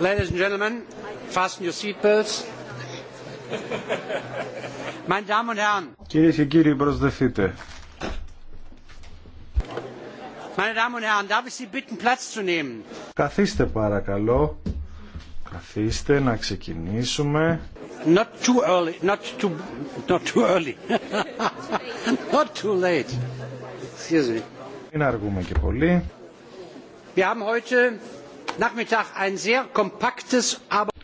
Ladies and gentlemen, fasten your seatbelts. Meine Damen und Herren. Κυρίες και κύριοι, προσδεθείτε. Meine Damen und Herren, darf ich Sie bitten, Platz zu nehmen? Καθίστε παρακαλώ. Καθίστε να ξεκινήσουμε. Not too early, not too, not too early. not too late. Excuse me. Μην αργούμε και πολύ. Wir haben heute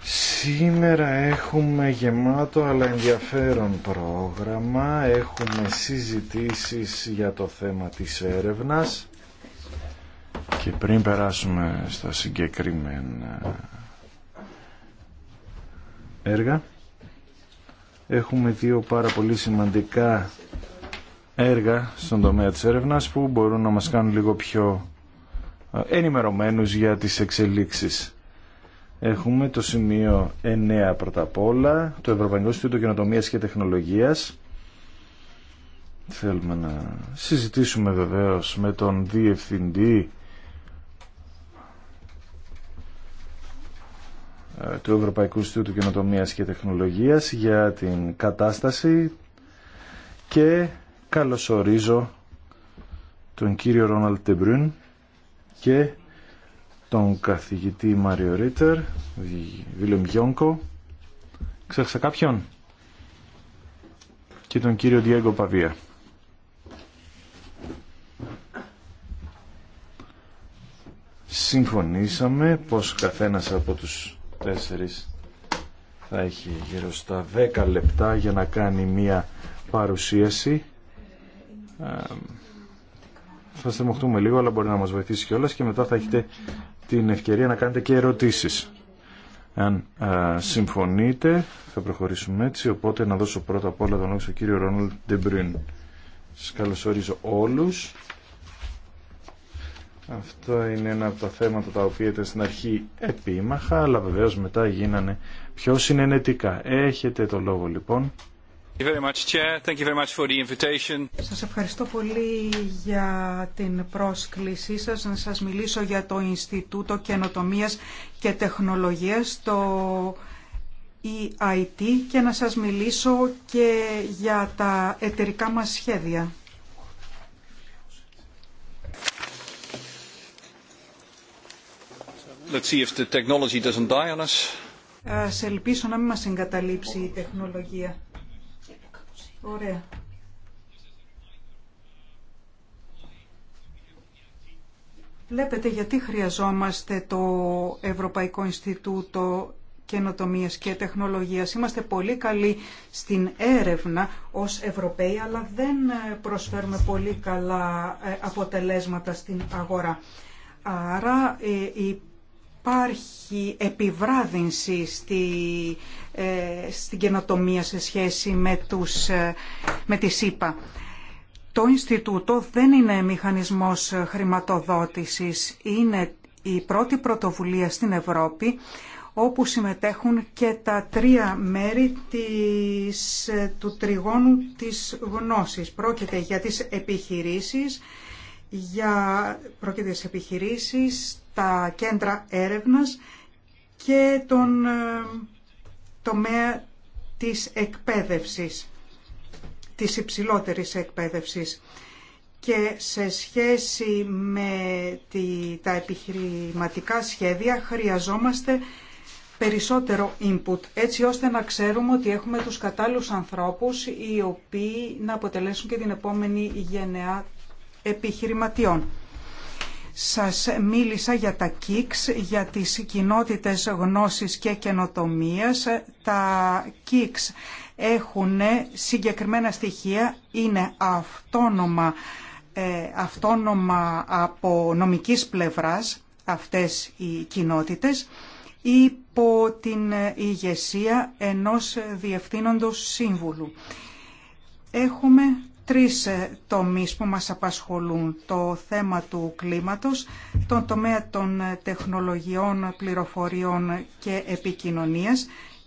Σήμερα έχουμε γεμάτο αλλά ενδιαφέρον πρόγραμμα. Έχουμε συζητήσεις για το θέμα της έρευνας. Και πριν περάσουμε στα συγκεκριμένα έργα, έχουμε δύο πάρα πολύ σημαντικά έργα στον τομέα της έρευνας που μπορούν να μας κάνουν λίγο πιο ενημερωμένους για τις εξελίξεις. Έχουμε το σημείο 9 πρώτα απ' όλα, το Ευρωπαϊκό του Καινοτομίας και Τεχνολογίας. Θέλουμε να συζητήσουμε βεβαίως με τον Διευθυντή ε, του Ευρωπαϊκού του Καινοτομίας και Τεχνολογίας για την κατάσταση και καλωσορίζω τον κύριο Ρόναλτ Τεμπρούν και τον καθηγητή Μάριο Ρίτερ, Βίλεμ Γιόνκο, ξέχασα κάποιον, και τον κύριο Διέγκο Παβία. Συμφωνήσαμε πως καθένας από τους τέσσερις θα έχει γύρω στα 10 λεπτά για να κάνει μία παρουσίαση θα στριμωχτούμε λίγο, αλλά μπορεί να μας βοηθήσει κιόλας και μετά θα έχετε την ευκαιρία να κάνετε και ερωτήσεις. Αν α, συμφωνείτε, θα προχωρήσουμε έτσι, οπότε να δώσω πρώτα απ' όλα τον λόγο στον κύριο Ρόναλντ Ντεμπρίν. Σας καλωσορίζω όλους. Αυτό είναι ένα από τα θέματα τα οποία ήταν στην αρχή επίμαχα, αλλά βεβαίως μετά γίνανε πιο συνενετικά. Έχετε το λόγο λοιπόν. Σας ευχαριστώ πολύ για την πρόσκλησή σας να σας μιλήσω για το Ινστιτούτο Καινοτομίας και Τεχνολογίας, το EIT, και να σας μιλήσω και για τα εταιρικά μας σχέδια. Let's see if the technology doesn't die on us. να μην μας εγκαταλείψει η τεχνολογία. Ωραία. Βλέπετε γιατί χρειαζόμαστε το Ευρωπαϊκό Ινστιτούτο Καινοτομίας και Τεχνολογίας. Είμαστε πολύ καλοί στην έρευνα ως Ευρωπαίοι, αλλά δεν προσφέρουμε πολύ καλά ε, αποτελέσματα στην αγορά. Άρα ε, υπάρχει επιβράδυνση στη ε, στην καινοτομία σε σχέση με, τους, ε, με τη ΣΥΠΑ. Το Ινστιτούτο δεν είναι μηχανισμός χρηματοδότησης. Είναι η πρώτη πρωτοβουλία στην Ευρώπη όπου συμμετέχουν και τα τρία μέρη του τριγώνου της γνώσης. Πρόκειται για τις επιχειρήσεις, για πρόκειται τις επιχειρήσεις, τα κέντρα έρευνας και τον ε, τομέα της εκπαίδευσης, της υψηλότερης εκπαίδευσης και σε σχέση με τη, τα επιχειρηματικά σχέδια χρειαζόμαστε περισσότερο input, έτσι ώστε να ξέρουμε ότι έχουμε τους κατάλληλους ανθρώπους οι οποίοι να αποτελέσουν και την επόμενη γενεά επιχειρηματιών. Σας μίλησα για τα KICS, για τις κοινότητες γνώσης και καινοτομίας. Τα KICS έχουν συγκεκριμένα στοιχεία, είναι αυτόνομα, ε, αυτόνομα από νομικής πλευράς αυτές οι κοινότητες υπό την ηγεσία ενός διευθύνοντος σύμβουλου. Έχουμε τρεις ε, τομείς που μας απασχολούν. Το θέμα του κλίματος, τον τομέα των ε, τεχνολογιών, πληροφοριών και επικοινωνίας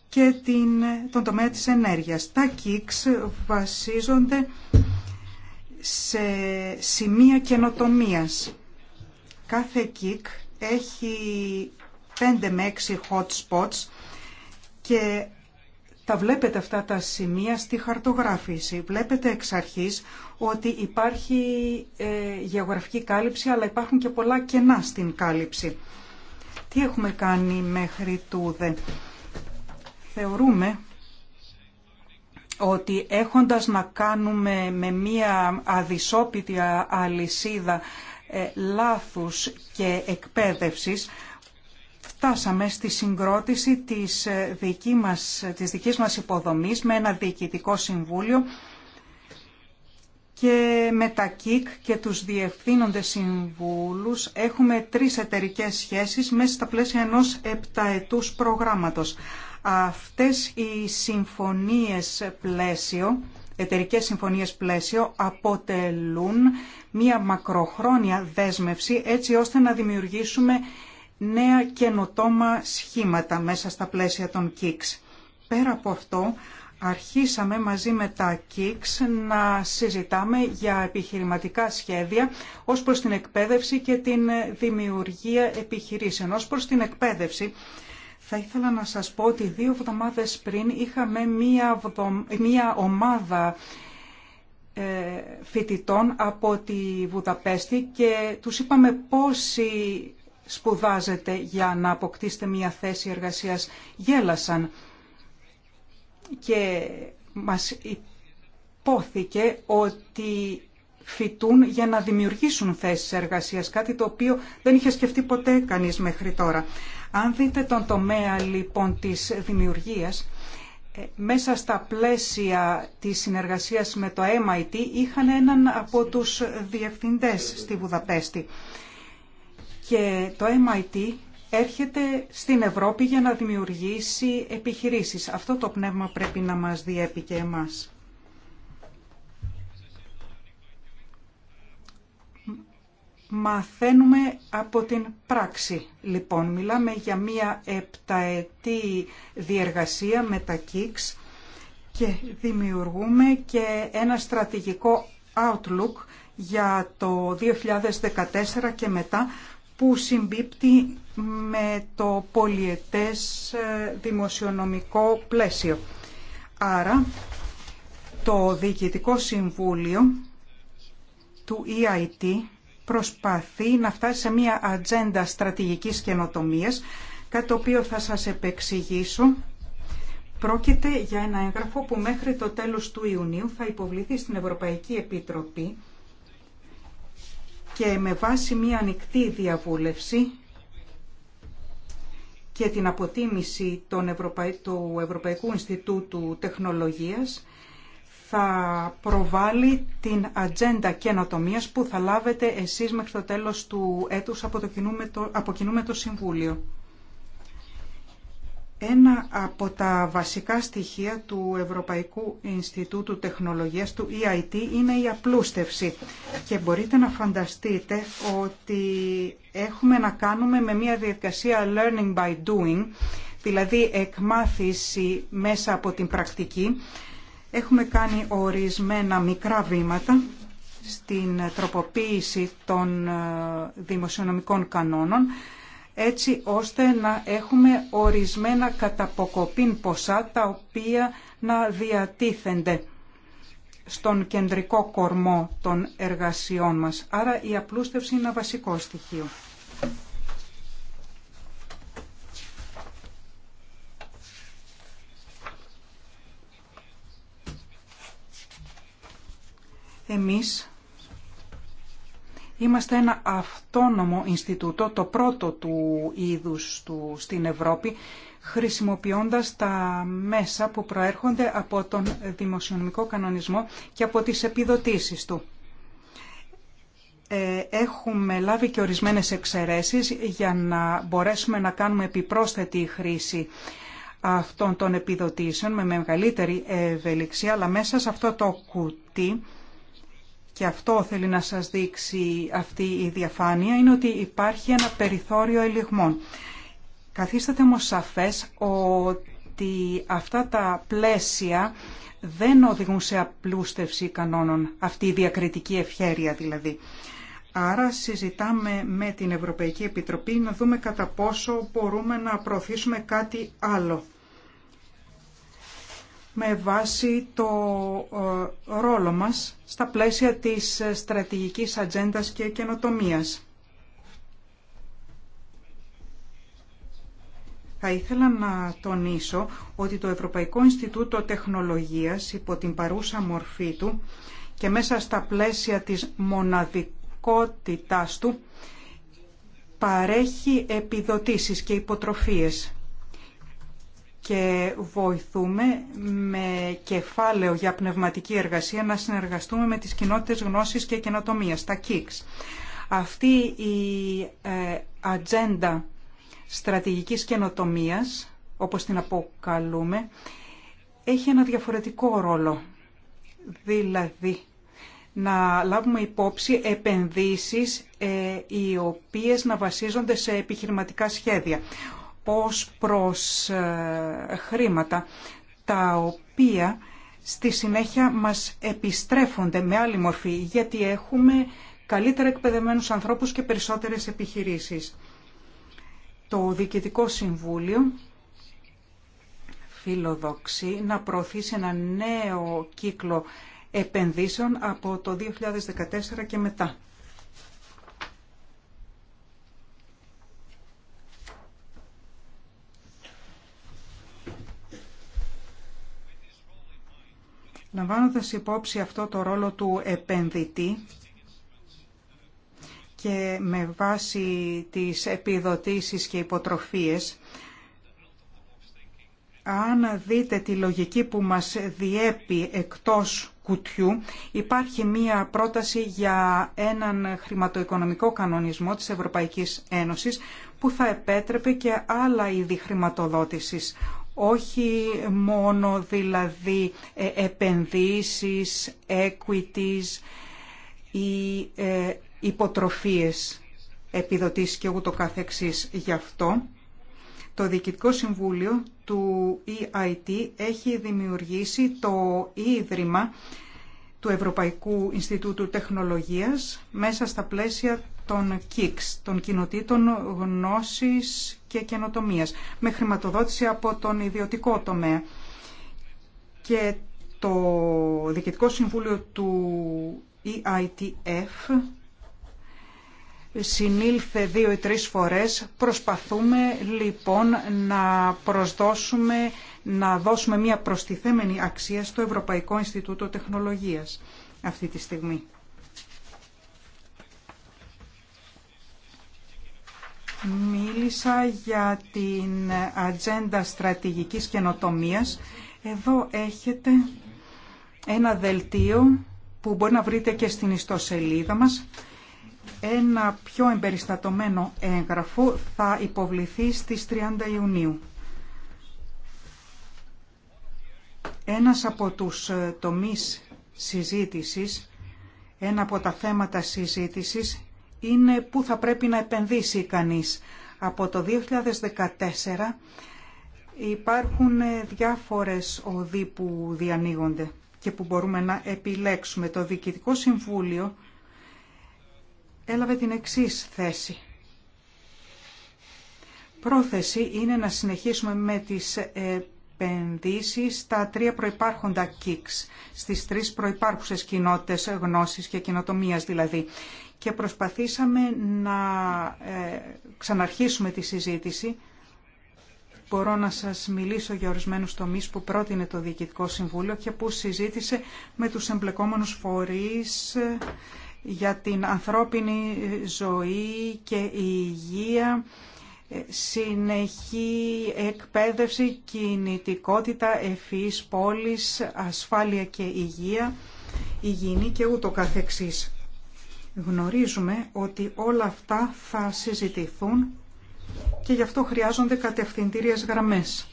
και την, ε, τον τομέα της ενέργειας. Τα ΚΙΚΣ βασίζονται σε σημεία καινοτομίας. Κάθε ΚΙΚ έχει πέντε με έξι hot spots και τα βλέπετε αυτά τα σημεία στη χαρτογράφηση. Βλέπετε εξ αρχής ότι υπάρχει ε, γεωγραφική κάλυψη, αλλά υπάρχουν και πολλά κενά στην κάλυψη. Τι έχουμε κάνει μέχρι τούδε. Θεωρούμε ότι έχοντας να κάνουμε με μία αδυσόπιτη αλυσίδα ε, λάθους και εκπαίδευσης, φτάσαμε στη συγκρότηση της, ε, δική μας, της δικής μας υποδομής με ένα διοικητικό συμβούλιο και με τα ΚΙΚ και τους διευθύνοντες συμβούλους έχουμε τρεις εταιρικές σχέσεις μέσα στα πλαίσια ενός επταετούς προγράμματος. Αυτές οι συμφωνίες πλαίσιο, εταιρικές συμφωνίες πλαίσιο αποτελούν μία μακροχρόνια δέσμευση έτσι ώστε να δημιουργήσουμε νέα καινοτόμα σχήματα μέσα στα πλαίσια των ΚΙΚΣ. Πέρα από αυτό, αρχίσαμε μαζί με τα ΚΙΚΣ να συζητάμε για επιχειρηματικά σχέδια ως προς την εκπαίδευση και την δημιουργία επιχειρήσεων. Ως προς την εκπαίδευση, θα ήθελα να σας πω ότι δύο εβδομάδες πριν είχαμε μία, μία ομάδα ε, φοιτητών από τη Βουδαπέστη και τους είπαμε πόσοι σπουδάζετε για να αποκτήσετε μια θέση εργασίας γέλασαν και μας υπόθηκε ότι φοιτούν για να δημιουργήσουν θέσεις εργασίας, κάτι το οποίο δεν είχε σκεφτεί ποτέ κανείς μέχρι τώρα. Αν δείτε τον τομέα λοιπόν της δημιουργίας, ε, μέσα στα πλαίσια της συνεργασίας με το MIT είχαν έναν από τους διευθυντές στη Βουδαπέστη και το MIT έρχεται στην Ευρώπη για να δημιουργήσει επιχειρήσεις. Αυτό το πνεύμα πρέπει να μας διέπει και εμάς. Μαθαίνουμε από την πράξη. Λοιπόν, μιλάμε για μία επταετή διεργασία με τα ΚΙΚΣ και δημιουργούμε και ένα στρατηγικό outlook για το 2014 και μετά που συμπίπτει με το πολιετές ε, δημοσιονομικό πλαίσιο. Άρα, το Διοικητικό Συμβούλιο του EIT προσπαθεί να φτάσει σε μια ατζέντα στρατηγικής καινοτομίας, κάτι το οποίο θα σας επεξηγήσω. Πρόκειται για ένα έγγραφο που μέχρι το τέλος του Ιουνίου θα υποβληθεί στην Ευρωπαϊκή Επιτροπή και με βάση μια ανοιχτή διαβούλευση και την αποτίμηση του Ευρωπαϊκού Ινστιτούτου Τεχνολογίας θα προβάλλει την ατζέντα καινοτομία που θα λάβετε εσείς μέχρι το τέλος του έτους από, το από κοινού το Συμβούλιο ένα από τα βασικά στοιχεία του Ευρωπαϊκού Ινστιτούτου Τεχνολογίας, του EIT, είναι η απλούστευση. Και μπορείτε να φανταστείτε ότι έχουμε να κάνουμε με μια διαδικασία learning by doing, δηλαδή εκμάθηση μέσα από την πρακτική. Έχουμε κάνει ορισμένα μικρά βήματα στην τροποποίηση των ε, δημοσιονομικών κανόνων, έτσι ώστε να έχουμε ορισμένα καταποκοπήν ποσά τα οποία να διατίθενται στον κεντρικό κορμό των εργασιών μας. Άρα η απλούστευση είναι ένα βασικό στοιχείο. Εμείς Είμαστε ένα αυτόνομο Ινστιτούτο, το πρώτο του είδους του στην Ευρώπη, χρησιμοποιώντας τα μέσα που προέρχονται από τον δημοσιονομικό κανονισμό και από τις επιδοτήσεις του. Ε, έχουμε λάβει και ορισμένες εξαιρέσεις για να μπορέσουμε να κάνουμε επιπρόσθετη χρήση αυτών των επιδοτήσεων με μεγαλύτερη ευελιξία, αλλά μέσα σε αυτό το κουτί και αυτό θέλει να σας δείξει αυτή η διαφάνεια, είναι ότι υπάρχει ένα περιθώριο ελιγμών. Καθίστατε όμως σαφές ότι αυτά τα πλαίσια δεν οδηγούν σε απλούστευση κανόνων, αυτή η διακριτική ευχέρεια δηλαδή. Άρα συζητάμε με την Ευρωπαϊκή Επιτροπή να δούμε κατά πόσο μπορούμε να προωθήσουμε κάτι άλλο με βάση το ε, ρόλο μας στα πλαίσια της στρατηγικής ατζέντα και καινοτομίας. Θα ήθελα να τονίσω ότι το Ευρωπαϊκό Ινστιτούτο Τεχνολογίας υπό την παρούσα μορφή του και μέσα στα πλαίσια της μοναδικότητάς του παρέχει επιδοτήσεις και υποτροφίες και βοηθούμε με κεφάλαιο για πνευματική εργασία να συνεργαστούμε με τις κοινότητες γνώσης και καινοτομίας, τα KICS. Αυτή η ε, ατζέντα στρατηγικής καινοτομίας, όπως την αποκαλούμε, έχει ένα διαφορετικό ρόλο. Δηλαδή, να λάβουμε υπόψη επενδύσεις ε, οι οποίες να βασίζονται σε επιχειρηματικά σχέδια ως προς ε, χρήματα τα οποία στη συνέχεια μας επιστρέφονται με άλλη μορφή γιατί έχουμε καλύτερα εκπαιδεμένους ανθρώπους και περισσότερες επιχειρήσεις. Το Διοικητικό Συμβούλιο φιλοδοξεί να προωθήσει ένα νέο κύκλο επενδύσεων από το 2014 και μετά. Λαμβάνοντας υπόψη αυτό το ρόλο του επενδυτή και με βάση τις επιδοτήσεις και υποτροφίες, αν δείτε τη λογική που μας διέπει εκτός κουτιού, υπάρχει μία πρόταση για έναν χρηματοοικονομικό κανονισμό της Ευρωπαϊκής Ένωσης που θα επέτρεπε και άλλα είδη χρηματοδότησης, όχι μόνο δηλαδή ε, επενδύσεις, equities ή ε, υποτροφίες επιδοτήσεις και ούτω καθεξής. Γι' αυτό το Διοικητικό Συμβούλιο του EIT έχει δημιουργήσει το Ίδρυμα του Ευρωπαϊκού Ινστιτούτου Τεχνολογίας μέσα στα πλαίσια των ΚΙΚΣ, των Κοινοτήτων Γνώσης και Καινοτομίας, με χρηματοδότηση από τον ιδιωτικό τομέα. Και το Διοικητικό Συμβούλιο του EITF συνήλθε δύο ή τρεις φορές. Προσπαθούμε λοιπόν να προσδώσουμε, να δώσουμε μια προστιθέμενη αξία στο Ευρωπαϊκό Ινστιτούτο Τεχνολογίας αυτή τη στιγμή. Μίλησα για την ατζέντα στρατηγικής καινοτομίας. Εδώ έχετε ένα δελτίο που μπορεί να βρείτε και στην ιστοσελίδα μας. Ένα πιο εμπεριστατωμένο έγγραφο θα υποβληθεί στις 30 Ιουνίου. Ένας από τους ε, τομείς συζήτησης, ένα από τα θέματα συζήτησης είναι πού θα πρέπει να επενδύσει κανείς. Από το 2014 υπάρχουν ε, διάφορες οδοί που διανοίγονται και που μπορούμε να επιλέξουμε. Το Διοικητικό Συμβούλιο έλαβε την εξής θέση. Πρόθεση είναι να συνεχίσουμε με τις επενδύσεις στα τρία προϋπάρχοντα ΚΙΚΣ, στις τρεις προϋπάρχουσες κοινότητες γνώσης και κοινοτομίας δηλαδή και προσπαθήσαμε να ε, ξαναρχίσουμε τη συζήτηση. Μπορώ να σας μιλήσω για ορισμένους τομείς που πρότεινε το Διοικητικό Συμβούλιο και που συζήτησε με τους εμπλεκόμενους φορείς ε, για την ανθρώπινη ζωή και η υγεία, ε, συνεχή εκπαίδευση, κινητικότητα, ευφυής πόλης, ασφάλεια και υγεία, υγιεινή και ούτω καθεξής. Γνωρίζουμε ότι όλα αυτά θα συζητηθούν και γι' αυτό χρειάζονται κατευθυντήριες γραμμές.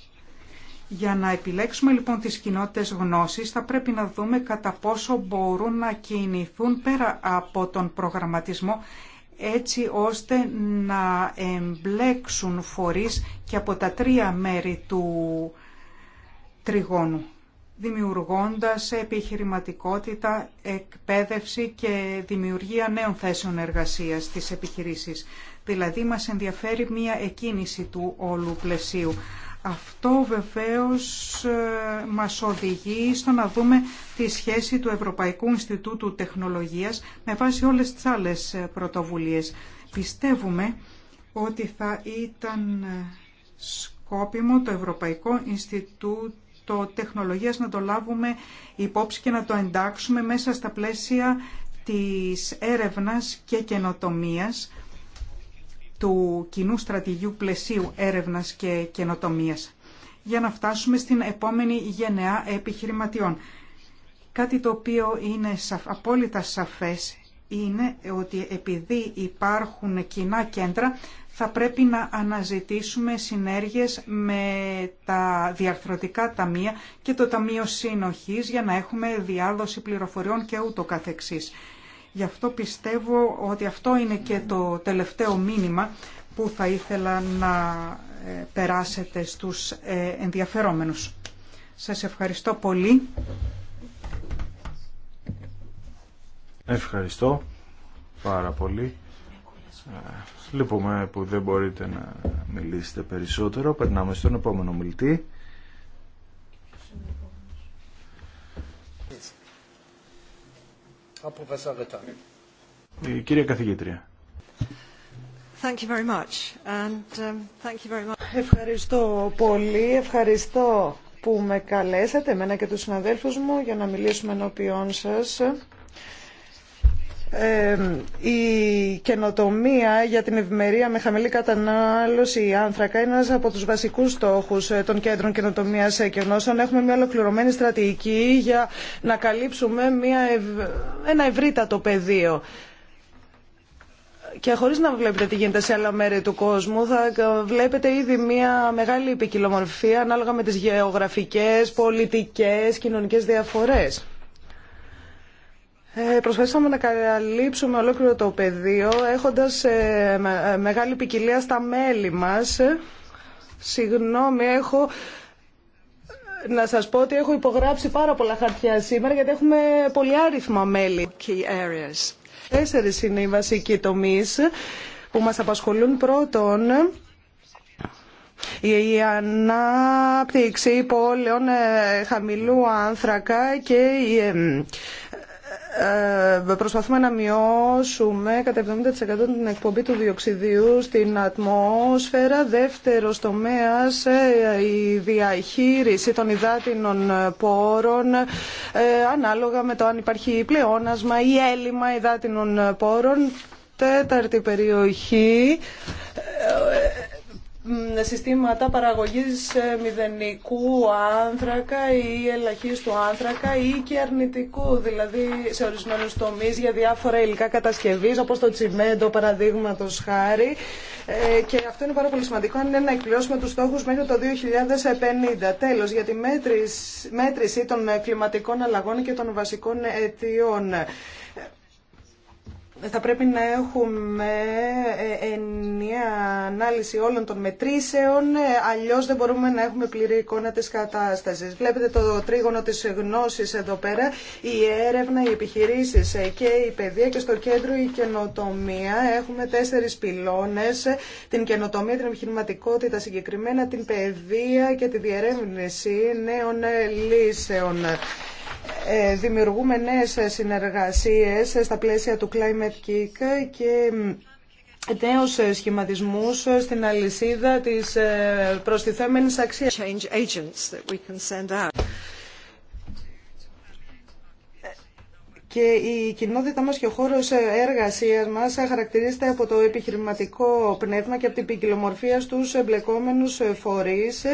Για να επιλέξουμε λοιπόν τις κοινότητες γνώσης θα πρέπει να δούμε κατά πόσο μπορούν να κινηθούν πέρα από τον προγραμματισμό έτσι ώστε να εμπλέξουν φορείς και από τα τρία μέρη του τριγώνου δημιουργώντας επιχειρηματικότητα, εκπαίδευση και δημιουργία νέων θέσεων εργασίας στις επιχειρήσεις. Δηλαδή μας ενδιαφέρει μία εκκίνηση του όλου πλαισίου. Αυτό βεβαίως ε, μας οδηγεί στο να δούμε τη σχέση του Ευρωπαϊκού Ινστιτούτου Τεχνολογίας με βάση όλες τις άλλες ε, πρωτοβουλίες. Πιστεύουμε ότι θα ήταν ε, σκόπιμο το Ευρωπαϊκό Ινστιτούτο τεχνολογίας να το λάβουμε υπόψη και να το εντάξουμε μέσα στα πλαίσια της έρευνας και καινοτομίας του κοινού στρατηγίου πλαισίου έρευνας και καινοτομίας για να φτάσουμε στην επόμενη γενεά επιχειρηματιών. Κάτι το οποίο είναι απόλυτα σαφές είναι ότι επειδή υπάρχουν κοινά κέντρα θα πρέπει να αναζητήσουμε συνέργειες με τα διαρθρωτικά ταμεία και το Ταμείο Συνοχής για να έχουμε διάδοση πληροφοριών και ούτω καθεξής. Γι' αυτό πιστεύω ότι αυτό είναι και το τελευταίο μήνυμα που θα ήθελα να ε, περάσετε στους ε, ενδιαφερόμενους. Σας ευχαριστώ πολύ. Ευχαριστώ πάρα πολύ. Λυπούμε που δεν μπορείτε να μιλήσετε περισσότερο. Περνάμε στον επόμενο μιλητή. Η κυρία καθηγήτρια. Um, thank you very much. Ευχαριστώ πολύ. Ευχαριστώ που με καλέσατε, εμένα και τους συναδέλφους μου, για να μιλήσουμε ενώπιόν σας η καινοτομία για την ευημερία με χαμηλή κατανάλωση άνθρακα είναι ένας από τους βασικούς στόχους ε, των κέντρων καινοτομίας ε, και γνώσεων. Έχουμε μια ολοκληρωμένη στρατηγική για να καλύψουμε μια ένα ευρύτατο πεδίο και χωρίς να βλέπετε τι γίνεται σε άλλα μέρη του κόσμου θα ε, βλέπετε ήδη μια μεγάλη επικοινομορφία ανάλογα με τις γεωγραφικές, πολιτικές, κοινωνικές διαφορές. Ε, προσπαθήσαμε να καλύψουμε ολόκληρο το πεδίο έχοντας ε, ε, μεγάλη ποικιλία στα μέλη μας. Συγγνώμη, έχω να σας πω ότι έχω υπογράψει πάρα πολλά χαρτιά σήμερα γιατί έχουμε πολύ άριθμα μέλη. Areas. Τέσσερις είναι οι βασικοί τομείς που μας απασχολούν πρώτον η ανάπτυξη πόλεων χαμηλού άνθρακα και η ε, προσπαθούμε να μειώσουμε κατά 70% την εκπομπή του διοξιδίου στην ατμόσφαιρα. Δεύτερος τομέας, ε, η διαχείριση των υδάτινων πόρων, ε, ανάλογα με το αν υπάρχει πλεόνασμα ή έλλειμμα υδάτινων πόρων. Τέταρτη περιοχή, συστήματα παραγωγής ε, μηδενικού άνθρακα ή ελαχίστου άνθρακα ή και αρνητικού, δηλαδή σε ορισμένους τομείς για διάφορα υλικά κατασκευής, όπως το τσιμέντο παραδείγματο χάρη. Ε, και αυτό είναι πάρα πολύ σημαντικό, αν είναι να εκπληρώσουμε τους στόχους μέχρι το 2050. Τέλος, για τη μέτρηση των κλιματικών αλλαγών και των βασικών αιτιών θα πρέπει να έχουμε ε, ενιαία ανάλυση όλων των μετρήσεων, ε, αλλιώς δεν μπορούμε να έχουμε πλήρη εικόνα της κατάστασης. Βλέπετε το τρίγωνο της γνώσης εδώ πέρα, η έρευνα, οι επιχειρήσεις ε, και η παιδεία και στο κέντρο η καινοτομία. Έχουμε τέσσερις πυλώνες, την καινοτομία, την επιχειρηματικότητα συγκεκριμένα, την παιδεία και τη διερεύνηση νέων λύσεων. Ε, δημιουργούμε νέες συνεργασίες στα πλαίσια του Climate Kick και νέους σχηματισμούς στην αλυσίδα της ε, προστιθέμενης αξίας. και η κοινότητα μας και ο χώρος εργασίας μας χαρακτηρίζεται από το επιχειρηματικό πνεύμα και από την ποικιλομορφία στους εμπλεκόμενους φορείς.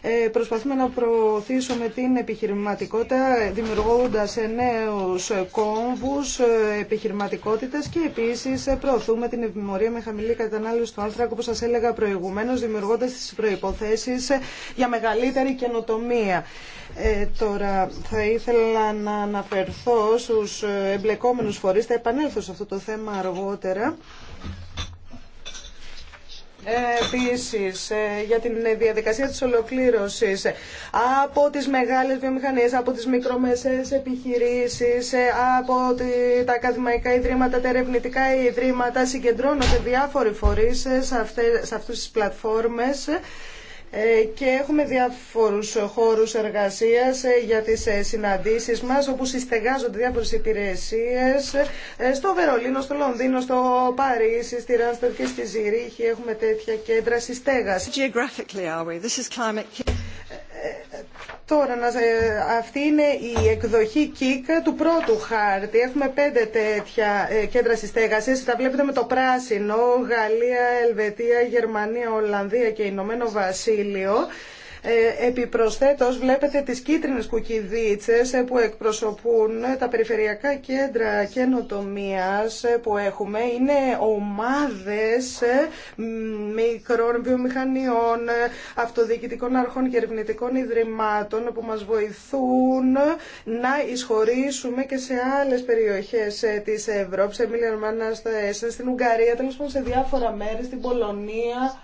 Ε, προσπαθούμε να προωθήσουμε την επιχειρηματικότητα δημιουργώντας νέους κόμβους ε, επιχειρηματικότητας και επίσης προωθούμε την επιμορία με χαμηλή κατανάλωση του άνθρακα όπως σας έλεγα προηγουμένως δημιουργώντας τις προϋποθέσεις για μεγαλύτερη καινοτομία. Ε, τώρα θα ήθελα να αναφερθώ στους ε, εμπλεκόμενους φορείς. Θα επανέλθω σε αυτό το θέμα αργότερα. Ε, Επίση, ε, για την διαδικασία της ολοκλήρωσης από τις μεγάλες βιομηχανίες, από τις μικρομεσαίες επιχειρήσεις, από τα ακαδημαϊκά ιδρύματα, τα ερευνητικά ιδρύματα, συγκεντρώνονται διάφοροι φορείς σε αυτές τις πλατφόρμες ε, και έχουμε διάφορους χώρους εργασίας ε, για τις ε, συναντήσεις μας όπου συστεγάζονται διάφορες υπηρεσίες στο Βερολίνο, στο Λονδίνο, στο Παρίσι, στη Ράνστορ και στη Ζηρίχη έχουμε τέτοια κέντρα συστέγαση. Τώρα, αυτή είναι η εκδοχή ΚΙΚ του πρώτου χάρτη. Έχουμε πέντε τέτοια ε, κέντρα συστέγασης. Τα βλέπετε με το πράσινο, Γαλλία, Ελβετία, Γερμανία, Ολλανδία και Ηνωμένο Βασίλειο. Ε, επιπροσθέτως βλέπετε τις κίτρινες κουκιδίτσες ε, που εκπροσωπούν ε, τα περιφερειακά κέντρα καινοτομία που έχουμε. Είναι ομάδες μικρών βιομηχανιών, αυτοδιοικητικών αρχών και ερευνητικών ιδρυμάτων που μας βοηθούν να εισχωρήσουμε και σε άλλες περιοχές της Ευρώπης, σε Μίλια στην Ουγγαρία, τέλος πάντων σε διάφορα μέρη, στην Πολωνία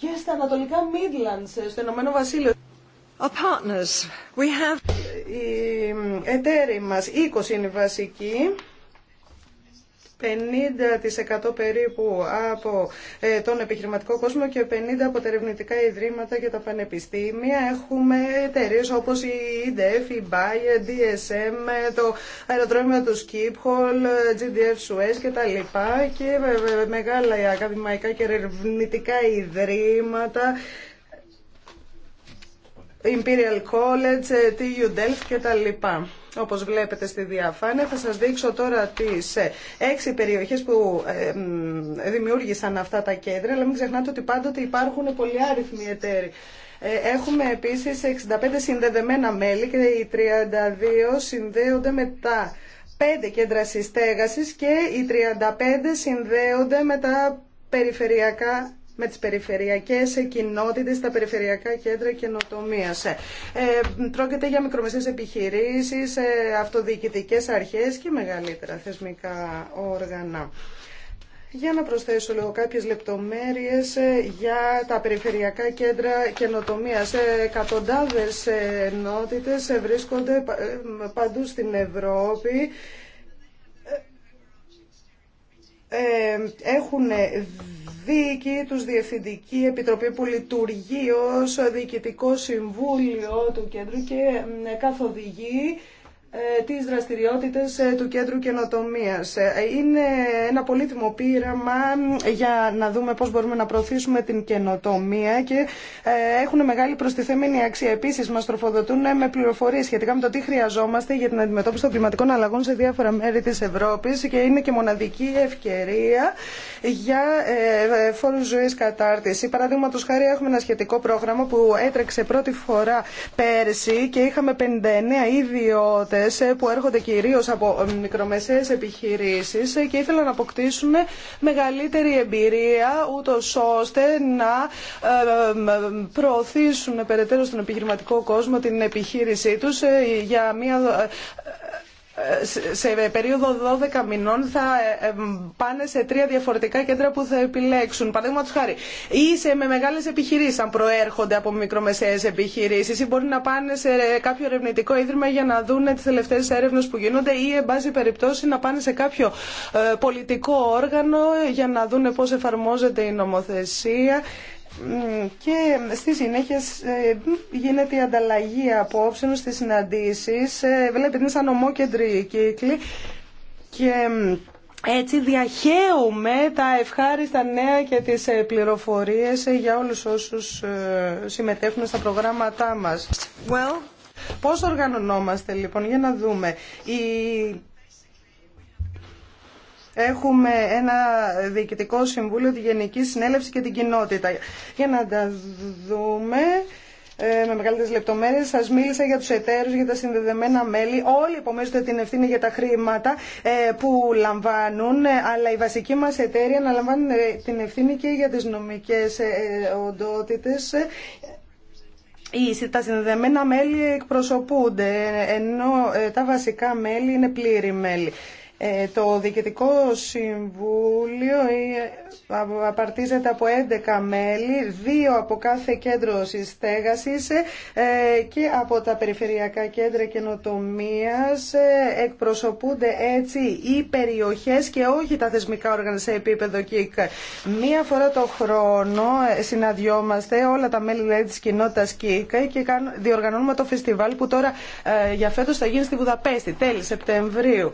και στα Ανατολικά Midlands, στο Ηνωμένο Βασίλειο. Our partners. We have... Οι εταίροι μας, 20 είναι βασικοί. 50% περίπου από ε, τον επιχειρηματικό κόσμο και 50% από τα ερευνητικά ιδρύματα και τα πανεπιστήμια. Έχουμε εταιρείε όπως η EDF, η Bayer, DSM, το αεροδρόμιο του Skiphol, GDF Suez και τα λοιπά και μεγάλα ακαδημαϊκά και ερευνητικά ιδρύματα. Imperial College, ε, TU Delft και τα λοιπά όπως βλέπετε στη διαφάνεια. Θα σας δείξω τώρα τις ε, έξι περιοχές που ε, δημιούργησαν αυτά τα κέντρα, αλλά μην ξεχνάτε ότι πάντοτε υπάρχουν πολλοί άριθμοι εταίροι. Ε, έχουμε επίσης 65 συνδεδεμένα μέλη και οι 32 συνδέονται με τα πέντε κέντρα συστέγασης και οι 35 συνδέονται με τα περιφερειακά με τις περιφερειακές κοινότητες, τα περιφερειακά κέντρα καινοτομία. Ε, πρόκειται για μικρομεσαίες επιχειρήσεις, ε, αυτοδιοικητικές αρχές και μεγαλύτερα θεσμικά όργανα. Για να προσθέσω λίγο κάποιες λεπτομέρειες ε, για τα περιφερειακά κέντρα καινοτομίας. Ε, εκατοντάδες ενότητες βρίσκονται ε, παντού στην Ευρώπη. Έχουν δίκη, τους Διευθυντική Επιτροπή που λειτουργεί ως Διοικητικό Συμβούλιο του Κέντρου και καθοδηγεί ε, τις δραστηριότητες ε, του Κέντρου Καινοτομίας. Ε, είναι ένα πολύτιμο πείραμα για να δούμε πώς μπορούμε να προωθήσουμε την καινοτομία και έχουν μεγάλη προστιθέμενη αξία. Επίσης, μας τροφοδοτούν με πληροφορίες σχετικά με το τι χρειαζόμαστε για την αντιμετώπιση των κλιματικών αλλαγών σε διάφορα μέρη της Ευρώπης και είναι και μοναδική ευκαιρία για ε, φόρου ζωή κατάρτιση. Παραδείγματο χάρη, έχουμε ένα σχετικό πρόγραμμα που έτρεξε πρώτη φορά πέρσι και είχαμε 59 ιδιώτε ε, που έρχονται κυρίω από ε, μικρομεσαίε επιχειρήσει και ήθελαν να αποκτήσουν μεγαλύτερη εμπειρία, ούτω ώστε να προωθήσουν περαιτέρω στον επιχειρηματικό κόσμο την επιχείρησή του για μια σε περίοδο 12 μηνών θα ε, πάνε σε τρία διαφορετικά κέντρα που θα επιλέξουν. Παραδείγματο χάρη, ή σε με μεγάλε επιχειρήσει, αν προέρχονται από μικρομεσαίε επιχειρήσει, ή μπορεί να πάνε σε κάποιο ερευνητικό ίδρυμα για να δουν τι τελευταίε έρευνε που γίνονται, ή, εν πάση περιπτώσει, να πάνε σε κάποιο ε, πολιτικό όργανο για να δουν πώ εφαρμόζεται η νομοθεσία και στις συνέχεια ε, γίνεται η ανταλλαγή απόψεων στις συναντήσεις. Ε, βλέπετε είναι σαν ομόκεντρη κύκλοι και έτσι διαχέουμε τα ευχάριστα νέα και τις ε, πληροφορίες για όλους όσους συμμετέχουν στα προγράμματά μας. Well. Πώς οργανωνόμαστε λοιπόν για να δούμε. Η έχουμε ένα διοικητικό συμβούλιο, τη Γενική Συνέλευση και την Κοινότητα. Για να τα δούμε ε, με μεγαλύτερε λεπτομέρειε. Σα μίλησα για του εταίρου, για τα συνδεδεμένα μέλη. Όλοι υπομίζονται την ευθύνη για τα χρήματα ε, που λαμβάνουν, ε, αλλά η βασική μα εταίροι αναλαμβάνουν την ευθύνη και για τι νομικέ οντότητε. Τα συνδεδεμένα μέλη εκπροσωπούνται, ενώ τα βασικά μέλη είναι πλήρη μέλη. Ε, το Διοικητικό Συμβούλιο ε, απαρτίζεται από 11 μέλη, δύο από κάθε κέντρο συστέγασης ε, και από τα περιφερειακά κέντρα καινοτομίας. Εκπροσωπούνται έτσι οι περιοχές και όχι τα θεσμικά όργανα σε επίπεδο ΚΙΚ. Μία φορά το χρόνο συναντιόμαστε όλα τα μέλη δηλαδή, της κοινότητας ΚΙΚ και διοργανώνουμε το φεστιβάλ που τώρα για φέτος θα γίνει στη Βουδαπέστη, τέλη Σεπτεμβρίου.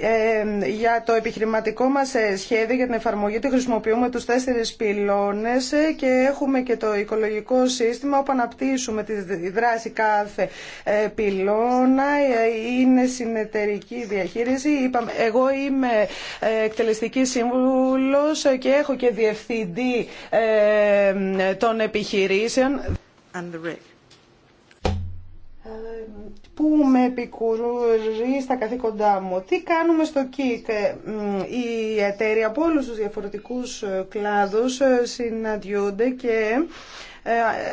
Ε, για το επιχειρηματικό μας ε, σχέδιο για την εφαρμογή του χρησιμοποιούμε τους τέσσερις πυλώνες ε, και έχουμε και το οικολογικό σύστημα όπου αναπτύσσουμε τη δράση κάθε πυλώνα. Είναι συνεταιρική διαχείριση. εγώ είμαι εκτελεστική σύμβουλος και έχω και διευθυντή των επιχειρήσεων που με επικουρεί στα καθήκοντά μου. Τι κάνουμε στο ΚΙΚ. Οι ε, εταίροι από όλου τους διαφορετικούς ε, κλάδους ε, συναντιούνται και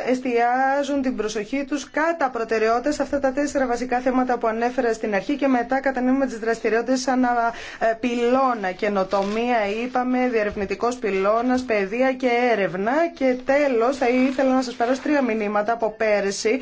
εστιάζουν την προσοχή τους κατά προτεραιότητα σε αυτά τα τέσσερα βασικά θέματα που ανέφερα στην αρχή και μετά κατανοούμε τις δραστηριότητες σαν πυλώνα, καινοτομία είπαμε, διαρευνητικός πυλώνας, παιδεία και έρευνα και τέλος θα ήθελα να σας περάσω τρία μηνύματα από πέρσι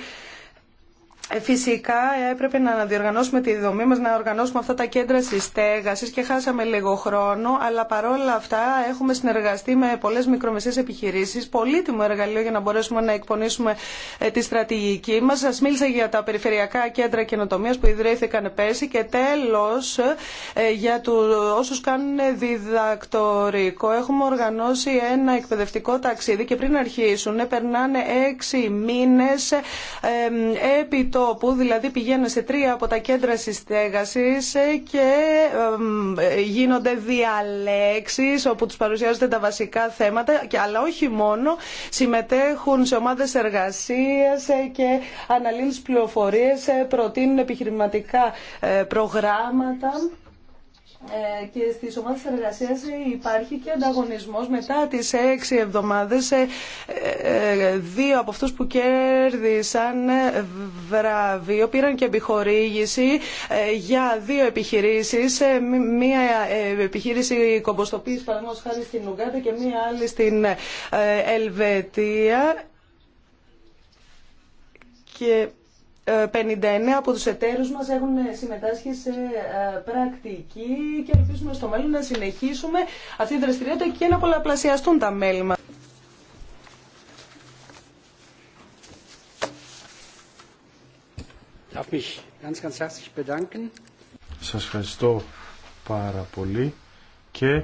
Φυσικά ε, έπρεπε να αναδιοργανώσουμε τη δομή μας, να οργανώσουμε αυτά τα κέντρα συστέγασης και χάσαμε λίγο χρόνο, αλλά παρόλα αυτά έχουμε συνεργαστεί με πολλές μικρομεσαίες επιχειρήσεις, πολύτιμο εργαλείο για να μπορέσουμε να εκπονήσουμε ε, τη στρατηγική μας. Σας μίλησα για τα περιφερειακά κέντρα καινοτομίας που ιδρύθηκαν πέρσι και τέλος ε, για του, όσους κάνουν διδακτορικό έχουμε οργανώσει ένα εκπαιδευτικό ταξίδι και πριν αρχίσουν περνάνε έξι μήνες επί το όπου δηλαδή πηγαίνουν σε τρία από τα κέντρα συστέγασης και γίνονται διαλέξεις όπου τους παρουσιάζονται τα βασικά θέματα, αλλά όχι μόνο, συμμετέχουν σε ομάδες εργασίας και αναλύουν τις πληροφορίες, προτείνουν επιχειρηματικά ε, προγράμματα. Ε, και στι ομάδες εργασία υπάρχει και ανταγωνισμό μετά τι έξι εβδομάδες ε, ε, δύο από αυτού που κέρδισαν βραβείο πήραν και επιχορήγηση για δύο επιχειρήσεις μία επιχείρηση κομποστοποίηση παραδείγματο χάρη στην Ουγγάντα και μία άλλη στην Ελβετία και 59 από τους εταίρους μας έχουν συμμετάσχει σε ε, πρακτική και ελπίζουμε στο μέλλον να συνεχίσουμε αυτή τη δραστηριότητα και να πολλαπλασιαστούν τα μέλη μας. Σας ευχαριστώ πάρα πολύ και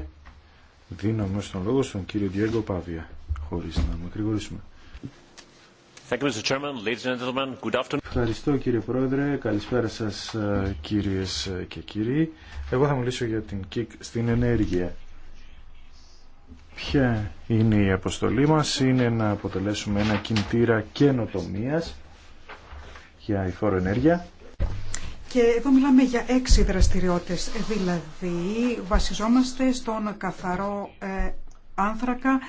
δίνω μέσα τον λόγο στον κύριο Διέγκο Πάβια χωρίς να μακρηγορήσουμε. Ευχαριστώ κύριε Πρόεδρε. Καλησπέρα σας ε, κύριες ε, και κύριοι. Εγώ θα μιλήσω για την ΚΙΚ στην ενέργεια. Ποια είναι η αποστολή μας. Είναι να αποτελέσουμε ένα κινητήρα καινοτομία για η φόρο ενέργεια. Και εδώ μιλάμε για έξι δραστηριότητες. Δηλαδή βασιζόμαστε στον καθαρό ε, άνθρακα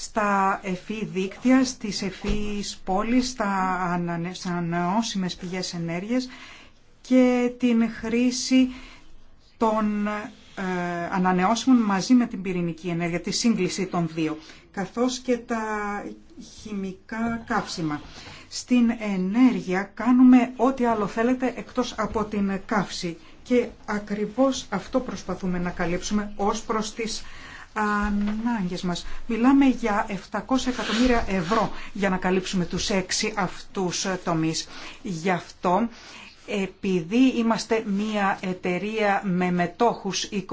στα εφή δίκτυα, στις εφή πόλεις, στα ανανεώσιμες πηγές ενέργειας και την χρήση των ε, ανανεώσιμων μαζί με την πυρηνική ενέργεια, τη σύγκληση των δύο, καθώς και τα χημικά καύσιμα. Στην ενέργεια κάνουμε ό,τι άλλο θέλετε εκτός από την καύση και ακριβώς αυτό προσπαθούμε να καλύψουμε ως προς τις ανάγκες μας. Μιλάμε για 700 εκατομμύρια ευρώ για να καλύψουμε τους έξι αυτούς τομείς. Γι' αυτό επειδή είμαστε μια εταιρεία με μετόχους, 29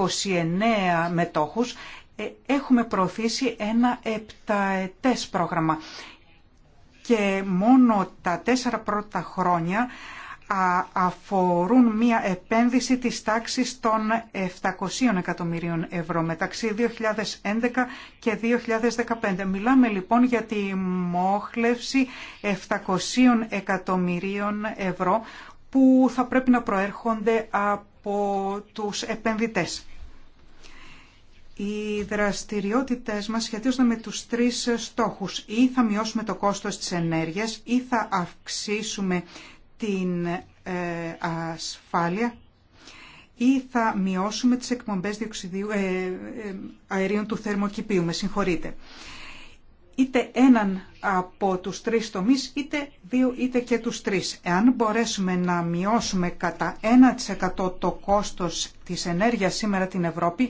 μετόχους, ε, έχουμε προωθήσει ένα επταετές πρόγραμμα. Και μόνο τα τέσσερα πρώτα χρόνια αφορούν μία επένδυση της τάξης των 700 εκατομμυρίων ευρώ μεταξύ 2011 και 2015. Μιλάμε λοιπόν για τη μόχλευση 700 εκατομμυρίων ευρώ που θα πρέπει να προέρχονται από τους επενδυτές. Οι δραστηριότητες μας σχετίζονται με τους τρεις στόχους. Ή θα μειώσουμε το κόστος της ενέργειας, ή θα αυξήσουμε την ε, ασφάλεια ή θα μειώσουμε τις εκπομπές διοξιδίου, ε, ε, αερίων του θερμοκηπίου, με συγχωρείτε. Είτε έναν από τους τρεις τομείς, είτε δύο, είτε και τους τρεις. Εάν μπορέσουμε να μειώσουμε κατά 1% το κόστος της ενέργειας σήμερα την Ευρώπη,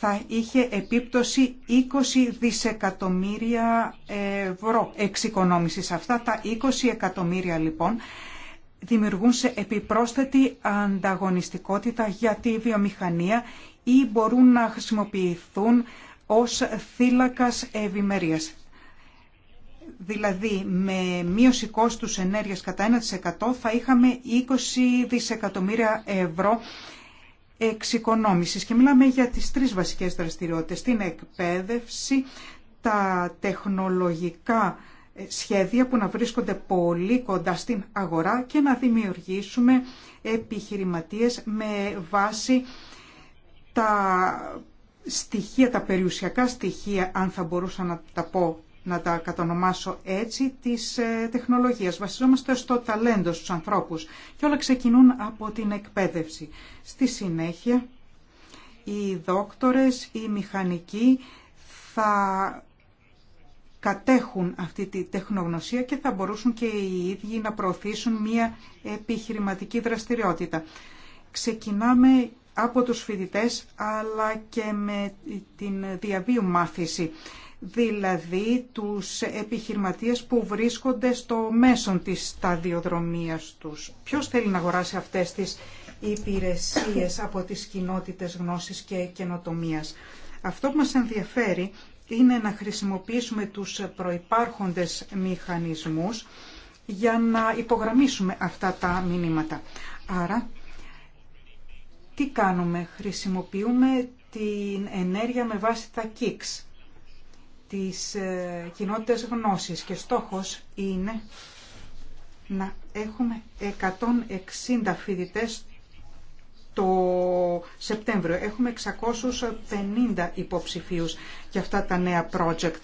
θα είχε επίπτωση 20 δισεκατομμύρια ευρώ εξοικονόμησης. Αυτά τα 20 εκατομμύρια λοιπόν δημιουργούν σε επιπρόσθετη ανταγωνιστικότητα για τη βιομηχανία ή μπορούν να χρησιμοποιηθούν ως θύλακας ευημερία. Δηλαδή με μείωση κόστους ενέργειας κατά 1% θα είχαμε 20 δισεκατομμύρια ευρώ εξοικονόμησης και μιλάμε για τις τρεις βασικές δραστηριότητες, την εκπαίδευση, τα τεχνολογικά ε, σχέδια που να βρίσκονται πολύ κοντά στην αγορά και να δημιουργήσουμε επιχειρηματίες με βάση τα στοιχεία, τα περιουσιακά στοιχεία, αν θα μπορούσα να τα πω να τα κατονομάσω έτσι, της ε, τεχνολογίας. Βασιζόμαστε στο ταλέντο στους ανθρώπους και όλα ξεκινούν από την εκπαίδευση. Στη συνέχεια, οι δόκτορες, οι μηχανικοί θα κατέχουν αυτή τη τεχνογνωσία και θα μπορούσαν και οι ίδιοι να προωθήσουν μια επιχειρηματική δραστηριότητα. Ξεκινάμε από τους φοιτητές αλλά και με την διαβίου μάθηση δηλαδή τους επιχειρηματίες που βρίσκονται στο μέσον της σταδιοδρομίας τους. Ποιος θέλει να αγοράσει αυτές τις υπηρεσίες από τις κοινότητες γνώσης και καινοτομίας. Αυτό που μας ενδιαφέρει είναι να χρησιμοποιήσουμε τους προϋπάρχοντες μηχανισμούς για να υπογραμμίσουμε αυτά τα μηνύματα. Άρα, τι κάνουμε, χρησιμοποιούμε την ενέργεια με βάση τα κίξ. Τις ε, κοινότητες γνώσης και στόχος είναι να έχουμε 160 φοιτητές το Σεπτέμβριο. Έχουμε 650 υποψηφίους για αυτά τα νέα project.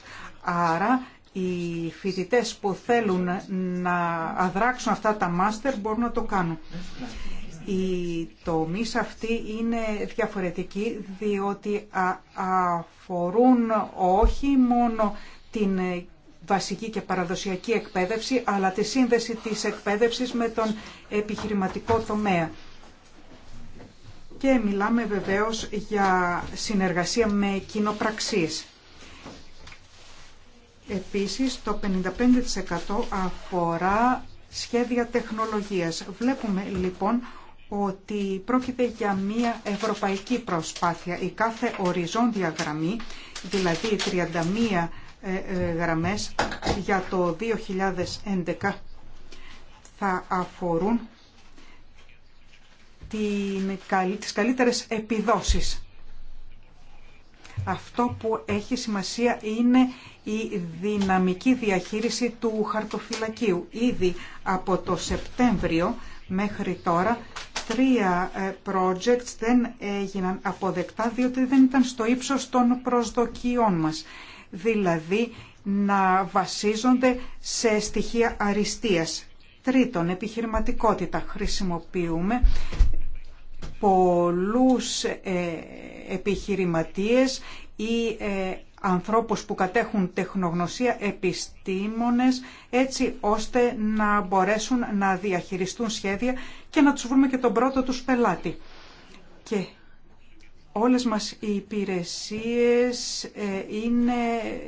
Άρα οι φοιτητές που θέλουν να αδράξουν αυτά τα μάστερ μπορούν να το κάνουν. Οι τομεί αυτοί είναι διαφορετικοί διότι αφορούν όχι μόνο την βασική και παραδοσιακή εκπαίδευση αλλά τη σύνδεση της εκπαίδευσης με τον επιχειρηματικό τομέα. Και μιλάμε βεβαίως για συνεργασία με κοινοπραξίες. Επίσης, το 55% αφορά σχέδια τεχνολογίας. Βλέπουμε λοιπόν ότι πρόκειται για μία ευρωπαϊκή προσπάθεια. Η κάθε οριζόντια γραμμή, δηλαδή 31 ε, ε, γραμμές για το 2011, θα αφορούν τις καλύτερες επιδόσεις. Αυτό που έχει σημασία είναι η δυναμική διαχείριση του χαρτοφυλακίου. Ήδη από το Σεπτέμβριο Μέχρι τώρα τρία ε, projects δεν έγιναν αποδεκτά διότι δεν ήταν στο ύψος των προσδοκιών μας. Δηλαδή να βασίζονται σε στοιχεία αριστείας. Τρίτον, επιχειρηματικότητα. Χρησιμοποιούμε πολλούς ε, επιχειρηματίες ή ε, ανθρώπους που κατέχουν τεχνογνωσία, επιστήμονες, έτσι ώστε να μπορέσουν να διαχειριστούν σχέδια και να τους βρούμε και τον πρώτο τους πελάτη. Και όλες μας οι υπηρεσίες ε, είναι,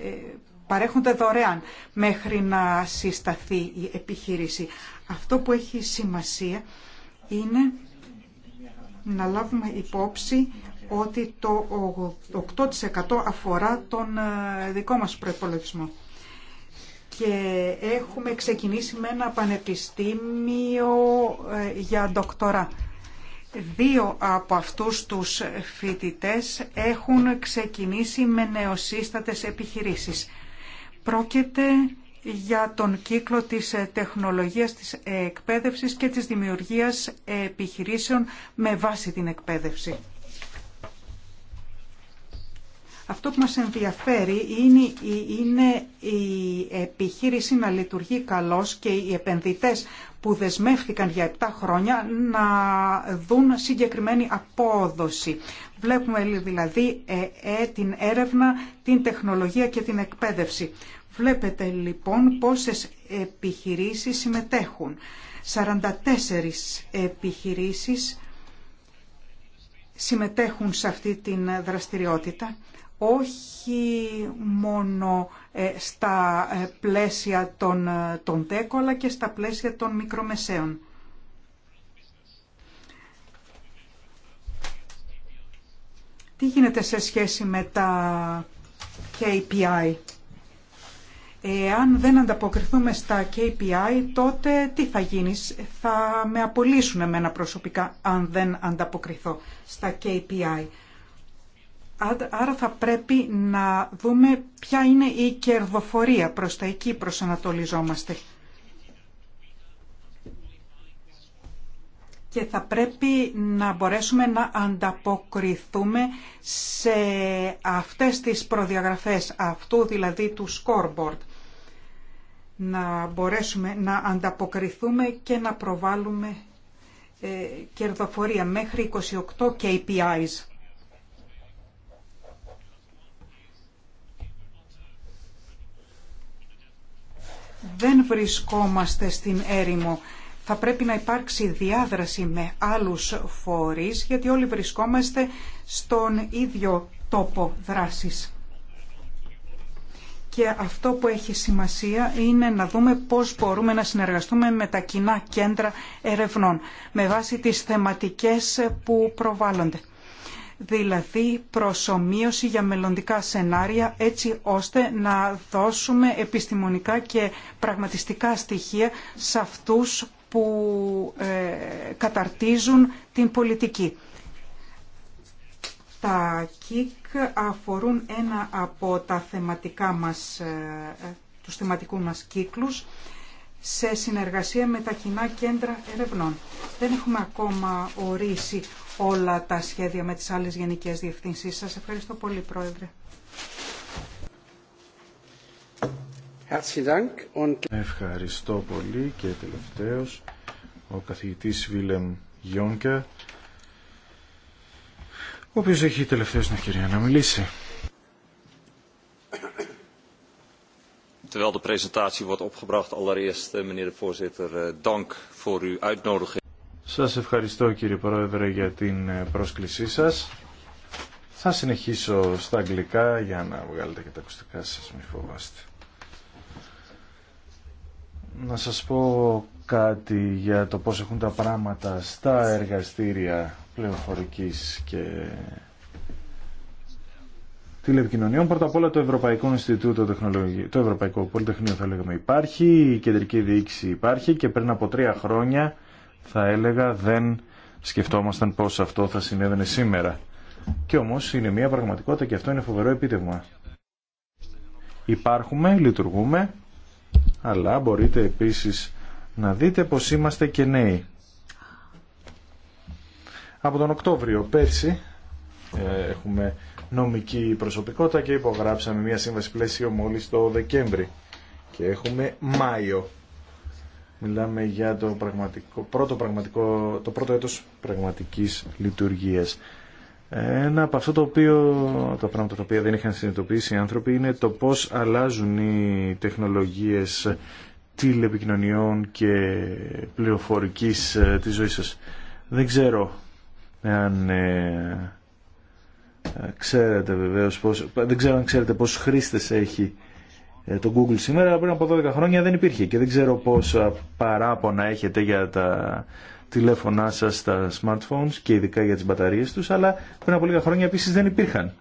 ε, παρέχονται δωρεάν μέχρι να συσταθεί η επιχείρηση. Αυτό που έχει σημασία είναι να λάβουμε υπόψη ότι το 8% αφορά τον ε, δικό μας προϋπολογισμό. Και έχουμε ξεκινήσει με ένα πανεπιστήμιο ε, για ντοκτορά. Δύο από αυτούς τους φοιτητές έχουν ξεκινήσει με νεοσύστατες επιχειρήσεις. Πρόκειται για τον κύκλο της ε, τεχνολογίας, της εκπαίδευσης και της δημιουργίας επιχειρήσεων με βάση την εκπαίδευση. Αυτό που μας ενδιαφέρει είναι, είναι η επιχείρηση να λειτουργεί καλώς και οι επενδυτές που δεσμεύτηκαν για 7 χρόνια να δουν συγκεκριμένη απόδοση. Βλέπουμε δηλαδή ε, ε, την έρευνα, την τεχνολογία και την εκπαίδευση. Βλέπετε λοιπόν πόσες επιχειρήσεις συμμετέχουν. 44 επιχειρήσεις συμμετέχουν σε αυτή την δραστηριότητα όχι μόνο ε, στα ε, πλαίσια των, ε, των αλλά και στα πλαίσια των μικρομεσαίων. Τι γίνεται σε σχέση με τα KPI. Αν δεν ανταποκριθούμε στα KPI, τότε τι θα γίνει. Θα με απολύσουν εμένα προσωπικά αν δεν ανταποκριθώ στα KPI. Άρα θα πρέπει να δούμε ποια είναι η κερδοφορία, προς τα εκεί προσανατολιζόμαστε. Και θα πρέπει να μπορέσουμε να ανταποκριθούμε σε αυτές τις προδιαγραφές, αυτού δηλαδή του scoreboard. Να μπορέσουμε να ανταποκριθούμε και να προβάλλουμε ε, κερδοφορία μέχρι 28 KPIs. δεν βρισκόμαστε στην έρημο. Θα πρέπει να υπάρξει διάδραση με άλλους φορείς, γιατί όλοι βρισκόμαστε στον ίδιο τόπο δράσης. Και αυτό που έχει σημασία είναι να δούμε πώς μπορούμε να συνεργαστούμε με τα κοινά κέντρα ερευνών, με βάση τις θεματικές που προβάλλονται δηλαδή προσωμείωση για μελλοντικά σενάρια έτσι ώστε να δώσουμε επιστημονικά και πραγματιστικά στοιχεία σε αυτούς που ε, καταρτίζουν την πολιτική. Τα ΚΙΚ αφορούν ένα από τα θεματικά μας, ε, ε, τους θεματικούς μας κύκλους σε συνεργασία με τα κοινά κέντρα ερευνών. Δεν έχουμε ακόμα ορίσει όλα τα σχέδια με τις άλλες γενικές διευθύνσεις. Σας ευχαριστώ πολύ, Πρόεδρε. Ευχαριστώ πολύ και τελευταίος ο καθηγητής Βίλεμ Γιόνκα, ο οποίος έχει τελευταίως την ευκαιρία να μιλήσει. Terwijl de presentatie wordt opgebracht, allereerst eh, meneer de voorzitter, eh, dank voor uw uitnodiging. Σας ευχαριστώ κύριε Πρόεδρε για την ε, πρόσκλησή σας. Θα συνεχίσω στα αγγλικά για να βγάλετε και τα ακουστικά σας, μη φοβάστε. Να σας πω κάτι για το πώς έχουν τα πράγματα στα εργαστήρια πληροφορικής και τηλεπικοινωνιών. Πρώτα απ' όλα το Ευρωπαϊκό Ινστιτούτο Τεχνολογίας, το Ευρωπαϊκό Πολυτεχνείο θα λέγαμε υπάρχει, η κεντρική διοίκηση υπάρχει και πριν από τρία χρόνια θα έλεγα δεν σκεφτόμασταν πως αυτό θα συνέβαινε σήμερα. Και όμως είναι μια πραγματικότητα και αυτό είναι φοβερό επίτευγμα. Υπάρχουμε, λειτουργούμε, αλλά μπορείτε επίσης να δείτε πως είμαστε και νέοι. Από τον Οκτώβριο πέρσι ε, έχουμε νομική προσωπικότητα και υπογράψαμε μια σύμβαση πλαίσιο μόλις το Δεκέμβρη και έχουμε Μάιο Μιλάμε για το, πραγματικό, πρώτο πραγματικό, το πρώτο έτος πραγματικής λειτουργίας. Ένα από αυτό το οποίο, τα πράγματα τα οποία δεν είχαν συνειδητοποιήσει οι άνθρωποι είναι το πώς αλλάζουν οι τεχνολογίες τηλεπικοινωνιών και πληροφορικής ε, της ζωής σας. Δεν ξέρω αν ε, ε, ξέρετε βεβαίως πώς, δεν ξέρω αν ξέρετε πώς χρήστες έχει ε, το Google σήμερα πριν από 12 χρόνια δεν υπήρχε και δεν ξέρω πόσα παράπονα έχετε για τα τηλέφωνά σας, τα smartphones και ειδικά για τις μπαταρίες τους, αλλά πριν από λίγα χρόνια επίσης δεν υπήρχαν.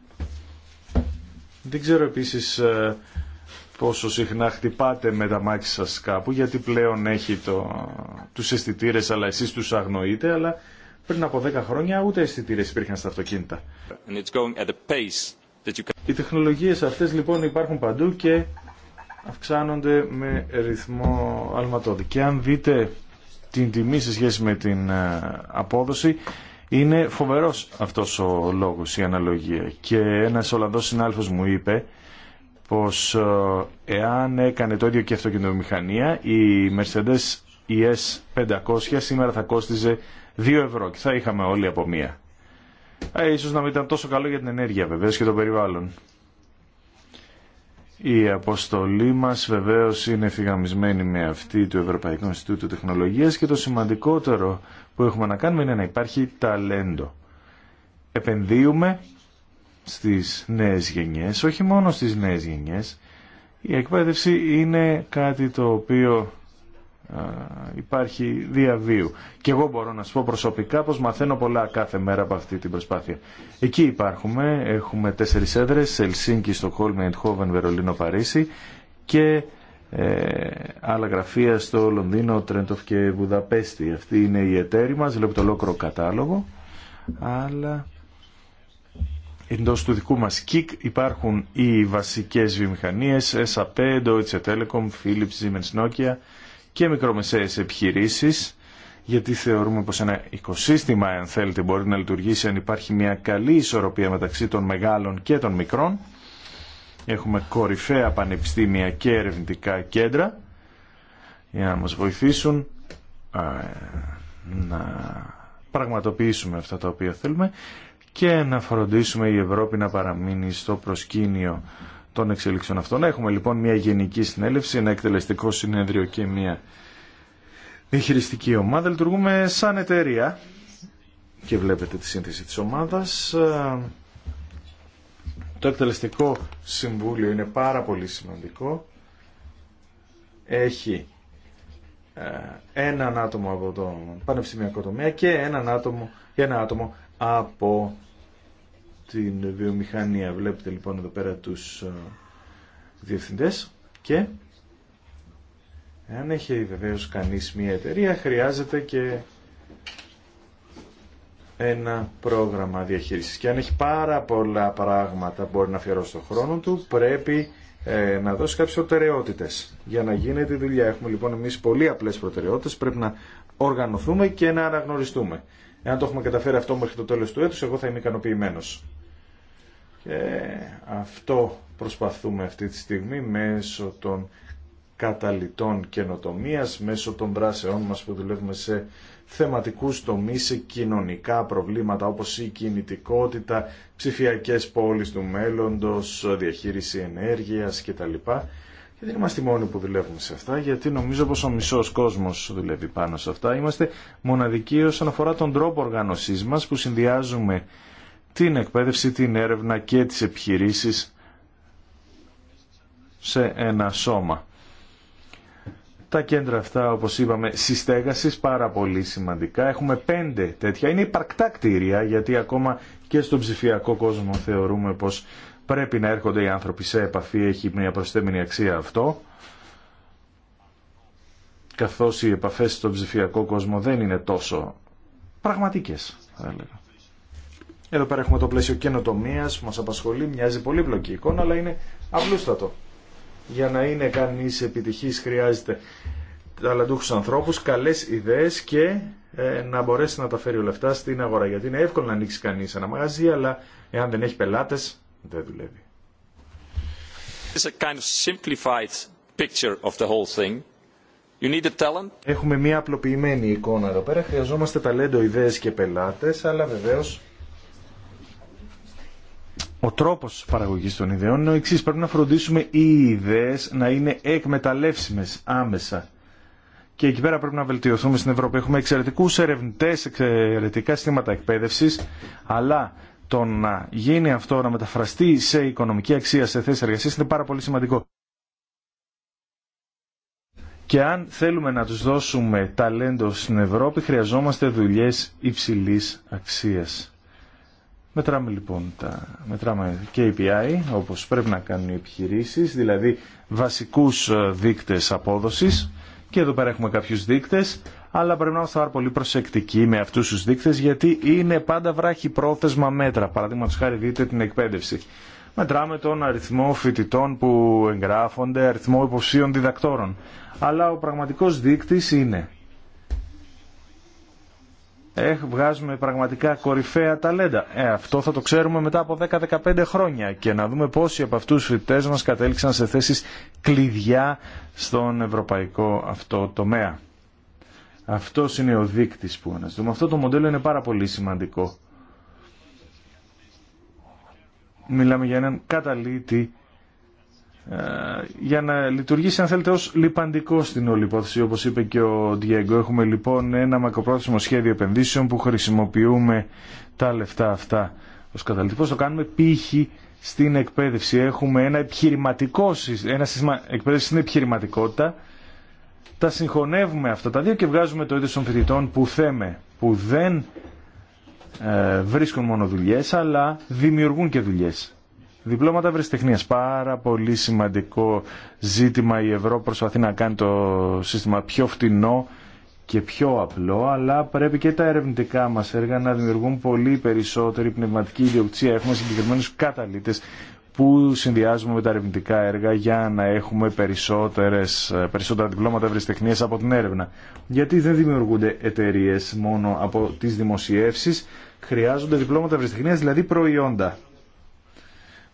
Δεν ξέρω επίσης ε, πόσο συχνά χτυπάτε με τα μάξι σας κάπου, γιατί πλέον έχει το, τους αισθητήρε, αλλά εσείς τους αγνοείτε, αλλά πριν από 10 χρόνια ούτε αισθητήρε υπήρχαν στα αυτοκίνητα. Οι τεχνολογίες αυτές λοιπόν υπάρχουν παντού και αυξάνονται με ρυθμό αλματώδη. Και αν δείτε την τιμή σε σχέση με την ε, απόδοση, είναι φοβερός αυτός ο λόγος, η αναλογία. Και ένας Ολλανδός συνάλφος μου είπε πως ε, εάν έκανε το ίδιο και αυτοκινητομηχανία, η Mercedes ES 500 σήμερα θα κόστιζε 2 ευρώ και θα είχαμε όλοι από μία. Ε, ίσως να μην ήταν τόσο καλό για την ενέργεια βεβαίως και το περιβάλλον. Η αποστολή μας βεβαίως είναι φυγαμισμένη με αυτή του Ευρωπαϊκού Ινστιτούτου Τεχνολογίας και το σημαντικότερο που έχουμε να κάνουμε είναι να υπάρχει ταλέντο. Επενδύουμε στις νέες γενιές, όχι μόνο στις νέες γενιές. Η εκπαίδευση είναι κάτι το οποίο υπάρχει διαβίου. Και εγώ μπορώ να σα πω προσωπικά πως μαθαίνω πολλά κάθε μέρα από αυτή την προσπάθεια. Εκεί υπάρχουμε, έχουμε τέσσερις έδρες, Ελσίνκι, Στοχόλμη, Εντχόβεν, Βερολίνο, Παρίσι και ε, άλλα γραφεία στο Λονδίνο, Τρέντοφ και Βουδαπέστη. Αυτή είναι η εταίροι μας, βλέπω το ολόκληρο κατάλογο, αλλά εντός του δικού μας ΚΙΚ υπάρχουν οι βασικές βιομηχανίες, SAP, Deutsche Telekom, Philips, Siemens, Nokia, και μικρομεσαίες επιχειρήσεις γιατί θεωρούμε πως ένα οικοσύστημα αν θέλετε μπορεί να λειτουργήσει αν υπάρχει μια καλή ισορροπία μεταξύ των μεγάλων και των μικρών έχουμε κορυφαία πανεπιστήμια και ερευνητικά κέντρα για να μας βοηθήσουν ε, να πραγματοποιήσουμε αυτά τα οποία θέλουμε και να φροντίσουμε η Ευρώπη να παραμείνει στο προσκήνιο των εξελίξεων αυτών. Έχουμε λοιπόν μια γενική συνέλευση, ένα εκτελεστικό συνέδριο και μια διαχειριστική ομάδα. Λειτουργούμε σαν εταιρεία και βλέπετε τη σύνθεση της ομάδας. Το εκτελεστικό συμβούλιο είναι πάρα πολύ σημαντικό. Έχει ε, έναν άτομο από το πανεπιστημιακό τομέα και έναν άτομο, ένα άτομο από την βιομηχανία. Βλέπετε λοιπόν εδώ πέρα τους ε, διευθυντέ και αν έχει βεβαίως κανείς μία εταιρεία χρειάζεται και ένα πρόγραμμα διαχείρισης και αν έχει πάρα πολλά πράγματα που μπορεί να αφιερώσει τον χρόνο του πρέπει ε, να δώσει κάποιες προτεραιότητες για να γίνεται η δουλειά. Έχουμε λοιπόν εμείς πολύ απλές προτεραιότητες, πρέπει να οργανωθούμε και να αναγνωριστούμε. Εάν το έχουμε καταφέρει αυτό μέχρι το τέλος του έτους, εγώ θα είμαι ικανοποιημένος. Και αυτό προσπαθούμε αυτή τη στιγμή μέσω των καταλητών καινοτομία, μέσω των δράσεών μας που δουλεύουμε σε θεματικούς τομείς, σε κοινωνικά προβλήματα όπως η κινητικότητα, ψηφιακές πόλεις του μέλλοντος, διαχείριση ενέργειας κτλ. Και δεν είμαστε μόνοι που δουλεύουμε σε αυτά, γιατί νομίζω πως ο μισός κόσμος δουλεύει πάνω σε αυτά. Είμαστε μοναδικοί όσον αφορά τον τρόπο οργάνωσής μας που συνδυάζουμε την εκπαίδευση, την έρευνα και τις επιχειρήσεις σε ένα σώμα. Τα κέντρα αυτά, όπως είπαμε, συστέγασης πάρα πολύ σημαντικά. Έχουμε πέντε τέτοια. Είναι υπαρκτά κτίρια, γιατί ακόμα και στον ψηφιακό κόσμο θεωρούμε πως πρέπει να έρχονται οι άνθρωποι σε επαφή. Έχει μια προσθέμενη αξία αυτό. Καθώς οι επαφές στον ψηφιακό κόσμο δεν είναι τόσο πραγματικές, θα έλεγα. Εδώ πέρα έχουμε το πλαίσιο καινοτομία που μα απασχολεί, μοιάζει πολύπλοκη εικόνα, αλλά είναι απλούστατο. Για να είναι κανεί επιτυχή χρειάζεται ταλαντούχου ανθρώπου, καλέ ιδέε και ε, να μπορέσει να τα φέρει όλα αυτά στην αγορά. Γιατί είναι εύκολο να ανοίξει κανεί ένα μαγαζί, αλλά εάν δεν έχει πελάτε, δεν δουλεύει. Έχουμε μια απλοποιημένη εικόνα εδώ πέρα. Χρειαζόμαστε ταλέντο, ιδέε και πελάτε, αλλά βεβαίως ο τρόπος παραγωγής των ιδεών είναι ο εξή Πρέπει να φροντίσουμε οι ιδέε να είναι εκμεταλλεύσιμες άμεσα. Και εκεί πέρα πρέπει να βελτιωθούμε στην Ευρώπη. Έχουμε εξαιρετικού ερευνητέ εξαιρετικά συστήματα εκπαίδευσης, αλλά το να γίνει αυτό, να μεταφραστεί σε οικονομική αξία, σε θέσεις εργασία είναι πάρα πολύ σημαντικό. Και αν θέλουμε να τους δώσουμε ταλέντο στην Ευρώπη, χρειαζόμαστε δουλειές υψηλής αξίας. Μετράμε λοιπόν τα μετράμε KPI, όπως πρέπει να κάνουν οι επιχειρήσεις, δηλαδή βασικούς ε, δείκτες απόδοσης. Και εδώ πέρα έχουμε κάποιους δείκτες, αλλά πρέπει να είμαστε πολύ προσεκτικοί με αυτούς τους δείκτες, γιατί είναι πάντα βράχη πρόθεσμα μέτρα. Παραδείγματος χάρη δείτε την εκπαίδευση. Μετράμε τον αριθμό φοιτητών που εγγράφονται, αριθμό υποψίων διδακτόρων. Αλλά ο πραγματικός δείκτης είναι έχ, βγάζουμε πραγματικά κορυφαία ταλέντα. Ε, αυτό θα το ξέρουμε μετά από 10-15 χρόνια και να δούμε πόσοι από αυτούς τους φοιτητές μας κατέληξαν σε θέσεις κλειδιά στον ευρωπαϊκό αυτό τομέα. Αυτό είναι ο δείκτης που αναζητούμε. Αυτό το μοντέλο είναι πάρα πολύ σημαντικό. Μιλάμε για έναν καταλήτη ε, για να λειτουργήσει αν θέλετε ως λιπαντικό στην όλη υπόθεση όπως είπε και ο Διέγκο. έχουμε λοιπόν ένα μακροπρόθεσμο σχέδιο επενδύσεων που χρησιμοποιούμε τα λεφτά αυτά ως καταλητικός το κάνουμε π.χ. στην εκπαίδευση έχουμε ένα επιχειρηματικό ένα σύστημα εκπαίδευση στην επιχειρηματικότητα τα συγχωνεύουμε αυτά τα δύο και βγάζουμε το είδος των φοιτητών που θέμε που δεν ε, βρίσκουν μόνο δουλειέ, αλλά δημιουργούν και δουλειέ. Διπλώματα ευρεσιτεχνία. Πάρα πολύ σημαντικό ζήτημα. Η Ευρώπη προσπαθεί να κάνει το σύστημα πιο φτηνό και πιο απλό, αλλά πρέπει και τα ερευνητικά μα έργα να δημιουργούν πολύ περισσότερη πνευματική ιδιοκτησία. Έχουμε συγκεκριμένου καταλήτε που συνδυάζουμε με τα ερευνητικά έργα για να έχουμε περισσότερες, περισσότερα διπλώματα ευρεσιτεχνία από την έρευνα. Γιατί δεν δημιουργούνται εταιρείε μόνο από τι δημοσιεύσει, χρειάζονται διπλώματα ευρεσιτεχνία, δηλαδή προϊόντα.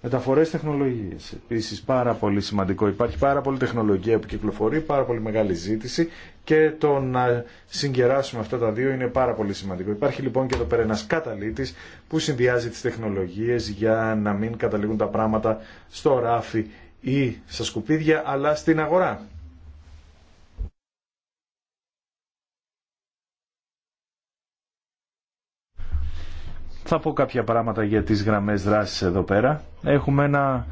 Μεταφορέ τεχνολογίες. Επίσης πάρα πολύ σημαντικό. Υπάρχει πάρα πολύ τεχνολογία που κυκλοφορεί, πάρα πολύ μεγάλη ζήτηση και το να συγκεράσουμε αυτά τα δύο είναι πάρα πολύ σημαντικό. Υπάρχει λοιπόν και εδώ πέρα ένα καταλήτη που συνδυάζει τις τεχνολογίες για να μην καταλήγουν τα πράγματα στο ράφι ή στα σκουπίδια αλλά στην αγορά. Θα πω κάποια πράγματα για τις γραμμές δράσης εδώ πέρα. Έχουμε ένα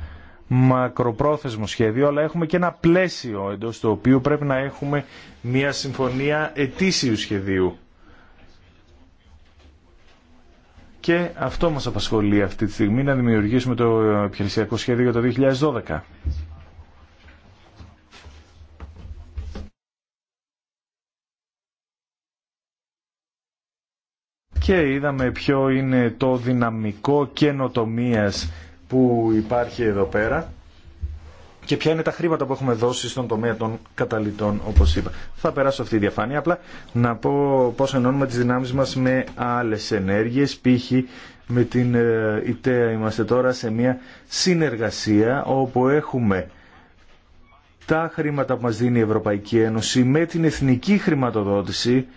μακροπρόθεσμο σχέδιο, αλλά έχουμε και ένα πλαίσιο εντός του οποίου πρέπει να έχουμε μια συμφωνία ετήσιου σχεδίου. Και αυτό μας απασχολεί αυτή τη στιγμή, να δημιουργήσουμε το επιχειρησιακό σχέδιο για το 2012. και είδαμε ποιο είναι το δυναμικό καινοτομία που υπάρχει εδώ πέρα και ποια είναι τα χρήματα που έχουμε δώσει στον τομέα των καταλητών, όπως είπα. Θα περάσω αυτή τη διαφάνεια, απλά να πω πώς ενώνουμε τις δυνάμεις μας με άλλες ενέργειες, π.χ. με την ε, ΙΤΕΑ είμαστε τώρα σε μια συνεργασία όπου έχουμε τα χρήματα που μας δίνει η Ευρωπαϊκή Ένωση με την εθνική χρηματοδότηση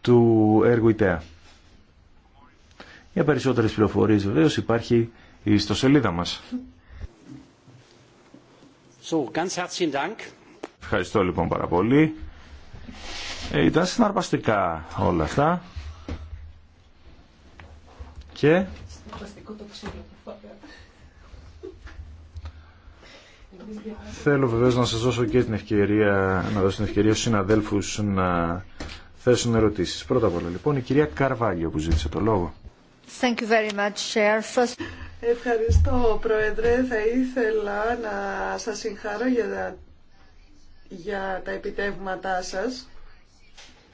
του έργου ΙΤΕΑ. Για περισσότερες πληροφορίες βεβαίως υπάρχει η ιστοσελίδα μας. So, ganz Dank. Ευχαριστώ λοιπόν πάρα πολύ. Ε, ήταν συναρπαστικά όλα αυτά. Και... Θέλω βεβαίω να σας δώσω και την ευκαιρία, να δώσω την ευκαιρία στου συναδέλφους να θέσουν ερωτήσει. Πρώτα απ' όλα λοιπόν η κυρία Καρβάλιο που ζήτησε το λόγο. Ευχαριστώ, Πρόεδρε. Θα ήθελα να σας συγχαρώ για τα, για τα επιτεύγματά σας.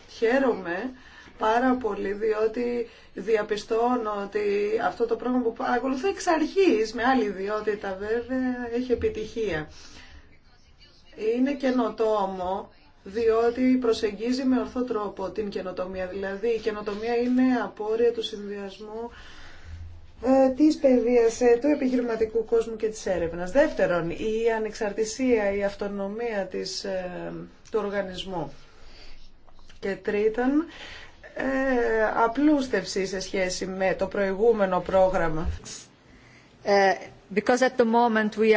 Χαίρομαι πάρα πολύ διότι διαπιστώνω ότι αυτό το πρόγραμμα που ακολουθώ εξ αρχής, με άλλη ιδιότητα βέβαια, έχει επιτυχία. Είναι καινοτόμο διότι προσεγγίζει με ορθό τρόπο την καινοτομία. Δηλαδή η καινοτομία είναι απόρρια του συνδυασμού ε, της παιδείας, ε, του επιχειρηματικού κόσμου και της έρευνας. Δεύτερον, η ανεξαρτησία, η αυτονομία της, ε, του οργανισμού. Και τρίτον, απλούστευση σε σχέση με το προηγούμενο πρόγραμμα. Because at the moment we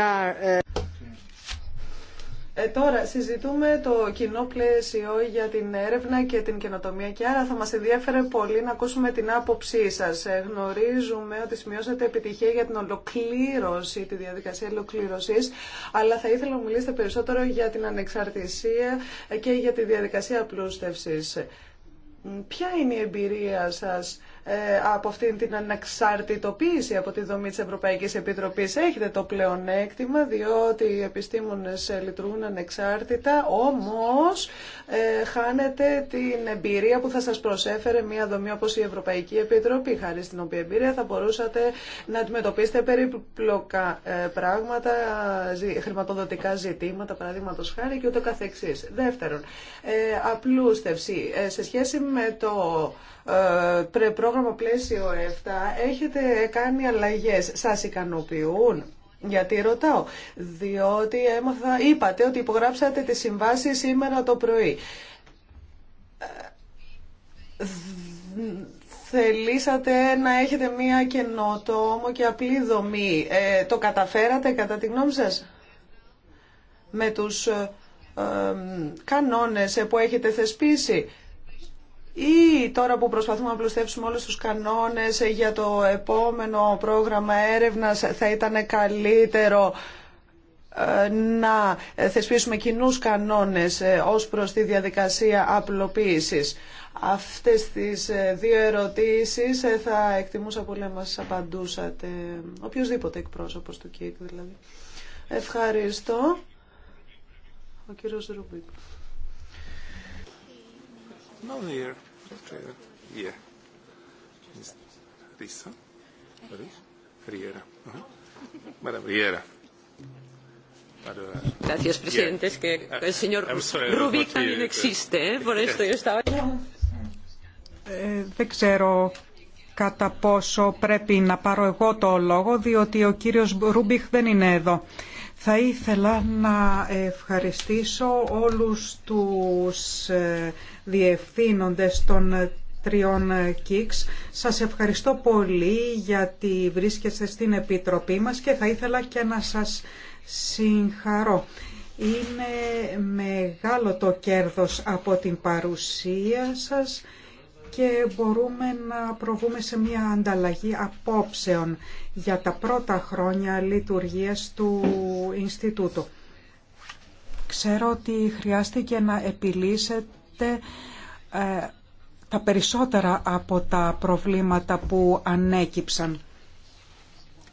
ε, τώρα συζητούμε το κοινό πλαίσιο για την έρευνα και την καινοτομία και άρα θα μας ενδιαφέρε πολύ να ακούσουμε την άποψή σας. Ε, γνωρίζουμε ότι σημειώσατε επιτυχία για την ολοκλήρωση, τη διαδικασία ολοκλήρωσης, αλλά θα ήθελα να μιλήσετε περισσότερο για την ανεξαρτησία και για τη διαδικασία απλούστευσης. Ποια είναι η εμπειρία σας ε, από αυτήν την ανεξαρτητοποίηση από τη δομή της Ευρωπαϊκής Επιτροπής. Έχετε το πλεονέκτημα διότι οι επιστήμονες λειτουργούν ανεξάρτητα, όμως ε, χάνετε την εμπειρία που θα σας προσέφερε μια δομή όπως η Ευρωπαϊκή Επιτροπή, χάρη στην οποία εμπειρία θα μπορούσατε να αντιμετωπίσετε περίπλοκα ε, πράγματα, χρηματοδοτικά ζητήματα, παραδείγματος χάρη και ούτω καθεξής. Δεύτερον, απλούστευση σε σχέση με το ε, πρόγραμμα πλαίσιο 7 έχετε κάνει αλλαγές. Σας ικανοποιούν. Γιατί ρωτάω, διότι έμαθα, είπατε ότι υπογράψατε τις συμβάσεις σήμερα το πρωί. Ε, θελήσατε να έχετε μία καινοτόμο και απλή δομή. Ε, το καταφέρατε κατά τη γνώμη σας με τους ε, κανόνες που έχετε θεσπίσει ή τώρα που προσπαθούμε να πλουστεύσουμε όλους τους κανόνες για το επόμενο πρόγραμμα έρευνας θα ήταν καλύτερο ε, να θεσπίσουμε κοινούς κανόνες ε, ως προς τη διαδικασία απλοποίησης. Αυτές τις ε, δύο ερωτήσεις θα εκτιμούσα πολύ να μας απαντούσατε, οποιοδήποτε εκπρόσωπος του ΚΙΚ δηλαδή. Ευχαριστώ. Ο κύριος δεν ξέρω κατά πόσο πρέπει να πάρω εγώ το λόγο, διότι ο κύριος Ρούμπιχ δεν είναι εδώ. Θα ήθελα να ευχαριστήσω όλους τους ε, διευθύνοντες των τριών ΚΙΚΣ. Σας ευχαριστώ πολύ γιατί βρίσκεστε στην Επιτροπή μας και θα ήθελα και να σας συγχαρώ. Είναι μεγάλο το κέρδος από την παρουσία σας και μπορούμε να προβούμε σε μια ανταλλαγή απόψεων για τα πρώτα χρόνια λειτουργίας του Ινστιτούτου. Ξέρω ότι χρειάστηκε να επιλύσετε ε, τα περισσότερα από τα προβλήματα που ανέκυψαν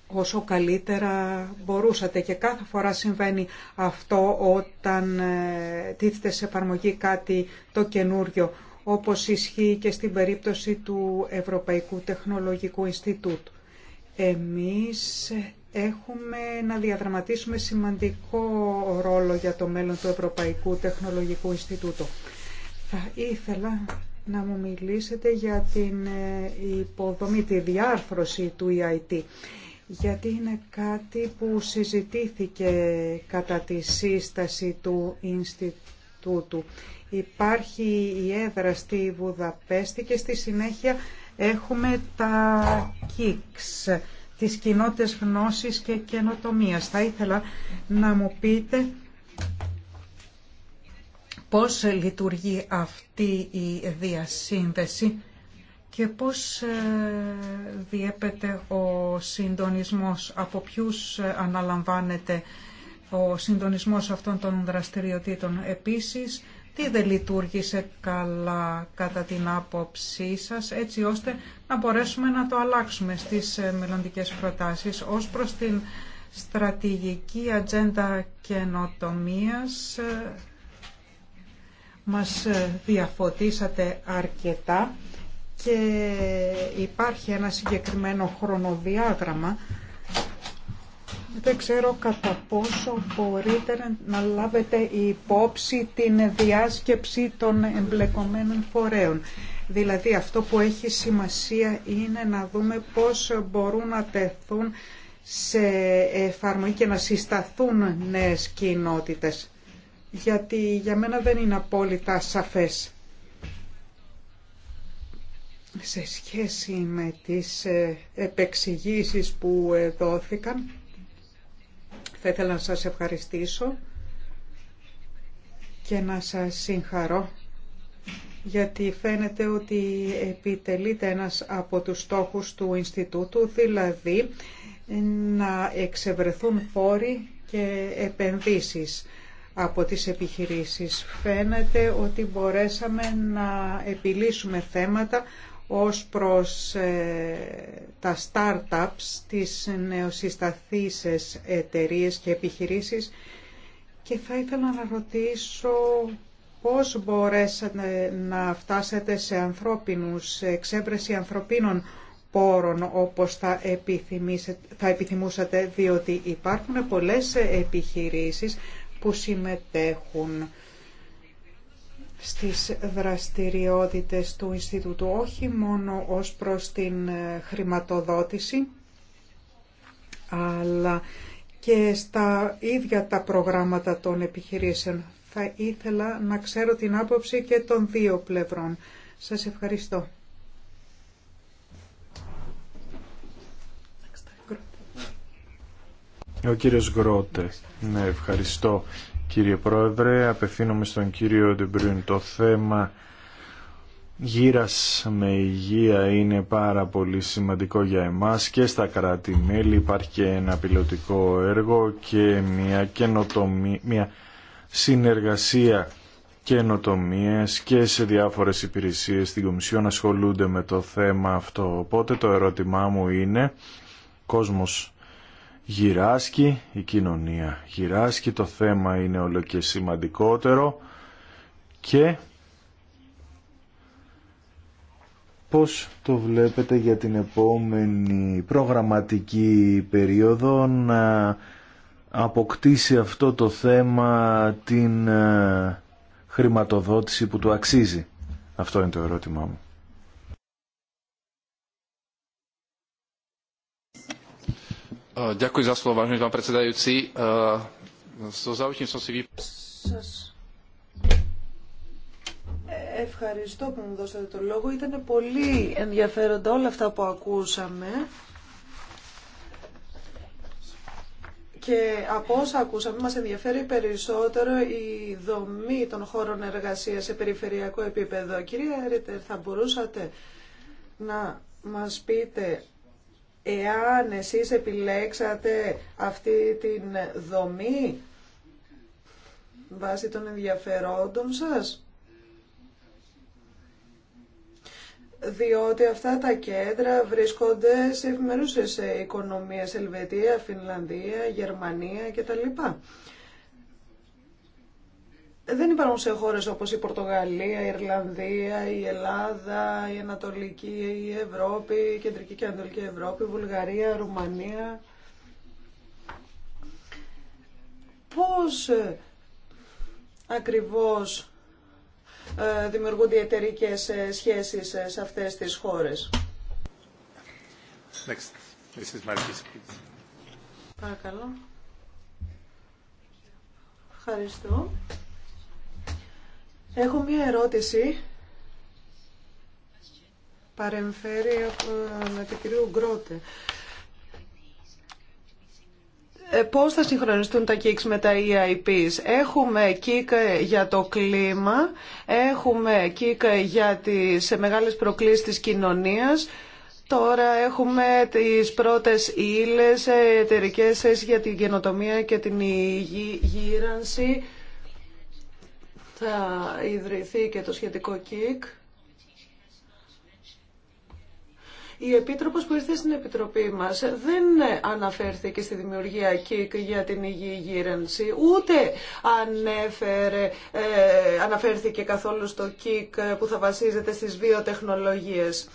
όσο καλύτερα μπορούσατε. Και κάθε φορά συμβαίνει αυτό όταν ε, τίθεται σε εφαρμογή κάτι το καινούριο, όπως ισχύει και στην περίπτωση του Ευρωπαϊκού Τεχνολογικού Ινστιτούτου. Εμείς έχουμε να διαδραματίσουμε σημαντικό ρόλο για το μέλλον του Ευρωπαϊκού Τεχνολογικού Ινστιτούτου. Θα ήθελα να μου μιλήσετε για την ε, υποδομή, τη διάρθρωση του EIT, γιατί είναι κάτι που συζητήθηκε κατά τη σύσταση του Ινστιτούτου. Υπάρχει η έδρα στη Βουδαπέστη και στη συνέχεια έχουμε τα ΚΙΚΣ, τις κοινότητες γνώσης και καινοτομίας. Θα ήθελα να μου πείτε πώς λειτουργεί αυτή η διασύνδεση και πώς ε, διέπεται ο συντονισμός, από ποιους ε, αναλαμβάνεται ο συντονισμός αυτών των δραστηριοτήτων. Επίσης, τι δεν λειτουργήσε καλά κατά την άποψή σας, έτσι ώστε να μπορέσουμε να το αλλάξουμε στις ε, μελλοντικέ προτάσεις ως προς την στρατηγική ατζέντα καινοτομίας μας ε, διαφωτίσατε αρκετά και υπάρχει ένα συγκεκριμένο χρονοδιάγραμμα. Δεν ξέρω κατά πόσο μπορείτε να λάβετε υπόψη την διάσκεψη των εμπλεκομένων φορέων. Δηλαδή αυτό που έχει σημασία είναι να δούμε πώς μπορούν να τεθούν σε εφαρμογή και να συσταθούν νέες κοινότητες γιατί για μένα δεν είναι απόλυτα σαφές. Σε σχέση με τις ε, επεξηγήσεις που ε, δόθηκαν, θα ήθελα να σας ευχαριστήσω και να σας συγχαρώ γιατί φαίνεται ότι επιτελείται ένας από τους στόχους του Ινστιτούτου, δηλαδή να εξευρεθούν πόροι και επενδύσεις από τις επιχειρήσεις. Φαίνεται ότι μπορέσαμε να επιλύσουμε θέματα ως προς ε, τα startups, τις νεοσυσταθήσεις εταιρείες και επιχειρήσεις και θα ήθελα να ρωτήσω πώς μπορέσατε να φτάσετε σε ανθρώπινους, σε εξέβρεση ανθρωπίνων πόρων όπως θα, θα επιθυμούσατε, διότι υπάρχουν πολλές επιχειρήσεις που συμμετέχουν στις δραστηριότητες του Ινστιτούτου, όχι μόνο ως προς την ε, χρηματοδότηση, αλλά και στα ίδια τα προγράμματα των επιχειρήσεων. Θα ήθελα να ξέρω την άποψη και των δύο πλευρών. Σας ευχαριστώ. Ο κύριος Γκρότε. Ναι, ευχαριστώ κύριε Πρόεδρε. Απευθύνομαι στον κύριο Ντεμπρίν. Το θέμα γύρας με υγεία είναι πάρα πολύ σημαντικό για εμάς και στα κράτη-μέλη. Υπάρχει και ένα πιλωτικό έργο και μια, καινοτομία, μια συνεργασία καινοτομίες και σε διάφορες υπηρεσίες στην Κομισιόν ασχολούνται με το θέμα αυτό. Οπότε το ερώτημά μου είναι, κόσμος γυράσκει, η κοινωνία γυράσκει, το θέμα είναι όλο και σημαντικότερο και πώς το βλέπετε για την επόμενη προγραμματική περίοδο να αποκτήσει αυτό το θέμα την ε, χρηματοδότηση που του αξίζει. Αυτό είναι το ερώτημά μου. Ε, e, ευχαριστώ που μου δώσατε το λόγο. Ήταν πολύ ενδιαφέροντα όλα αυτά που ακούσαμε. Και από όσα ακούσαμε, μας ενδιαφέρει περισσότερο η δομή των χώρων εργασίας σε περιφερειακό επίπεδο. Κυρία Ρίτερ, θα μπορούσατε να μας πείτε Εάν εσείς επιλέξατε αυτή την δομή βάσει των ενδιαφερόντων σας, διότι αυτά τα κέντρα βρίσκονται σε ευημερούσες οικονομίες Ελβετία, Φινλανδία, Γερμανία κτλ δεν υπάρχουν σε χώρες όπως η Πορτογαλία, η Ιρλανδία, η Ελλάδα, η Ανατολική, η Ευρώπη, η Κεντρική και Ανατολική Ευρώπη, η Βουλγαρία, η Ρουμανία. Πώς ε, ακριβώς ε, δημιουργούνται οι εταιρικές ε, σχέσεις σε αυτές τις χώρες. Next. Παρακαλώ. Ευχαριστώ. Έχω μία ερώτηση. Παρεμφέρει από την κυρία Γκρότε. Ε, πώς θα συγχρονιστούν τα κικς με τα EIPs. Έχουμε κικ για το κλίμα, έχουμε κικ για τις μεγάλες προκλήσεις της κοινωνίας, Τώρα έχουμε τις πρώτες ύλες, ε, εταιρικές για την καινοτομία και την γύρανση θα ιδρυθεί και το σχετικό ΚΙΚ. Η Επίτροπος που ήρθε στην Επιτροπή μας δεν αναφέρθηκε στη δημιουργία ΚΙΚ για την υγιή γύρανση, ούτε ανέφερε, ε, αναφέρθηκε καθόλου στο ΚΙΚ που θα βασίζεται στις βιοτεχνολογίες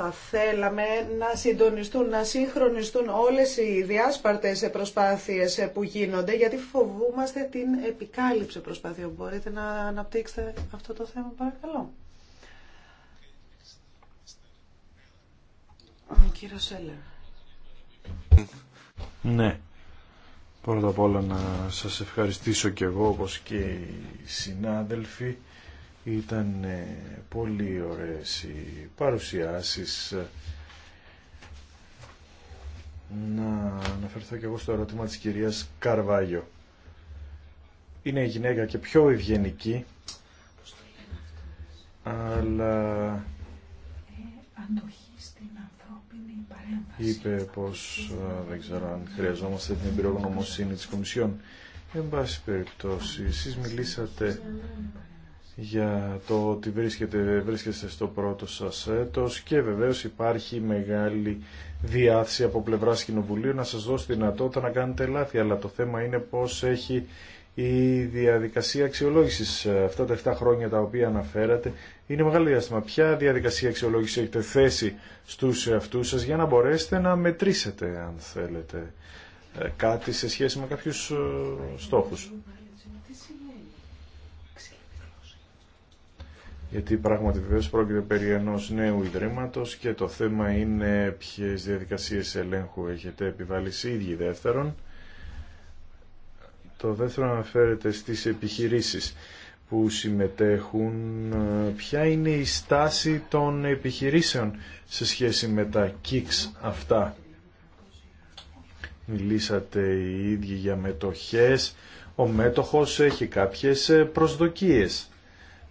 θα θέλαμε να συντονιστούν, να συγχρονιστούν όλες οι διάσπαρτες προσπάθειες που γίνονται, γιατί φοβούμαστε την επικάλυψη προσπάθειων. Μπορείτε να αναπτύξετε αυτό το θέμα, παρακαλώ. Κύριο Σέλερ. Ναι. Πρώτα απ' όλα να σας ευχαριστήσω και εγώ, όπως και οι συνάδελφοι ήταν ε, πολύ ωραίες οι παρουσιάσεις. Να αναφερθώ και εγώ στο ερώτημα της κυρίας Καρβάγιο. Είναι η γυναίκα και πιο ευγενική, αλλά είπε πως ε, δεν ξέρω αν χρειαζόμαστε την εμπειρογνωμοσύνη της Κομισιόν. Εν πάση περιπτώσει, εσείς μιλήσατε για το ότι βρίσκεται βρίσκεστε στο πρώτο σας έτος και βεβαίως υπάρχει μεγάλη διάθεση από πλευρά Κοινοβουλίου να σας δώσει δυνατότητα να κάνετε λάθη, αλλά το θέμα είναι πώς έχει η διαδικασία αξιολόγησης αυτά τα 7 χρόνια τα οποία αναφέρατε είναι μεγάλο διάστημα. Ποια διαδικασία αξιολόγηση έχετε θέσει στους εαυτούς σας για να μπορέσετε να μετρήσετε αν θέλετε ε, κάτι σε σχέση με κάποιους ε, στόχους. γιατί πράγματι βεβαίω πρόκειται περί ενός νέου ιδρύματο και το θέμα είναι ποιε διαδικασίες ελέγχου έχετε επιβάλει ίδιοι δεύτερον. Το δεύτερο αναφέρεται στι επιχειρήσεις που συμμετέχουν. Ποια είναι η στάση των επιχειρήσεων σε σχέση με τα kicks αυτά. Μιλήσατε οι ίδιοι για μετοχές. Ο μέτοχος έχει κάποιες προσδοκίες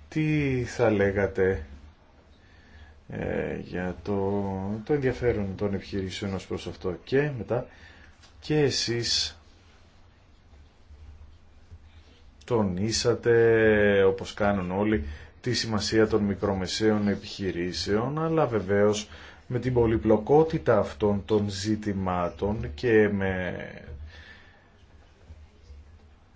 τι θα λέγατε ε, για το, το ενδιαφέρον των επιχειρήσεων ως προς αυτό και μετά και εσείς τονίσατε όπως κάνουν όλοι τη σημασία των μικρομεσαίων επιχειρήσεων αλλά βεβαίως με την πολυπλοκότητα αυτών των ζητημάτων και με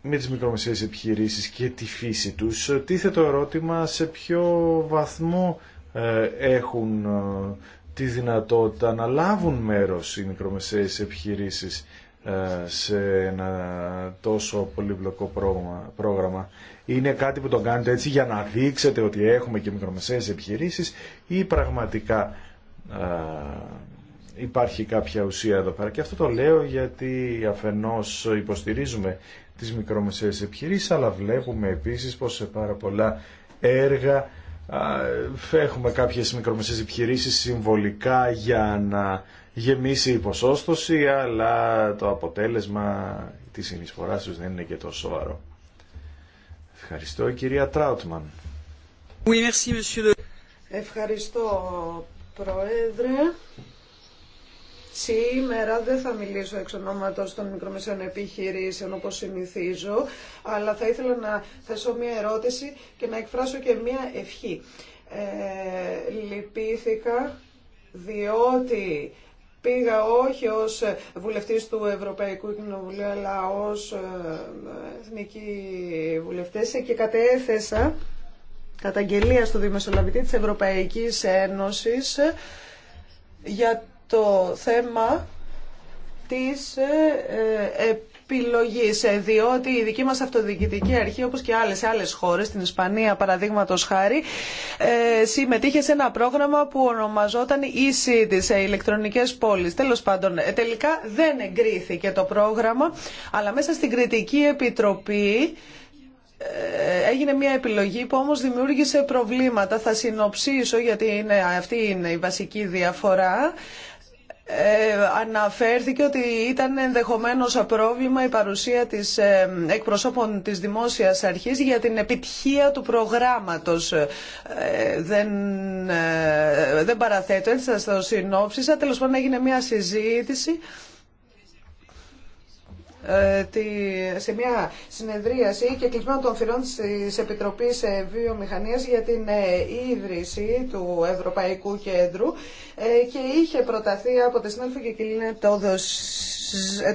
με τις μικρομεσαίες επιχειρήσεις και τη φύση τους. το ερώτημα σε ποιο βαθμό ε, έχουν ε, τη δυνατότητα να λάβουν μέρος οι μικρομεσαίες επιχειρήσεις ε, σε ένα τόσο πολύπλοκο πρόγραμμα. Είναι κάτι που το κάνετε έτσι για να δείξετε ότι έχουμε και μικρομεσαίες επιχειρήσεις ή πραγματικά υπάρχει κάποια ουσία εδώ πέρα. Και αυτό το λέω γιατί αφενός υποστηρίζουμε τις μικρομεσαίες επιχειρήσεις, αλλά βλέπουμε επίσης πως σε πάρα πολλά έργα έχουμε κάποιες μικρομεσαίες επιχειρήσεις συμβολικά για να γεμίσει η ποσόστοση, αλλά το αποτέλεσμα της συνεισφοράς τους δεν είναι και τόσο σοβαρό. Ευχαριστώ κυρία Τράουτμαν. Ευχαριστώ Πρόεδρε. Σήμερα δεν θα μιλήσω εξ ονόματος των μικρομεσαίων επιχειρήσεων όπως συνηθίζω, αλλά θα ήθελα να θέσω μια ερώτηση και να εκφράσω και μια ευχή. Ε, λυπήθηκα διότι πήγα όχι ως βουλευτής του Ευρωπαϊκού Κοινοβουλίου αλλά ως ε, εθνική βουλευτές και κατέθεσα καταγγελία στο Δημεσολαβητή της Ευρωπαϊκής Ένωσης για το θέμα της ε, ε, επιλογής, ε, διότι η δική μας αυτοδιοικητική αρχή, όπως και άλλες, άλλες χώρες, στην Ισπανία παραδείγματος χάρη, συμμετείχε σε ένα πρόγραμμα που ονομαζόταν e-City, σε ηλεκτρονικές πόλεις. Τέλος πάντων, τελικά δεν εγκρίθηκε το πρόγραμμα, αλλά μέσα στην κριτική επιτροπή έγινε μια επιλογή που όμως δημιούργησε προβλήματα. Θα συνοψίσω γιατί είναι, αυτή είναι η βασική διαφορά. Ε, αναφέρθηκε ότι ήταν ενδεχομένως πρόβλημα η παρουσία της ε, εκπροσώπων της Δημόσιας Αρχής για την επιτυχία του προγράμματος. Ε, δεν, δεν παραθέτω, έτσι θα το συνόψισα. Τέλος πάντων έγινε μια συζήτηση ε, σε μια συνεδρίαση και κλεισμένο των θυρών της Επιτροπής ε, Βιομηχανίας για την ε, ίδρυση του Ευρωπαϊκού Κέντρου και είχε προταθεί από τη συνέλφη και κλείνει το,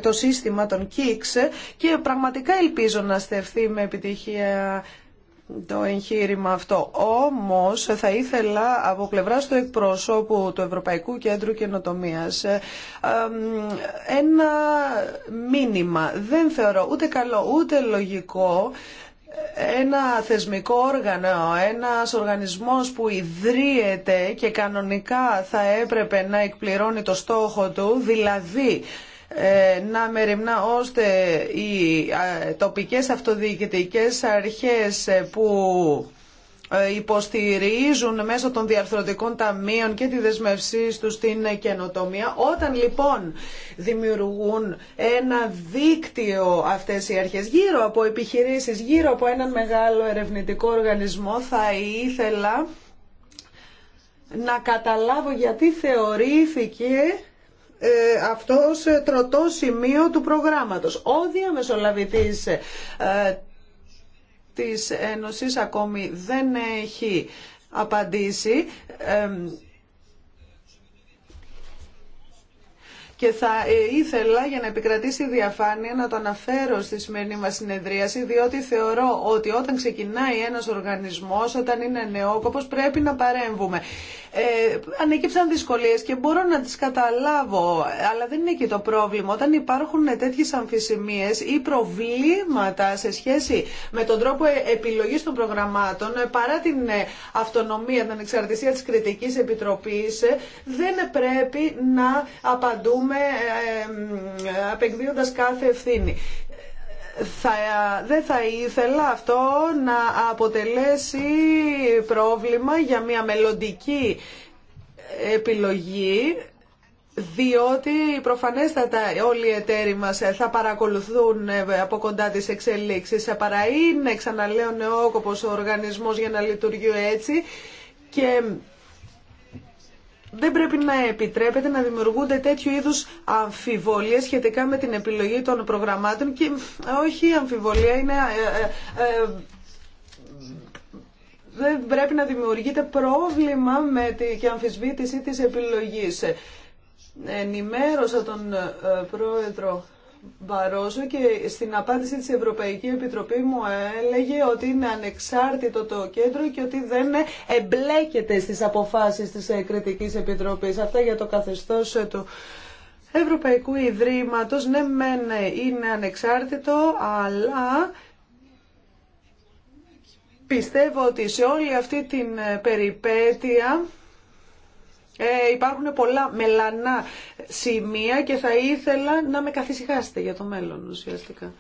το σύστημα των ΚΙΚΣ και πραγματικά ελπίζω να στεφθεί με επιτυχία το εγχείρημα αυτό. Όμως θα ήθελα από πλευρά του εκπροσώπου του Ευρωπαϊκού Κέντρου Καινοτομίας ε, ένα μήνυμα. Δεν θεωρώ ούτε καλό ούτε λογικό ένα θεσμικό όργανο, ένας οργανισμός που ιδρύεται και κανονικά θα έπρεπε να εκπληρώνει το στόχο του, δηλαδή ε, να μεριμνά ώστε οι τοπικές αυτοδιοικητικές αρχές ε, που ε, υποστηρίζουν μέσω των διαρθρωτικών ταμείων και τη δεσμευσή του στην καινοτομία. Όταν λοιπόν δημιουργούν ένα δίκτυο αυτές οι αρχές γύρω από επιχειρήσεις, γύρω από έναν μεγάλο ερευνητικό οργανισμό θα ήθελα να καταλάβω γιατί θεωρήθηκε ε, αυτός ε, τροτό σημείο του προγράμματος. Ο διαμεσολαβητής ε, της Ένωσης ακόμη δεν έχει απαντήσει και θα ε, ήθελα για να επικρατήσει η διαφάνεια να το αναφέρω στη σημερινή μας συνεδρίαση διότι θεωρώ ότι όταν ξεκινάει ένας οργανισμός, όταν είναι νεόκοπος πρέπει να παρέμβουμε. Ε, ανέκυψαν δυσκολίες και μπορώ να τις καταλάβω, αλλά δεν είναι εκεί το πρόβλημα. Όταν υπάρχουν τέτοιες αμφισημίες ή προβλήματα σε σχέση με τον τρόπο ε, επιλογής των προγραμμάτων, ε, παρά την αυτονομία, την ανεξαρτησία της κριτικής επιτροπής, δεν πρέπει να απαντούμε πούμε, ε, ε, απεκδίοντας κάθε ευθύνη. Θα, δεν θα ήθελα αυτό να αποτελέσει πρόβλημα για μια μελλοντική επιλογή διότι προφανέστατα όλοι οι εταίροι μας θα παρακολουθούν ε, από κοντά τις εξελίξεις παρά είναι ξαναλέω νεόκοπος ο οργανισμός για να λειτουργεί έτσι και δεν πρέπει να επιτρέπεται να δημιουργούνται τέτοιου είδους αμφιβολίες σχετικά με την επιλογή των προγραμμάτων και όχι αμφιβολία, είναι... Ε, ε, ε, δεν πρέπει να δημιουργείται πρόβλημα με την και αμφισβήτηση της επιλογής. Ενημέρωσα τον πρόεδρο και στην απάντηση της Ευρωπαϊκή Επιτροπή μου έλεγε ότι είναι ανεξάρτητο το κέντρο και ότι δεν εμπλέκεται στις αποφάσεις της Κρητικής Επιτροπής. Αυτά για το καθεστώς του Ευρωπαϊκού Ιδρύματος. Ναι, μεν είναι ανεξάρτητο, αλλά πιστεύω ότι σε όλη αυτή την περιπέτεια ε, υπάρχουν πολλά μελανά σημεία και θα ήθελα να με καθησυχάσετε για το μέλλον ουσιαστικά.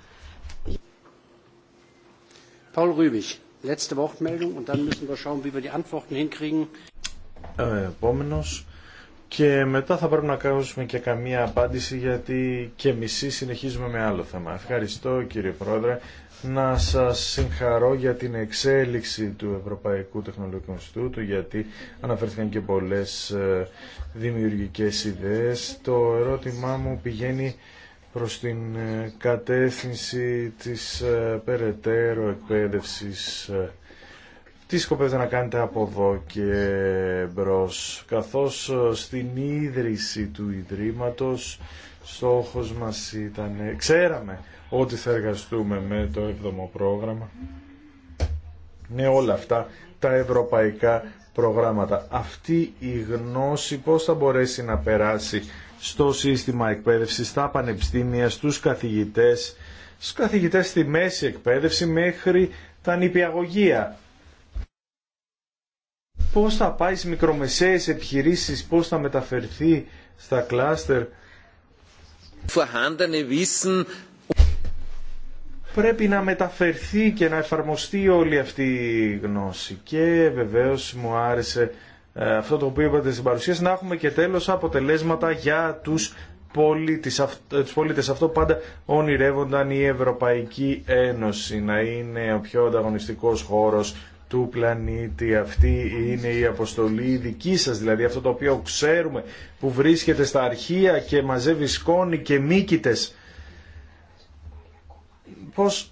Paul Rübig, letzte Wortmeldung und dann müssen wir schauen, wie wir die Antworten hinkriegen. Ε, Επόμενος, και μετά θα πρέπει να κάνουμε και καμία απάντηση γιατί και μισή συνεχίζουμε με άλλο θέμα. Ευχαριστώ κύριε Πρόεδρε. Να σας συγχαρώ για την εξέλιξη του Ευρωπαϊκού Τεχνολογικού Ινστιτούτου γιατί αναφέρθηκαν και πολλές ε, δημιουργικές ιδέες. Το ερώτημά μου πηγαίνει προς την ε, κατεύθυνση της ε, περαιτέρω εκπαίδευσης τι σκοπεύετε να κάνετε από εδώ και μπρο, καθώς ε, στην ίδρυση του Ιδρύματος στόχος μας ήταν, ε, ξέραμε ότι θα εργαστούμε με το 7ο πρόγραμμα, με όλα αυτά τα ευρωπαϊκά προγράμματα. Αυτή η γνώση πώς θα μπορέσει να περάσει στο σύστημα εκπαίδευσης, στα πανεπιστήμια, στους καθηγητές, στους καθηγητές στη μέση εκπαίδευση μέχρι τα νηπιαγωγεία πώς θα πάει στις μικρομεσαίες επιχειρήσεις, πώς θα μεταφερθεί στα κλάστερ. Πρέπει να μεταφερθεί και να εφαρμοστεί όλη αυτή η γνώση. Και βεβαίως μου άρεσε ε, αυτό το οποίο είπατε στην παρουσίαση, να έχουμε και τέλος αποτελέσματα για τους πολίτες, ε, τους πολίτες. Αυτό πάντα ονειρεύονταν η Ευρωπαϊκή Ένωση, να είναι ο πιο ανταγωνιστικός χώρος του πλανήτη. Αυτή είναι η αποστολή δική σας, δηλαδή αυτό το οποίο ξέρουμε που βρίσκεται στα αρχεία και μαζεύει σκόνη και μίκητες Πώς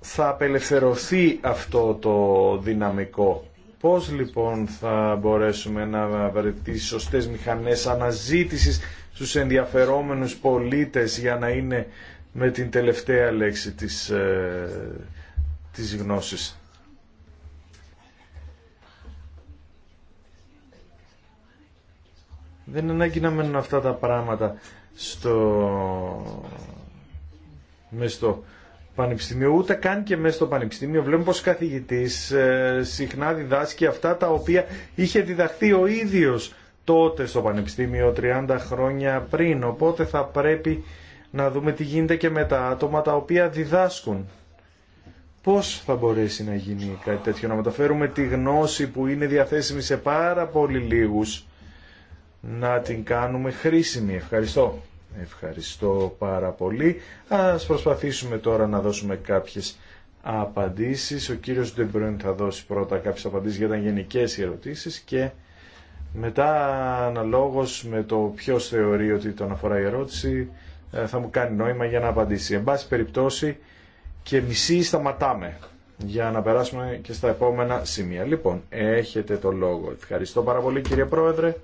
θα απελευθερωθεί αυτό το δυναμικό. Πώς λοιπόν θα μπορέσουμε να βρεθεί σωστές μηχανές αναζήτησης στους ενδιαφερόμενους πολίτες για να είναι με την τελευταία λέξη της, ε, της γνώσης. Δεν ανάγκη να μένουν αυτά τα πράγματα στο... στο πανεπιστήμιο, ούτε καν και μέσα στο πανεπιστήμιο. Βλέπουμε πως καθηγητής ε, συχνά διδάσκει αυτά τα οποία είχε διδαχθεί ο ίδιος τότε στο πανεπιστήμιο 30 χρόνια πριν. Οπότε θα πρέπει να δούμε τι γίνεται και με τα άτομα τα οποία διδάσκουν. Πώς θα μπορέσει να γίνει κάτι τέτοιο, να μεταφέρουμε τη γνώση που είναι διαθέσιμη σε πάρα πολύ λίγους να την κάνουμε χρήσιμη. Ευχαριστώ. Ευχαριστώ πάρα πολύ. Ας προσπαθήσουμε τώρα να δώσουμε κάποιες απαντήσεις. Ο κύριος Ντεμπρούν θα δώσει πρώτα κάποιες απαντήσεις για τα γενικές ερωτήσεις και μετά αναλόγως με το ποιος θεωρεί ότι τον αφορά η ερώτηση ε, θα μου κάνει νόημα για να απαντήσει. Εν πάση περιπτώσει και μισή σταματάμε για να περάσουμε και στα επόμενα σημεία. Λοιπόν, έχετε το λόγο. Ευχαριστώ πάρα πολύ κύριε Πρόεδρε.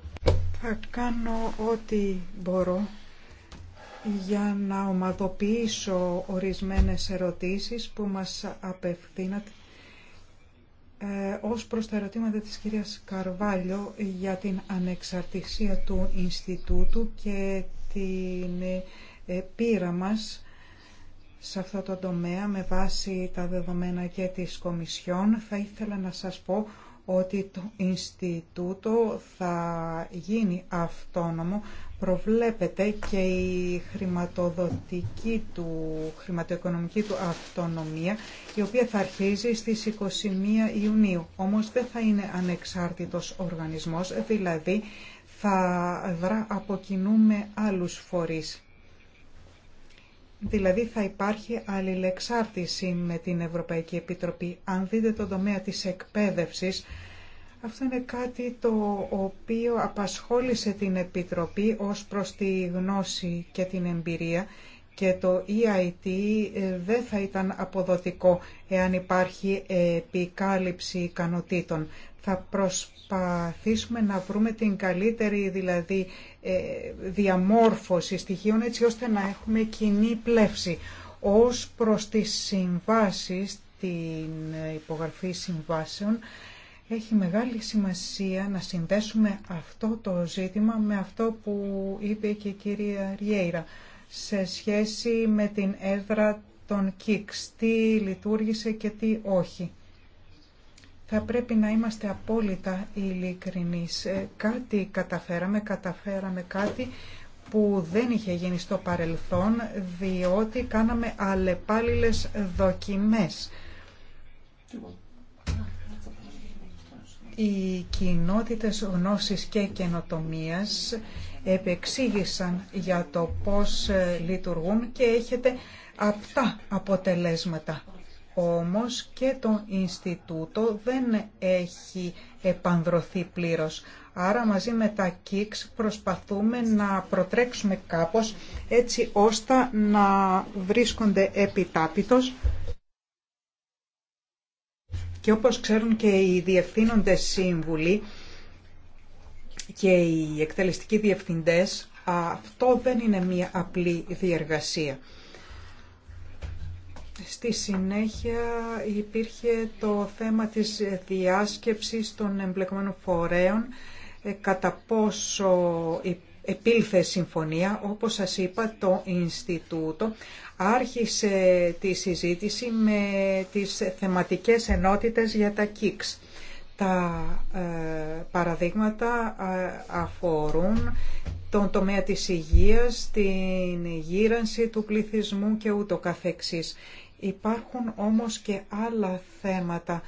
Θα κάνω ό,τι μπορώ για να ομαδοποιήσω ορισμένες ερωτήσεις που μας απευθύνατε ε, ως προς τα ερωτήματα της κυρίας Καρβάλιο για την ανεξαρτησία του Ινστιτούτου και την ε, πείρα μας σε αυτό το τομέα με βάση τα δεδομένα και της Κομισιόν θα ήθελα να σας πω ότι το Ινστιτούτο θα γίνει αυτόνομο. Προβλέπεται και η χρηματοδοτική του, χρηματοοικονομική του αυτονομία, η οποία θα αρχίζει στις 21 Ιουνίου. Όμως δεν θα είναι ανεξάρτητος οργανισμός, δηλαδή θα δρά από κοινού άλλους φορείς. Δηλαδή θα υπάρχει αλληλεξάρτηση με την Ευρωπαϊκή Επιτροπή. Αν δείτε τον τομέα της εκπαίδευσης, αυτό είναι κάτι το οποίο απασχόλησε την Επιτροπή ως προς τη γνώση και την εμπειρία και το EIT ε, δεν θα ήταν αποδοτικό εάν υπάρχει επικάλυψη ικανοτήτων. Θα προσπαθήσουμε να βρούμε την καλύτερη δηλαδή ε, διαμόρφωση στοιχείων έτσι ώστε να έχουμε κοινή πλεύση. Ως προς τις συμβάσεις, την υπογραφή συμβάσεων, έχει μεγάλη σημασία να συνδέσουμε αυτό το ζήτημα με αυτό που είπε και η κυρία Ριέιρα σε σχέση με την έδρα των ΚΙΚΣ, τι λειτουργήσε και τι όχι θα πρέπει να είμαστε απόλυτα ειλικρινείς. Ε, κάτι καταφέραμε, καταφέραμε κάτι που δεν είχε γίνει στο παρελθόν, διότι κάναμε αλλεπάλληλες δοκιμές. Οι κοινότητες γνώσης και καινοτομίας επεξήγησαν για το πώς ε, λειτουργούν και έχετε αυτά αποτελέσματα όμως και το Ινστιτούτο δεν έχει επανδρωθεί πλήρως. Άρα μαζί με τα ΚΙΚΣ προσπαθούμε να προτρέξουμε κάπως έτσι ώστε να βρίσκονται επιτάπητος και όπως ξέρουν και οι διευθύνοντες σύμβουλοι και οι εκτελεστικοί διευθυντές, αυτό δεν είναι μία απλή διεργασία. Στη συνέχεια υπήρχε το θέμα της διάσκεψης των εμπλεκομένων φορέων ε, κατά πόσο επήλθε συμφωνία. Όπως σας είπα, το Ινστιτούτο άρχισε τη συζήτηση με τις θεματικές ενότητες για τα ΚΙΚΣ. Τα ε, παραδείγματα ε, αφορούν τον τομέα της υγείας, την γύρανση του πληθυσμού και ούτω καθεξής. Υπάρχουν όμως και άλλα θέματα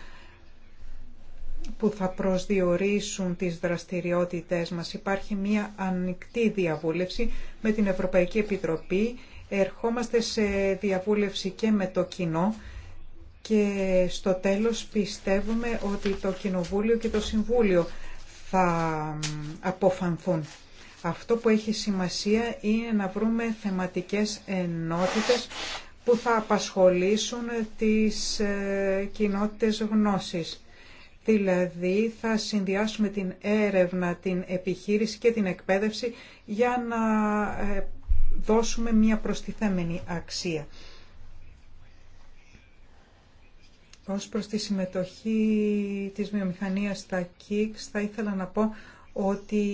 που θα προσδιορίσουν τις δραστηριότητές μας. Υπάρχει μία ανοιχτή διαβούλευση με την Ευρωπαϊκή Επιτροπή. Ερχόμαστε σε διαβούλευση και με το κοινό και στο τέλος πιστεύουμε ότι το Κοινοβούλιο και το Συμβούλιο θα αποφανθούν. Αυτό που έχει σημασία είναι να βρούμε θεματικές ενότητες που θα απασχολήσουν τις ε, κοινότητες γνώσης. Δηλαδή θα συνδυάσουμε την έρευνα, την επιχείρηση και την εκπαίδευση για να ε, δώσουμε μια προστιθέμενη αξία. Ως προς τη συμμετοχή της βιομηχανίας στα ΚΙΚΣ θα ήθελα να πω ότι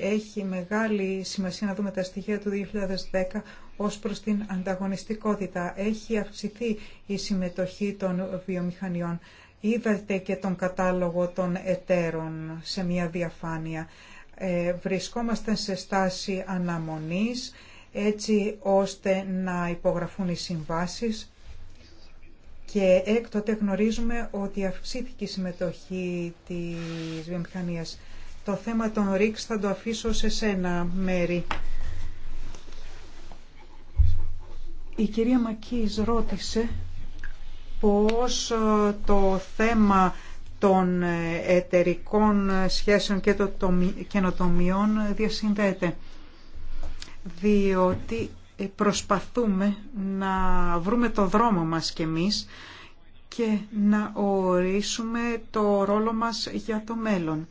έχει μεγάλη σημασία να δούμε τα στοιχεία του 2010 ως προς την ανταγωνιστικότητα. Έχει αυξηθεί η συμμετοχή των βιομηχανιών. Είδατε και τον κατάλογο των εταίρων σε μια διαφάνεια. Ε, βρισκόμαστε σε στάση αναμονής έτσι ώστε να υπογραφούν οι συμβάσεις και έκτοτε γνωρίζουμε ότι αυξήθηκε η συμμετοχή της βιομηχανίας το θέμα των ρίξ θα το αφήσω σε σένα, Μέρη. Η κυρία Μακής ρώτησε πώς ε, το θέμα των ε, εταιρικών σχέσεων και των καινοτομιών διασυνδέεται. Διότι ε, προσπαθούμε να βρούμε το δρόμο μας κι εμείς και να ορίσουμε το ρόλο μας για το μέλλον.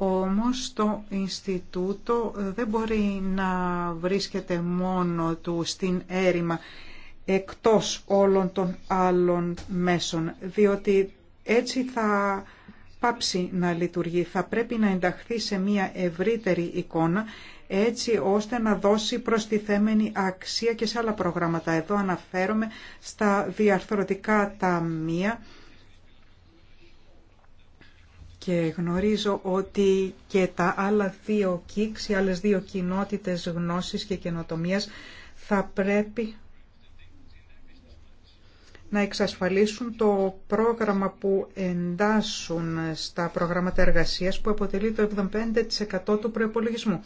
Όμως το Ινστιτούτο ε, δεν μπορεί να βρίσκεται μόνο του στην έρημα εκτός όλων των άλλων μέσων, διότι έτσι θα πάψει να λειτουργεί. Θα πρέπει να ενταχθεί σε μια ευρύτερη εικόνα έτσι ώστε να δώσει προστιθέμενη αξία και σε άλλα προγράμματα. Εδώ αναφέρομαι στα διαρθρωτικά ταμεία και γνωρίζω ότι και τα άλλα δύο κύκς, οι άλλες δύο κοινότητες γνώσης και καινοτομίας θα πρέπει να εξασφαλίσουν το πρόγραμμα που εντάσσουν στα προγράμματα εργασίας που αποτελεί το 75% του προϋπολογισμού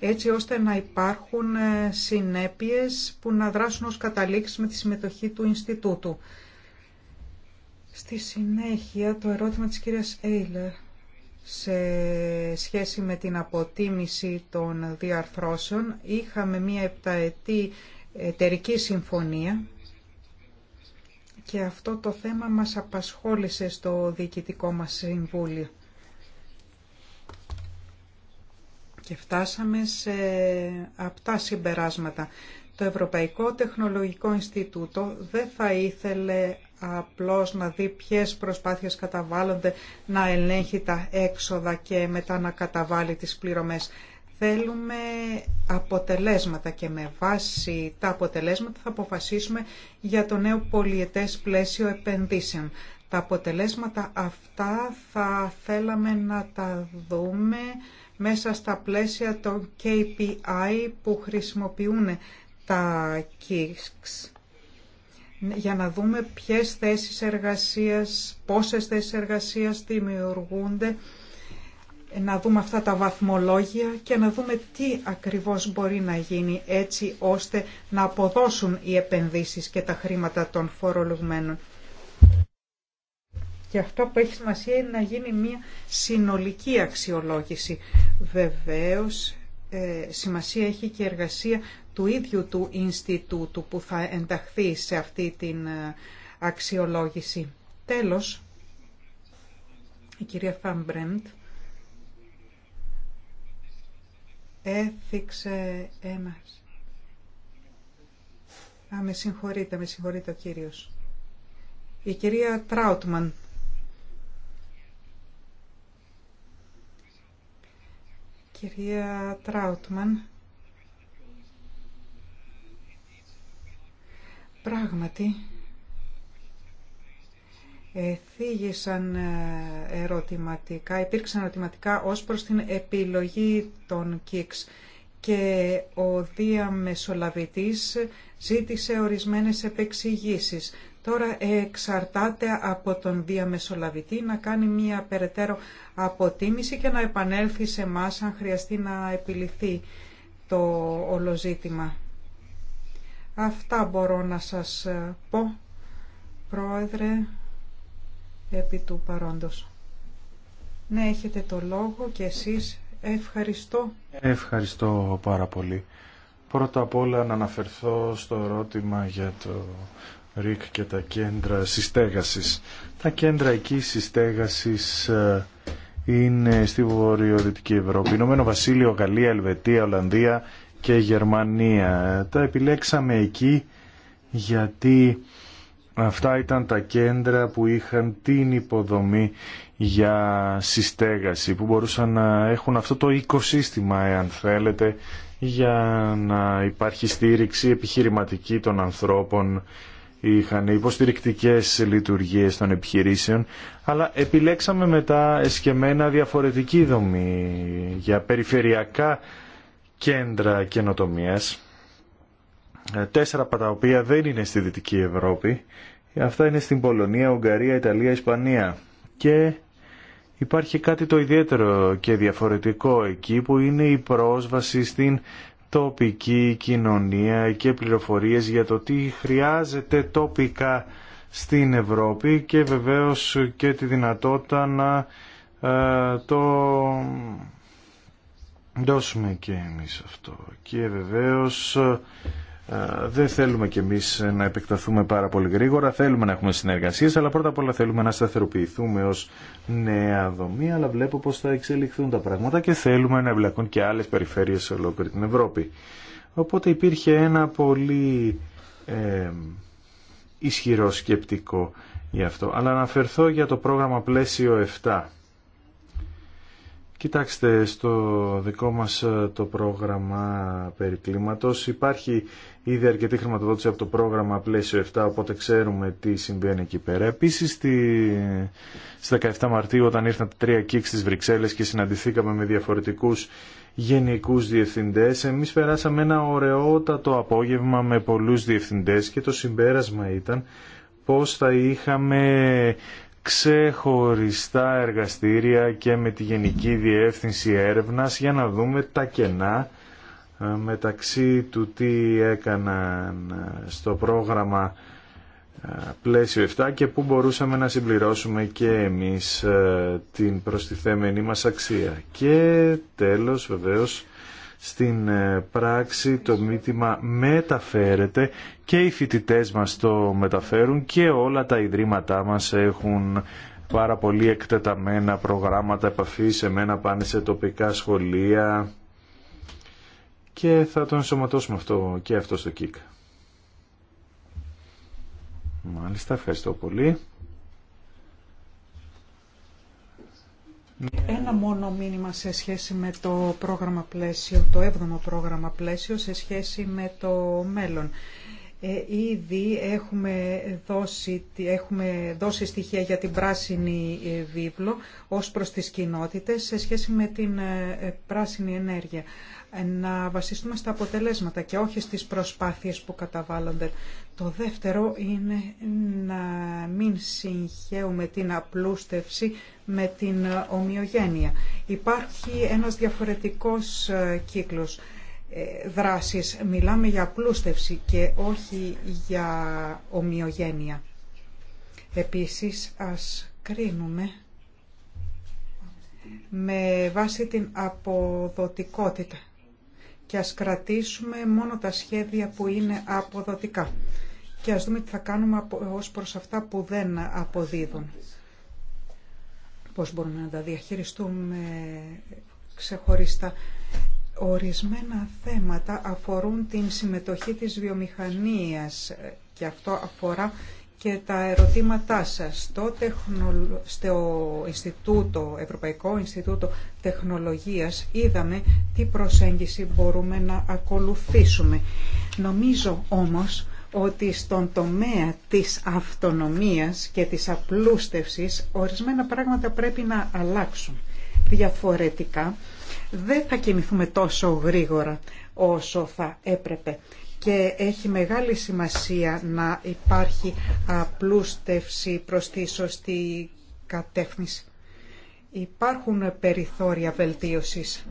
έτσι ώστε να υπάρχουν ε, συνέπειες που να δράσουν ως καταλήξεις με τη συμμετοχή του Ινστιτούτου. Στη συνέχεια το ερώτημα της κυρίας Έιλερ σε σχέση με την αποτίμηση των διαρθρώσεων. Είχαμε μία επταετή εταιρική συμφωνία και αυτό το θέμα μας απασχόλησε στο Διοικητικό μας Συμβούλιο. Και φτάσαμε σε αυτά συμπεράσματα. Το Ευρωπαϊκό Τεχνολογικό Ινστιτούτο δεν θα ήθελε απλώς να δει ποιες προσπάθειες καταβάλλονται να ελέγχει τα έξοδα και μετά να καταβάλει τις πληρωμές. Θέλουμε αποτελέσματα και με βάση τα αποτελέσματα θα αποφασίσουμε για το νέο πολιετές πλαίσιο επενδύσεων. Τα αποτελέσματα αυτά θα θέλαμε να τα δούμε μέσα στα πλαίσια των KPI που χρησιμοποιούν τα KICS για να δούμε ποιες θέσεις εργασίας, πόσες θέσεις εργασίας δημιουργούνται, να δούμε αυτά τα βαθμολόγια και να δούμε τι ακριβώς μπορεί να γίνει έτσι ώστε να αποδώσουν οι επενδύσεις και τα χρήματα των φορολογμένων. Και αυτό που έχει σημασία είναι να γίνει μια συνολική αξιολόγηση. Βεβαίως ε, σημασία έχει και η εργασία του ίδιου του Ινστιτούτου που θα ενταχθεί σε αυτή την ε, αξιολόγηση. Τέλος, η κυρία Φαμπρέμπτ έθιξε ένα... Α, με συγχωρείτε, με συγχωρείτε ο κύριος. Η κυρία Τράουτμαν κυρία Τράουτμαν. Πράγματι, θίγησαν ε, ερωτηματικά, υπήρξαν ερωτηματικά ως προς την επιλογή των ΚΙΚΣ και ο διαμεσολαβητής ζήτησε ορισμένες επεξηγήσεις. Τώρα εξαρτάται από τον διαμεσολαβητή να κάνει μία περαιτέρω αποτίμηση και να επανέλθει σε εμά αν χρειαστεί να επιληθεί το ολοζήτημα. Αυτά μπορώ να σας ε, πω, Πρόεδρε, επί του παρόντος. Ναι, έχετε το λόγο και εσείς. Ευχαριστώ. Ευχαριστώ πάρα πολύ. Πρώτα απ' όλα να αναφερθώ στο ερώτημα για το ΡΙΚ και τα κέντρα συστέγασης. Τα κέντρα εκεί συστέγασης ε, είναι στη βορειοδυτική Ευρώπη. Ηνωμένο Βασίλειο, Γαλλία, Ελβετία, Ολλανδία και Γερμανία. Τα επιλέξαμε εκεί γιατί αυτά ήταν τα κέντρα που είχαν την υποδομή για συστέγαση που μπορούσαν να έχουν αυτό το οικοσύστημα εάν θέλετε για να υπάρχει στήριξη επιχειρηματική των ανθρώπων είχαν υποστηρικτικές λειτουργίες των επιχειρήσεων, αλλά επιλέξαμε μετά εσκεμένα διαφορετική δομή για περιφερειακά κέντρα καινοτομίας, ε, τέσσερα από τα οποία δεν είναι στη Δυτική Ευρώπη, αυτά είναι στην Πολωνία, Ουγγαρία, Ιταλία, Ισπανία και υπάρχει κάτι το ιδιαίτερο και διαφορετικό εκεί που είναι η πρόσβαση στην τοπική κοινωνία και πληροφορίες για το τι χρειάζεται τοπικά στην Ευρώπη και βεβαίως και τη δυνατότητα να ε, το δώσουμε και εμείς αυτό. Και βεβαίως δεν θέλουμε κι εμείς να επεκταθούμε πάρα πολύ γρήγορα, θέλουμε να έχουμε συνεργασίες, αλλά πρώτα απ' όλα θέλουμε να σταθεροποιηθούμε ως νέα δομή, αλλά βλέπω πως θα εξελιχθούν τα πράγματα και θέλουμε να εμπλακούν και άλλες περιφέρειες σε ολόκληρη την Ευρώπη. Οπότε υπήρχε ένα πολύ ε, ισχυρό σκεπτικό γι' αυτό. Αλλά αναφερθώ για το πρόγραμμα πλαίσιο 7 Κοιτάξτε, στο δικό μας ε, το πρόγραμμα περί κλίματος υπάρχει ήδη αρκετή χρηματοδότηση από το πρόγραμμα πλαίσιο 7, οπότε ξέρουμε τι συμβαίνει εκεί πέρα. Επίσης, στη... στις 17 Μαρτίου, όταν ήρθαν τα τρία κίκ στις Βρυξέλλες και συναντηθήκαμε με διαφορετικούς γενικούς διευθυντές, εμείς περάσαμε ένα ωραιότατο απόγευμα με πολλούς διευθυντές και το συμπέρασμα ήταν πώς θα είχαμε ξεχωριστά εργαστήρια και με τη Γενική Διεύθυνση Έρευνας για να δούμε τα κενά ε, μεταξύ του τι έκαναν ε, στο πρόγραμμα ε, πλαίσιο 7 και πού μπορούσαμε να συμπληρώσουμε και εμείς την προστιθέμενή μας αξία. Και τέλος βεβαίως στην ε, πράξη το μήνυμα μεταφέρεται και οι φοιτητέ μας το μεταφέρουν και όλα τα ιδρύματά μας έχουν πάρα πολύ εκτεταμένα προγράμματα επαφής, μένα πάνε σε τοπικά σχολεία και θα τον ενσωματώσουμε αυτό και αυτό στο ΚΙΚ. Μάλιστα, ευχαριστώ πολύ. Ένα μόνο μήνυμα σε σχέση με το πρόγραμμα πλαίσιο, το 7ο πρόγραμμα πλαίσιο σε σχέση με το μέλλον. Ε, ήδη έχουμε δώσει, έχουμε δώσει στοιχεία για την πράσινη ε, βίβλο ως προς τις κοινότητες σε σχέση με την ε, ε, πράσινη ενέργεια να βασιστούμε στα αποτελέσματα και όχι στις προσπάθειες που καταβάλλονται. Το δεύτερο είναι να μην συγχαίουμε την απλούστευση με την ομοιογένεια. Υπάρχει ένας διαφορετικός ε, κύκλος ε, δράσης. Μιλάμε για απλούστευση και όχι για ομοιογένεια. Επίσης, ας κρίνουμε με βάση την αποδοτικότητα και ας κρατήσουμε μόνο τα σχέδια που είναι αποδοτικά και ας δούμε τι θα κάνουμε ως προς αυτά που δεν αποδίδουν. Πώς μπορούμε να τα διαχειριστούμε ξεχωριστά. Ορισμένα θέματα αφορούν την συμμετοχή της βιομηχανίας ε, και αυτό αφορά και τα ερωτήματά σας στο, ΤΕΧΝΟ στο Ινστιτούτο, Ευρωπαϊκό Ινστιτούτο Τεχνολογίας είδαμε τι προσέγγιση μπορούμε να ακολουθήσουμε. Νομίζω όμως ότι στον τομέα της αυτονομίας και της απλούστευσης ορισμένα πράγματα πρέπει να αλλάξουν. Διαφορετικά δεν θα κινηθούμε τόσο γρήγορα όσο θα έπρεπε και έχει μεγάλη σημασία να υπάρχει απλούστευση προς τη σωστή κατεύθυνση. Υπάρχουν περιθώρια βελτίωσης.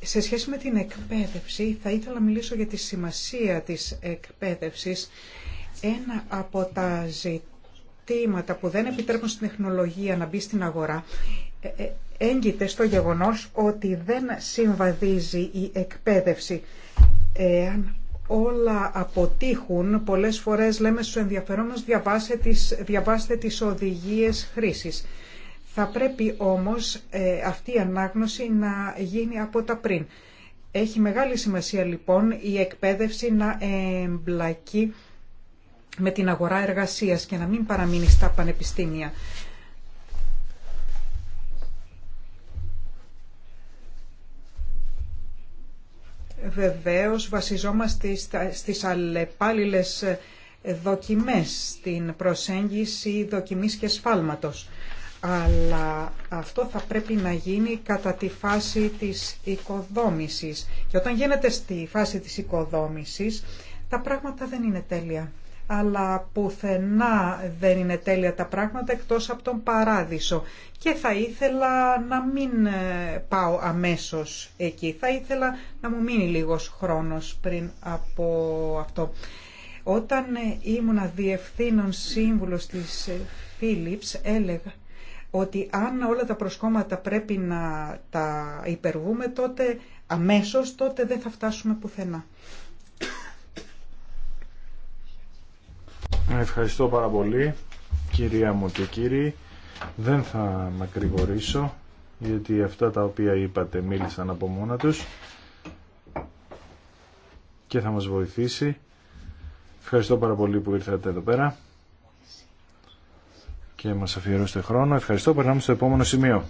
Σε σχέση με την εκπαίδευση, θα ήθελα να μιλήσω για τη σημασία της εκπαίδευσης. Ένα από τα ζητήματα που δεν επιτρέπουν στην τεχνολογία να μπει στην αγορά ε, ε, έγκυται στο γεγονός ότι δεν συμβαδίζει η εκπαίδευση Εάν όλα αποτύχουν, πολλές φορές λέμε στους ενδιαφερόμενους διαβάστε τις, διαβάστε τις οδηγίες χρήσης. Θα πρέπει όμως ε, αυτή η ανάγνωση να γίνει από τα πριν. Έχει μεγάλη σημασία λοιπόν η εκπαίδευση να εμπλακεί με την αγορά εργασίας και να μην παραμείνει στα πανεπιστήμια. βεβαίως βασιζόμαστε στις αλλεπάλληλες δοκιμές, στην προσέγγιση δοκιμής και σφάλματος. Αλλά αυτό θα πρέπει να γίνει κατά τη φάση της οικοδόμησης. Και όταν γίνεται στη φάση της οικοδόμησης, τα πράγματα δεν είναι τέλεια αλλά πουθενά δεν είναι τέλεια τα πράγματα εκτός από τον παράδεισο. Και θα ήθελα να μην ε, πάω αμέσως εκεί. Θα ήθελα να μου μείνει λίγος χρόνος πριν από αυτό. Όταν ε, ήμουνα διευθύνων σύμβουλος της Φίλιπς ε, έλεγα ότι αν όλα τα προσκόμματα πρέπει να τα υπερβούμε τότε αμέσως τότε δεν θα φτάσουμε πουθενά. Ευχαριστώ πάρα πολύ, κυρία μου και κύριοι. Δεν θα μακρηγορήσω, γιατί αυτά τα οποία είπατε μίλησαν από μόνα τους και θα μας βοηθήσει. Ευχαριστώ πάρα πολύ που ήρθατε εδώ πέρα και μας αφιερώσετε χρόνο. Ευχαριστώ. Περνάμε στο επόμενο σημείο.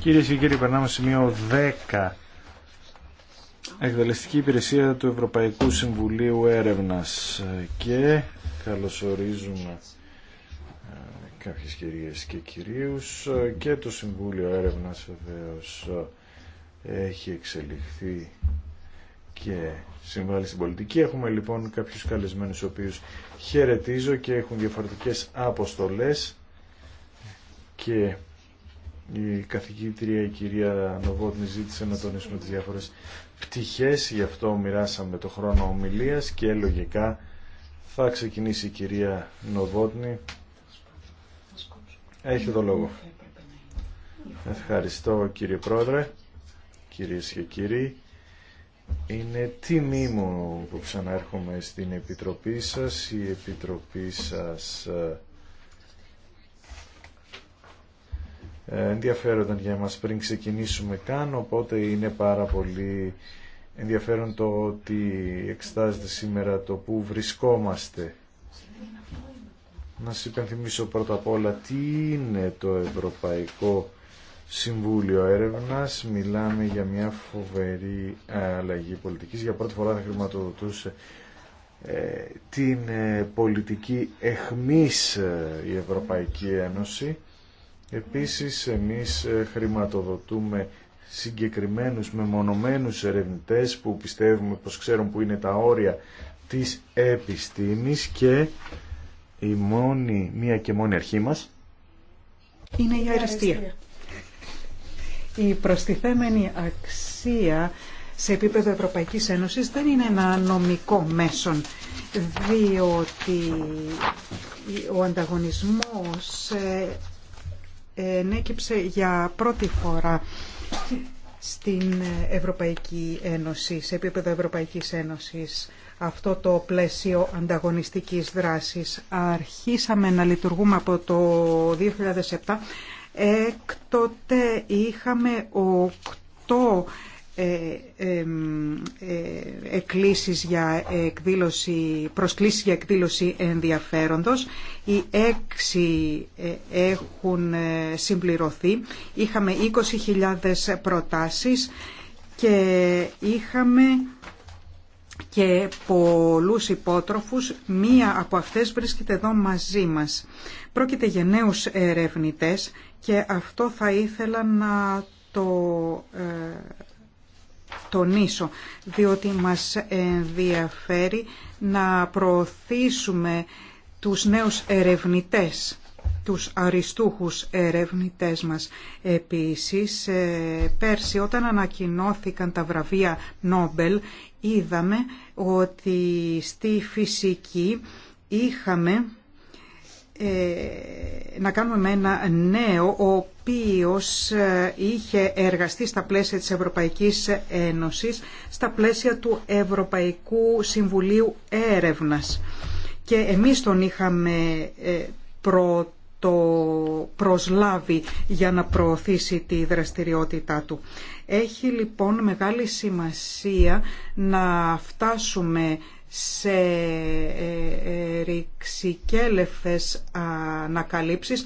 Κυρίε και κύριοι, περνάμε σημείο 10. Εκτελεστική υπηρεσία του Ευρωπαϊκού Συμβουλίου Έρευνας και καλωσορίζουμε ε, κάποιες κυρίες και κυρίους και το Συμβούλιο Έρευνας βεβαίω έχει εξελιχθεί και συμβάλλει στην πολιτική. Έχουμε λοιπόν κάποιους καλεσμένους οποίους χαιρετίζω και έχουν διαφορετικές αποστολές και η καθηγήτρια η κυρία Νοβότνη ζήτησε να τονίσουμε τις διάφορες πτυχές, γι' αυτό μοιράσαμε το χρόνο ομιλίας και λογικά θα ξεκινήσει η κυρία Νοβότνη. Έχει το λόγο. Ευχαριστώ κύριε Πρόεδρε, κυρίες και κύριοι. Είναι τιμή μου που ξαναέρχομαι στην Επιτροπή σας. Η Επιτροπή σας ε, Ε, ενδιαφέρονταν για μας πριν ξεκινήσουμε καν, οπότε είναι πάρα πολύ ενδιαφέρον το ότι εξετάζεται σήμερα το που βρισκόμαστε. Να σας υπενθυμίσω πρώτα απ' όλα τι είναι το Ευρωπαϊκό Συμβούλιο Έρευνας. Μιλάμε για μια φοβερή ε, αλλαγή πολιτικής. Για πρώτη φορά θα χρηματοδοτούσε ε, την πολιτική εχμής η Ευρωπαϊκή Ένωση Επίσης, εμείς ε, χρηματοδοτούμε συγκεκριμένους μεμονωμένους ερευνητές που πιστεύουμε πως ξέρουν που είναι τα όρια της επιστήμης και η μόνη, μία και μόνη αρχή μας είναι η αριστεία. Η προστιθέμενη αξία σε επίπεδο Ευρωπαϊκής Ένωσης δεν είναι ένα νομικό μέσον, διότι ο ανταγωνισμός ε, ενέκυψε για πρώτη φορά στην Ευρωπαϊκή Ένωση, σε επίπεδο Ευρωπαϊκής Ένωσης αυτό το πλαίσιο ανταγωνιστικής δράσης. Αρχίσαμε να λειτουργούμε από το 2007. Έκτοτε είχαμε οκτώ ε, ε, εκκλήσεις για εκδήλωση, προσκλήσεις για εκδήλωση ενδιαφέροντος. Οι έξι ε, έχουν συμπληρωθεί. Είχαμε 20.000 προτάσεις και είχαμε και πολλούς υπότροφους. Μία από αυτές βρίσκεται εδώ μαζί μας. Πρόκειται για νέους ερευνητές και αυτό θα ήθελα να το τονίσω, διότι μας ενδιαφέρει να προωθήσουμε τους νέους ερευνητές, τους αριστούχους ερευνητές μας. Επίσης, ε, πέρσι όταν ανακοινώθηκαν τα βραβεία Νόμπελ, είδαμε ότι στη φυσική είχαμε ε, να κάνουμε με ένα νέο ο οποίος ε, είχε εργαστεί στα πλαίσια της Ευρωπαϊκής Ένωσης στα πλαίσια του Ευρωπαϊκού Συμβουλίου Έρευνας και εμείς τον είχαμε ε, το προσλάβει για να προωθήσει τη δραστηριότητά του. Έχει λοιπόν μεγάλη σημασία να φτάσουμε σε ε, ε, ρηξικέλευθες ανακαλύψεις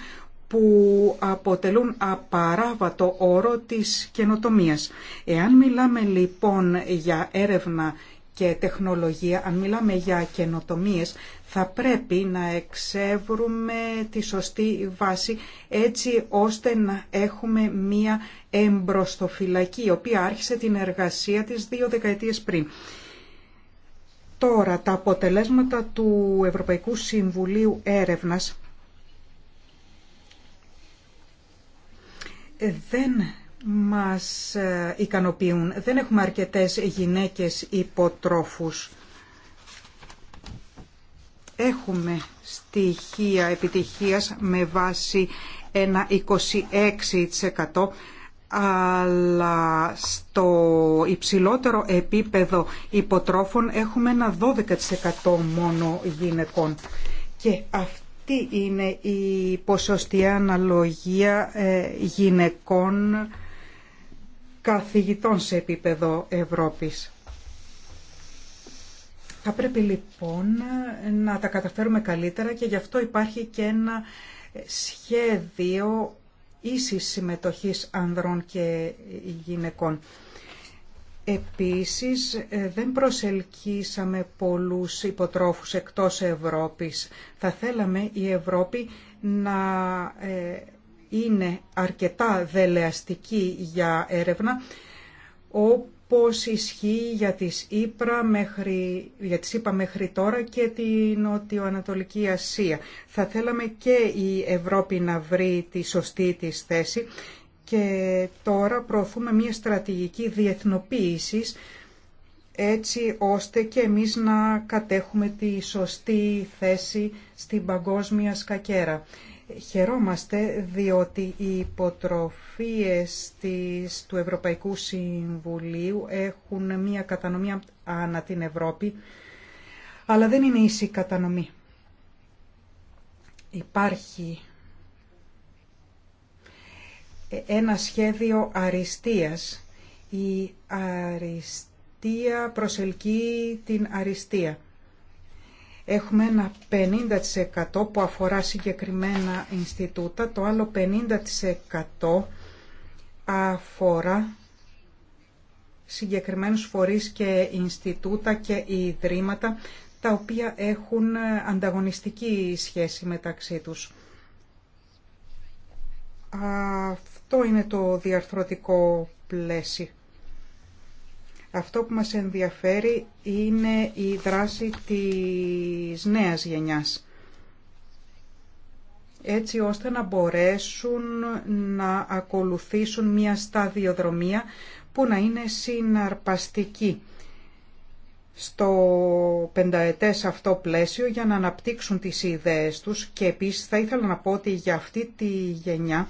που αποτελούν απαράβατο όρο της καινοτομίας. Εάν μιλάμε λοιπόν για έρευνα και τεχνολογία, αν μιλάμε για καινοτομίες, θα πρέπει να εξεύρουμε τη σωστή βάση έτσι ώστε να έχουμε μία εμπροστοφυλακή, η οποία άρχισε την εργασία της δύο δεκαετίες πριν. Τώρα, τα αποτελέσματα του Ευρωπαϊκού Συμβουλίου Έρευνας ε, δεν μας ε, ικανοποιούν. Δεν έχουμε αρκετές γυναίκες υποτρόφους. Έχουμε στοιχεία επιτυχίας με βάση ένα 26% αλλά στο υψηλότερο επίπεδο υποτρόφων έχουμε ένα 12% μόνο γυναικών. Και αυτή είναι η ποσοστιαία αναλογία ε, γυναικών καθηγητών σε επίπεδο Ευρώπης. Θα πρέπει λοιπόν να τα καταφέρουμε καλύτερα και γι' αυτό υπάρχει και ένα σχέδιο ίσης συμμετοχής ανδρών και γυναικών. Επίσης ε, δεν προσελκύσαμε πολλούς υποτρόφους εκτός Ευρώπης. Θα θέλαμε η Ευρώπη να ε, είναι αρκετά δελεαστική για έρευνα πώς ισχύει για τις, Ήπρα μέχρι, για τις μέχρι τώρα και την Νοτιοανατολική Ασία. Θα θέλαμε και η Ευρώπη να βρει τη σωστή της θέση και τώρα προωθούμε μια στρατηγική διεθνοποίησης έτσι ώστε και εμείς να κατέχουμε τη σωστή θέση στην παγκόσμια σκακέρα. Χαιρόμαστε διότι οι υποτροφίες του Ευρωπαϊκού Συμβουλίου έχουν μία κατανομή ανά την Ευρώπη, αλλά δεν είναι ίση κατανομή. Υπάρχει ένα σχέδιο αριστείας. Η αριστεία προσελκύει την αριστεία. Έχουμε ένα 50% που αφορά συγκεκριμένα Ινστιτούτα, το άλλο 50% αφορά συγκεκριμένους φορείς και Ινστιτούτα και Ιδρύματα, τα οποία έχουν ανταγωνιστική σχέση μεταξύ τους. Αυτό είναι το διαρθρωτικό πλαίσιο. Αυτό που μας ενδιαφέρει είναι η δράση της νέας γενιάς έτσι ώστε να μπορέσουν να ακολουθήσουν μια σταδιοδρομία που να είναι συναρπαστική στο πενταετές αυτό πλαίσιο για να αναπτύξουν τις ιδέες τους και επίσης θα ήθελα να πω ότι για αυτή τη γενιά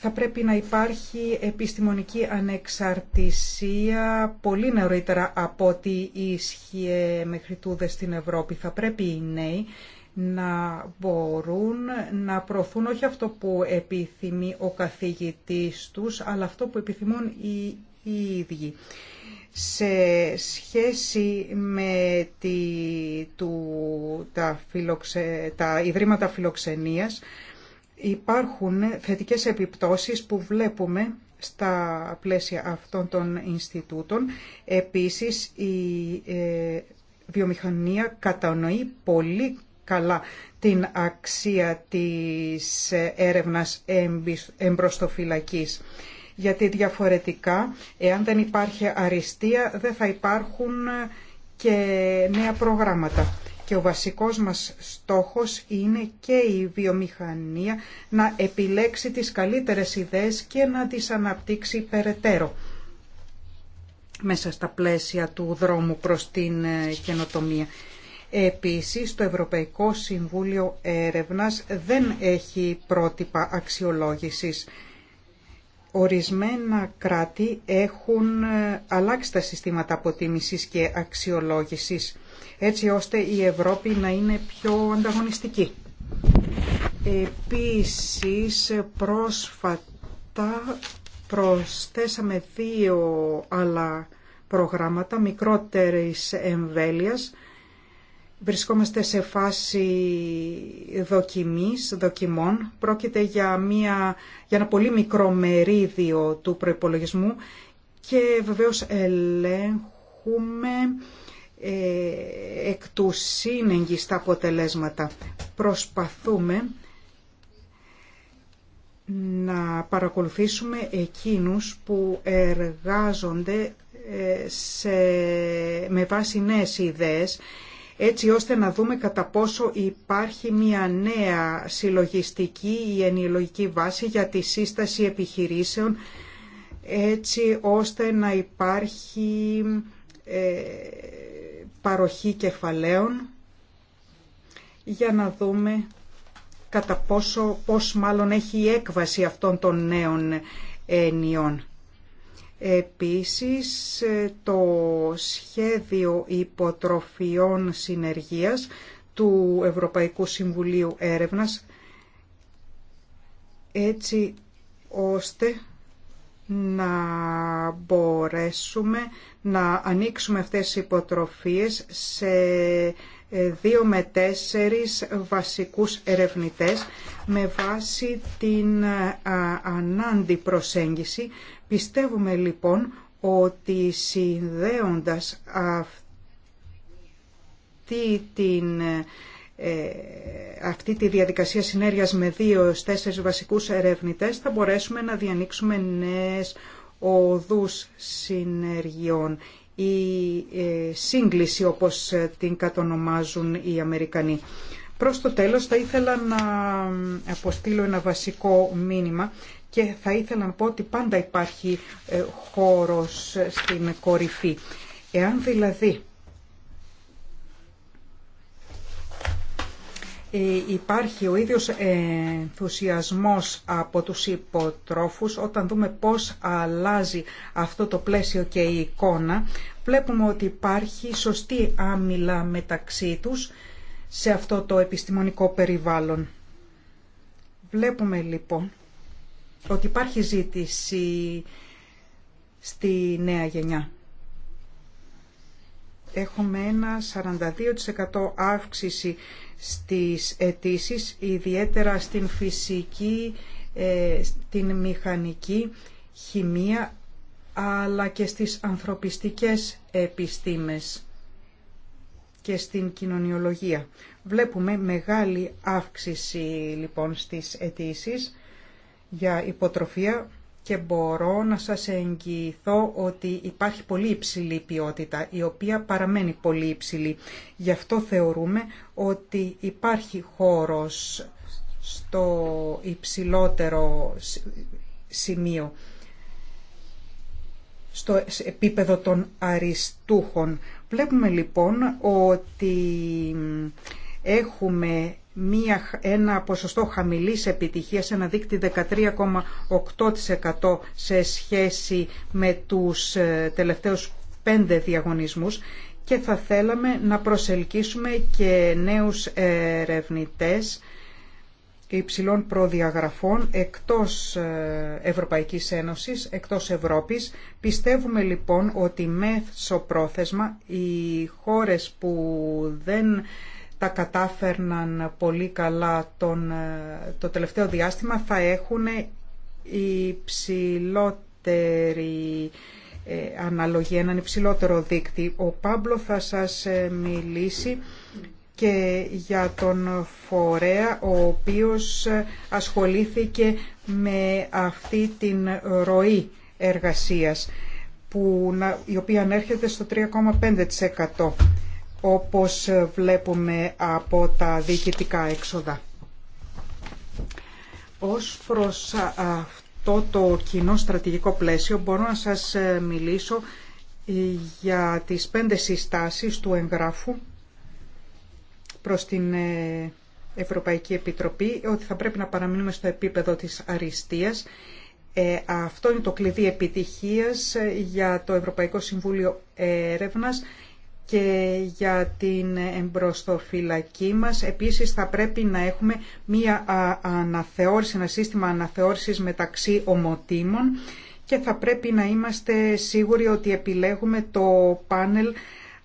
θα πρέπει να υπάρχει επιστημονική ανεξαρτησία πολύ νωρίτερα από ό,τι ίσχυε μέχρι τούδε στην Ευρώπη. Θα πρέπει οι νέοι να μπορούν να προωθούν όχι αυτό που επιθυμεί ο καθηγητής τους, αλλά αυτό που επιθυμούν οι, ίδιοι. Σε σχέση με τη, του, τα, τα Ιδρύματα Φιλοξενίας, Υπάρχουν θετικές επιπτώσεις που βλέπουμε στα πλαίσια αυτών των Ινστιτούτων. Επίσης, η ε, βιομηχανία κατανοεί πολύ καλά την αξία της έρευνας εμπροστοφυλακής. Γιατί διαφορετικά, εάν δεν υπάρχει αριστεία, δεν θα υπάρχουν και νέα προγράμματα. Και ο βασικός μας στόχος είναι και η βιομηχανία να επιλέξει τις καλύτερες ιδέες και να τις αναπτύξει περαιτέρω μέσα στα πλαίσια του δρόμου προς την ε, καινοτομία. Επίσης, το Ευρωπαϊκό Συμβούλιο Έρευνας δεν έχει πρότυπα αξιολόγησης. Ορισμένα κράτη έχουν ε, αλλάξει τα συστήματα αποτίμησης και αξιολόγησης έτσι ώστε η Ευρώπη να είναι πιο ανταγωνιστική. Επίσης, πρόσφατα προσθέσαμε δύο άλλα προγράμματα μικρότερης εμβέλειας. Βρισκόμαστε σε φάση δοκιμής, δοκιμών. Πρόκειται για, μια, για ένα πολύ μικρό μερίδιο του προϋπολογισμού και βεβαίως ελέγχουμε ε, εκ του σύνεγγι αποτελέσματα. Προσπαθούμε να παρακολουθήσουμε εκείνους που εργάζονται ε, με βάση νέες ιδέες έτσι ώστε να δούμε κατά πόσο υπάρχει μια νέα συλλογιστική ή ενηλογική βάση για τη σύσταση επιχειρήσεων έτσι ώστε να υπάρχει ε, παροχή κεφαλαίων για να δούμε κατά πόσο, πώς μάλλον έχει η έκβαση αυτών των νέων έννοιων. Επίσης, ε, το σχέδιο υποτροφιών συνεργίας του Ευρωπαϊκού Συμβουλίου Έρευνας έτσι ώστε να μπορέσουμε να ανοίξουμε αυτές τις υποτροφίες σε ε, δύο με τέσσερις βασικούς ερευνητές με βάση την ε, ανάντη προσέγγιση. Πιστεύουμε λοιπόν ότι συνδέοντας αυτή την ε, ε, αυτή τη διαδικασία συνέργειας με δύο τέσσερις βασικούς ερευνητές θα μπορέσουμε να διανοίξουμε νέες οδούς συνεργειών ή ε, σύγκληση όπως την κατονομάζουν οι Αμερικανοί. Προς το τέλος θα ήθελα να αποστείλω ένα βασικό μήνυμα και θα ήθελα να πω ότι πάντα υπάρχει ε, χώρος στην κορυφή. Εάν δηλαδή Ε, υπάρχει ο ίδιος ε, ενθουσιασμός από τους υποτρόφους όταν δούμε πώς αλλάζει αυτό το πλαίσιο και η εικόνα βλέπουμε ότι υπάρχει σωστή άμυλα μεταξύ τους σε αυτό το επιστημονικό περιβάλλον. Βλέπουμε λοιπόν ότι υπάρχει ζήτηση στη νέα γενιά έχουμε ένα 42% αύξηση στις αιτήσει, ιδιαίτερα στην φυσική, ε, την μηχανική, χημεία, αλλά και στις ανθρωπιστικές επιστήμες και στην κοινωνιολογία. Βλέπουμε μεγάλη αύξηση λοιπόν στις αιτήσει για υποτροφία και μπορώ να σας εγγυηθώ ότι υπάρχει πολύ υψηλή ποιότητα, η οποία παραμένει πολύ υψηλή. Γι' αυτό θεωρούμε ότι υπάρχει χώρος στο υψηλότερο σημείο, στο επίπεδο των αριστούχων. Βλέπουμε λοιπόν ότι έχουμε μία, ένα ποσοστό χαμηλής επιτυχίας, ένα δείκτη 13,8% σε σχέση με τους ε, τελευταίους πέντε διαγωνισμούς και θα θέλαμε να προσελκύσουμε και νέους ερευνητές υψηλών προδιαγραφών εκτός ε, Ευρωπαϊκής Ένωσης, εκτός Ευρώπης. Πιστεύουμε λοιπόν ότι μέσω πρόθεσμα οι χώρες που δεν τα κατάφερναν πολύ καλά τον, ε, το τελευταίο διάστημα θα έχουν υψηλότερη ε, αναλογία, έναν υψηλότερο δείκτη. Ο Πάμπλο θα σας ε, μιλήσει και για τον φορέα ο οποίος ασχολήθηκε με αυτή την ροή εργασίας που, η οποία ανέρχεται στο 3,5% όπως βλέπουμε από τα διοικητικά έξοδα. Ως προς αυτό το κοινό στρατηγικό πλαίσιο μπορώ να σας ε, μιλήσω ε, για τις πέντε συστάσεις του εγγράφου προς την ε, Ευρωπαϊκή Επιτροπή ότι θα πρέπει να παραμείνουμε στο επίπεδο της αριστείας. αυτό είναι το κλειδί επιτυχίας για το Ευρωπαϊκό Συμβούλιο Έρευνας και για την εμπροστοφυλακή μας. Επίσης θα πρέπει να έχουμε μία αναθεώρηση, ένα σύστημα αναθεώρησης μεταξύ ομοτήμων και θα πρέπει να είμαστε σίγουροι ότι επιλέγουμε το πάνελ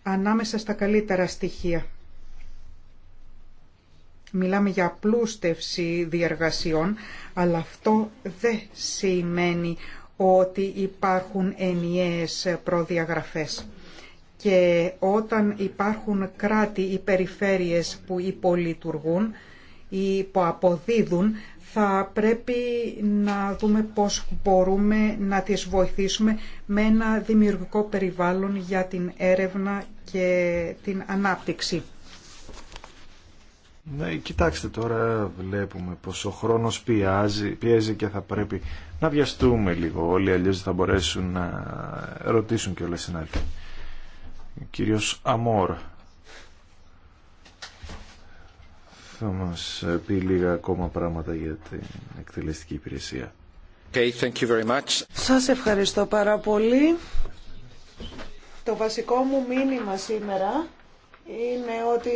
ανάμεσα στα καλύτερα στοιχεία. Μιλάμε για πλούστευση διεργασιών, αλλά αυτό δεν σημαίνει ότι υπάρχουν ενιαίες προδιαγραφές και όταν υπάρχουν κράτη ή περιφέρειες που υπολειτουργούν ή που αποδίδουν, θα πρέπει να δούμε πώς μπορούμε να τις βοηθήσουμε με ένα δημιουργικό περιβάλλον για την έρευνα και την ανάπτυξη. Ναι, κοιτάξτε τώρα βλέπουμε πως ο χρόνος πιάζει, πιέζει και θα πρέπει να βιαστούμε λίγο όλοι, αλλιώς θα μπορέσουν να ρωτήσουν και όλες οι συνάδελφοι κύριος Αμόρ θα μας πει λίγα ακόμα πράγματα για την εκτελεστική υπηρεσία. Okay, thank you very much. Σας ευχαριστώ πάρα πολύ. Το βασικό μου μήνυμα σήμερα είναι ότι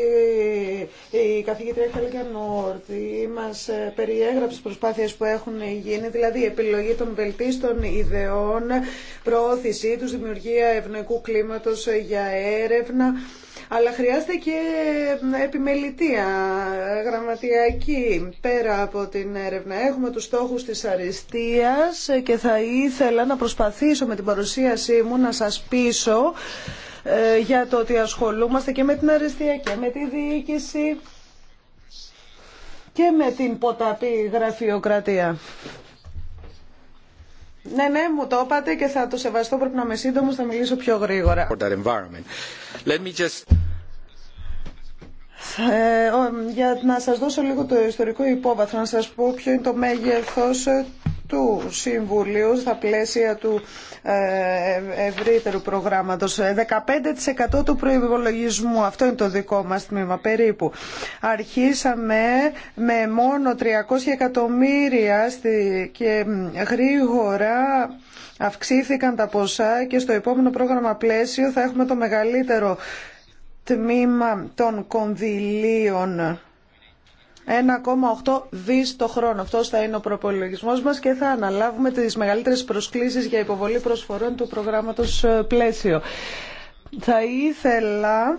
η καθηγήτρια Χαλκιανόρτη μα μας ε, περιέγραψε τι προσπάθειες που έχουν γίνει, δηλαδή επιλογή των βελτίστων ιδεών, προώθησή τους, δημιουργία ευνοϊκού κλίματος ε, για έρευνα, αλλά χρειάζεται και επιμελητία, ε, γραμματιακή, πέρα από την έρευνα. Έχουμε τους στόχους της αριστείας και θα ήθελα να προσπαθήσω με την παρουσίασή μου να σας πείσω ε, για το ότι ασχολούμαστε και με την αριστεία και με τη διοίκηση και με την ποταπή γραφειοκρατία. Ναι, ναι, μου το είπατε και θα το σεβαστώ. Πρέπει να είμαι σύντομο, θα μιλήσω πιο γρήγορα. Ε, για να σας δώσω λίγο το ιστορικό υπόβαθρο, να σας πω ποιο είναι το μέγεθος του Συμβουλίου στα πλαίσια του ε, ευρύτερου προγράμματος. 15% ε, του προϋπολογισμού, αυτό είναι το δικό μας τμήμα περίπου. Αρχίσαμε με μόνο 300 εκατομμύρια και γρήγορα αυξήθηκαν τα ποσά και στο επόμενο πρόγραμμα πλαίσιο θα έχουμε το μεγαλύτερο τμήμα των κονδυλίων 1,8 δί το χρόνο. αυτό θα είναι ο προπολογισμό μας και θα αναλάβουμε τις μεγαλύτερες προσκλήσει για υποβολή προσφορών του προγράμματος ε, πλαίσιο. Θα ήθελα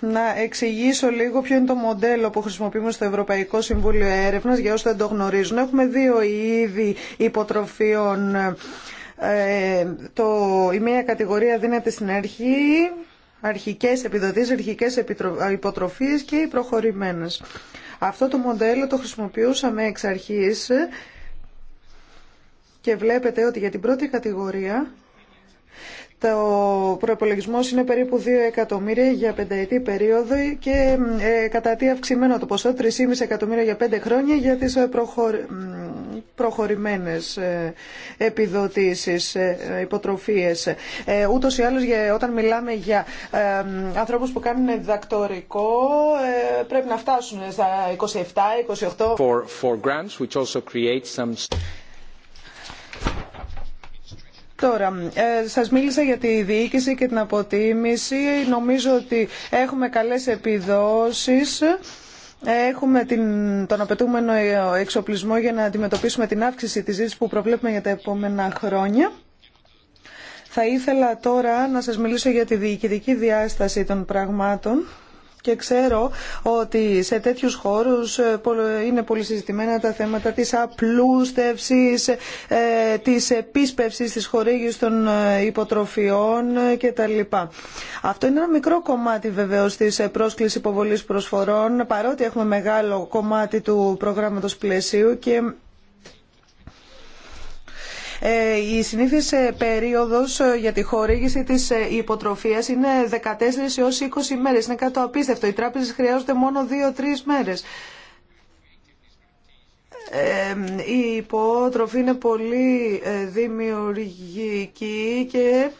να εξηγήσω λίγο ποιο είναι το μοντέλο που χρησιμοποιούμε στο Ευρωπαϊκό Συμβούλιο Έρευνας για όσου δεν το γνωρίζουν. Έχουμε δύο είδη υποτροφίων. Ε, το, η μία κατηγορία δίνεται στην αρχή αρχικές επιδοτήσεις, αρχικές υποτροφίες και οι προχωρημένες. Αυτό το μοντέλο το χρησιμοποιούσαμε εξ αρχής και βλέπετε ότι για την πρώτη κατηγορία το προπολογισμό είναι περίπου 2 εκατομμύρια για πενταετή περίοδο και ε, κατά τι αυξημένο το ποσό 3,5 εκατομμύρια για 5 χρόνια για τις ε, προχωρημένε προχωρημένες ε, επιδοτήσεις, υποτροφίες. Ούτως ή άλλως όταν μιλάμε για ανθρώπους που κάνουν διδακτορικό πρέπει να φτάσουν στα 27, 28. For, for grants, which also Τώρα, ε, σας μίλησα για τη διοίκηση και την αποτίμηση. Νομίζω ότι έχουμε καλές επιδόσεις. Έχουμε την, τον απαιτούμενο εξοπλισμό για να αντιμετωπίσουμε την αύξηση της ζήτησης που προβλέπουμε για τα επόμενα χρόνια. Θα ήθελα τώρα να σας μιλήσω για τη διοικητική διάσταση των πραγμάτων και ξέρω ότι σε τέτοιους χώρους ε, είναι πολύ συζητημένα τα θέματα της απλούστευσης, ε, της επίσπευσης της χορήγησης των ε, υποτροφιών κτλ. Αυτό είναι ένα μικρό κομμάτι βεβαίως της πρόσκλησης υποβολής προσφορών παρότι έχουμε μεγάλο κομμάτι του προγράμματος πλαισίου και ε, η συνήθις ε, περίοδος ε, για τη χορήγηση της υποτροφίας είναι 14 έως 20 μέρες. Είναι κάτι το απίστευτο. Οι τράπεζες χρειάζονται μόνο 2-3 μέρες. Η υπότροφη είναι πολύ δημιουργική και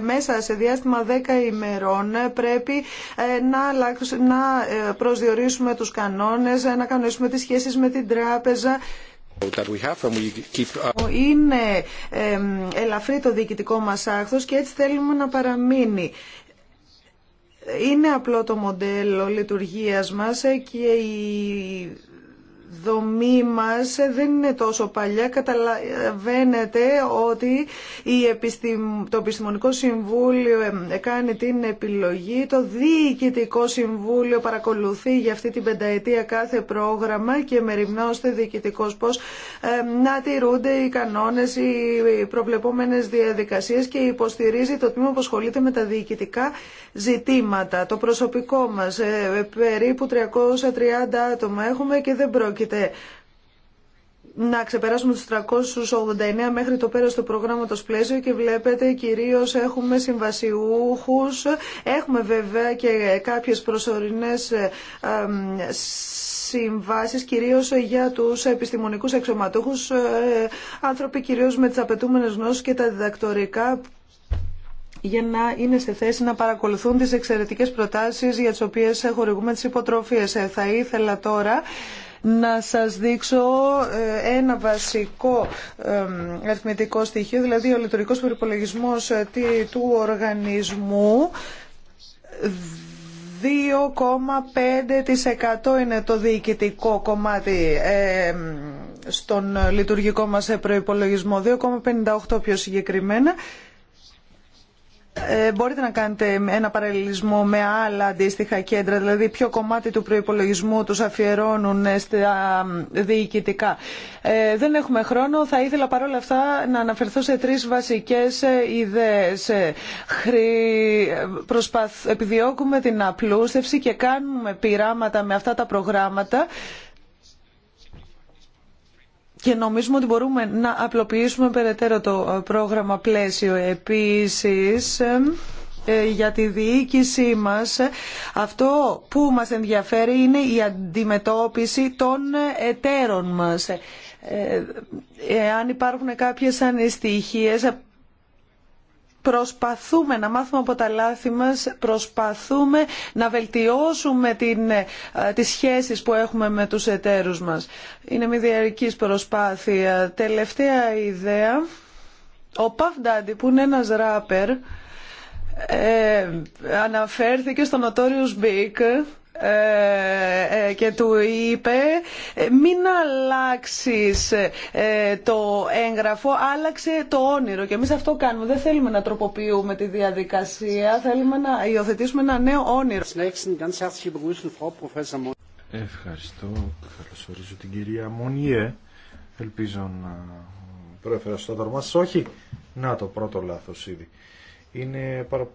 μέσα σε διάστημα 10 ημερών πρέπει να, να προσδιορίσουμε τους κανόνες, να κανονίσουμε τις σχέσεις με την τράπεζα Uh, είναι ελαφρύ το διοικητικό μας άκθος και έτσι θέλουμε να παραμείνει. Είναι απλό το μοντέλο λειτουργίας μας ε, και η δομή μας δεν είναι τόσο παλιά. Καταλαβαίνετε ότι η επιστημ... το Επιστημονικό Συμβούλιο κάνει την επιλογή, το Διοικητικό Συμβούλιο παρακολουθεί για αυτή την πενταετία κάθε πρόγραμμα και μεριμνάστε διοικητικός πώς να τηρούνται οι κανόνες, οι προβλεπόμενες διαδικασίες και υποστηρίζει το τμήμα που ασχολείται με τα διοικητικά ζητήματα. Το προσωπικό μας, ε, ε, περίπου 330 άτομα έχουμε και δεν πρόκειται να ξεπεράσουμε τους 389 μέχρι το πέρας του προγράμματος πλαίσιο και βλέπετε κυρίως έχουμε συμβασιούχους, έχουμε βέβαια και κάποιες προσωρινές ε, συμβάσεις κυρίως για τους επιστημονικούς αξιωματούχους, άνθρωποι κυρίως με τις απαιτούμενες γνώσεις και τα διδακτορικά για να είναι στη θέση να παρακολουθούν τις εξαιρετικές προτάσεις για τις οποίες χορηγούμε τις υποτροφίες. Ε, θα ήθελα τώρα να σας δείξω ε, ένα βασικό ε, αριθμητικό στοιχείο, δηλαδή ο λειτουργικός προϋπολογισμός του οργανισμού 2,5% είναι το διοικητικό κομμάτι στον λειτουργικό μας προϋπολογισμό, 2,58% πιο συγκεκριμένα. Ε, μπορείτε να κάνετε ένα παραλληλισμό με άλλα αντίστοιχα κέντρα, δηλαδή ποιο κομμάτι του προϋπολογισμού τους αφιερώνουν στα διοικητικά. Ε, δεν έχουμε χρόνο, θα ήθελα παρόλα αυτά να αναφερθώ σε τρεις βασικές ε, ιδέες. Προσπαθ... Επιδιώκουμε την απλούστευση και κάνουμε πειράματα με αυτά τα προγράμματα και νομίζουμε ότι μπορούμε να απλοποιήσουμε περαιτέρω το ε, πρόγραμμα πλαίσιο. Επίσης, ε, ε, για τη διοίκησή μας αυτό που μας ενδιαφέρει είναι η αντιμετώπιση των εταίρων μας. Εάν υπάρχουν κάποιες ανησυχίες προσπαθούμε να μάθουμε από τα λάθη μας, προσπαθούμε να βελτιώσουμε την, ε, τις σχέσεις που έχουμε με τους εταίρους μας. Είναι μια διαρκή προσπάθεια. Τελευταία ιδέα, ο Παφ Ντάντι που είναι ένας ράπερ, ε, αναφέρθηκε στο Notorious Big ε, ε, και του είπε μην αλλάξεις ε, το έγγραφο, άλλαξε το όνειρο και εμείς αυτό κάνουμε. Δεν θέλουμε να τροποποιούμε τη διαδικασία, θέλουμε να υιοθετήσουμε ένα νέο όνειρο. Ευχαριστώ. Καλωσορίζω την κυρία Μονιέ. Ελπίζω να προέφερα στο δαρμά σας. Όχι. Να το πρώτο λάθος ήδη. Είναι πάρα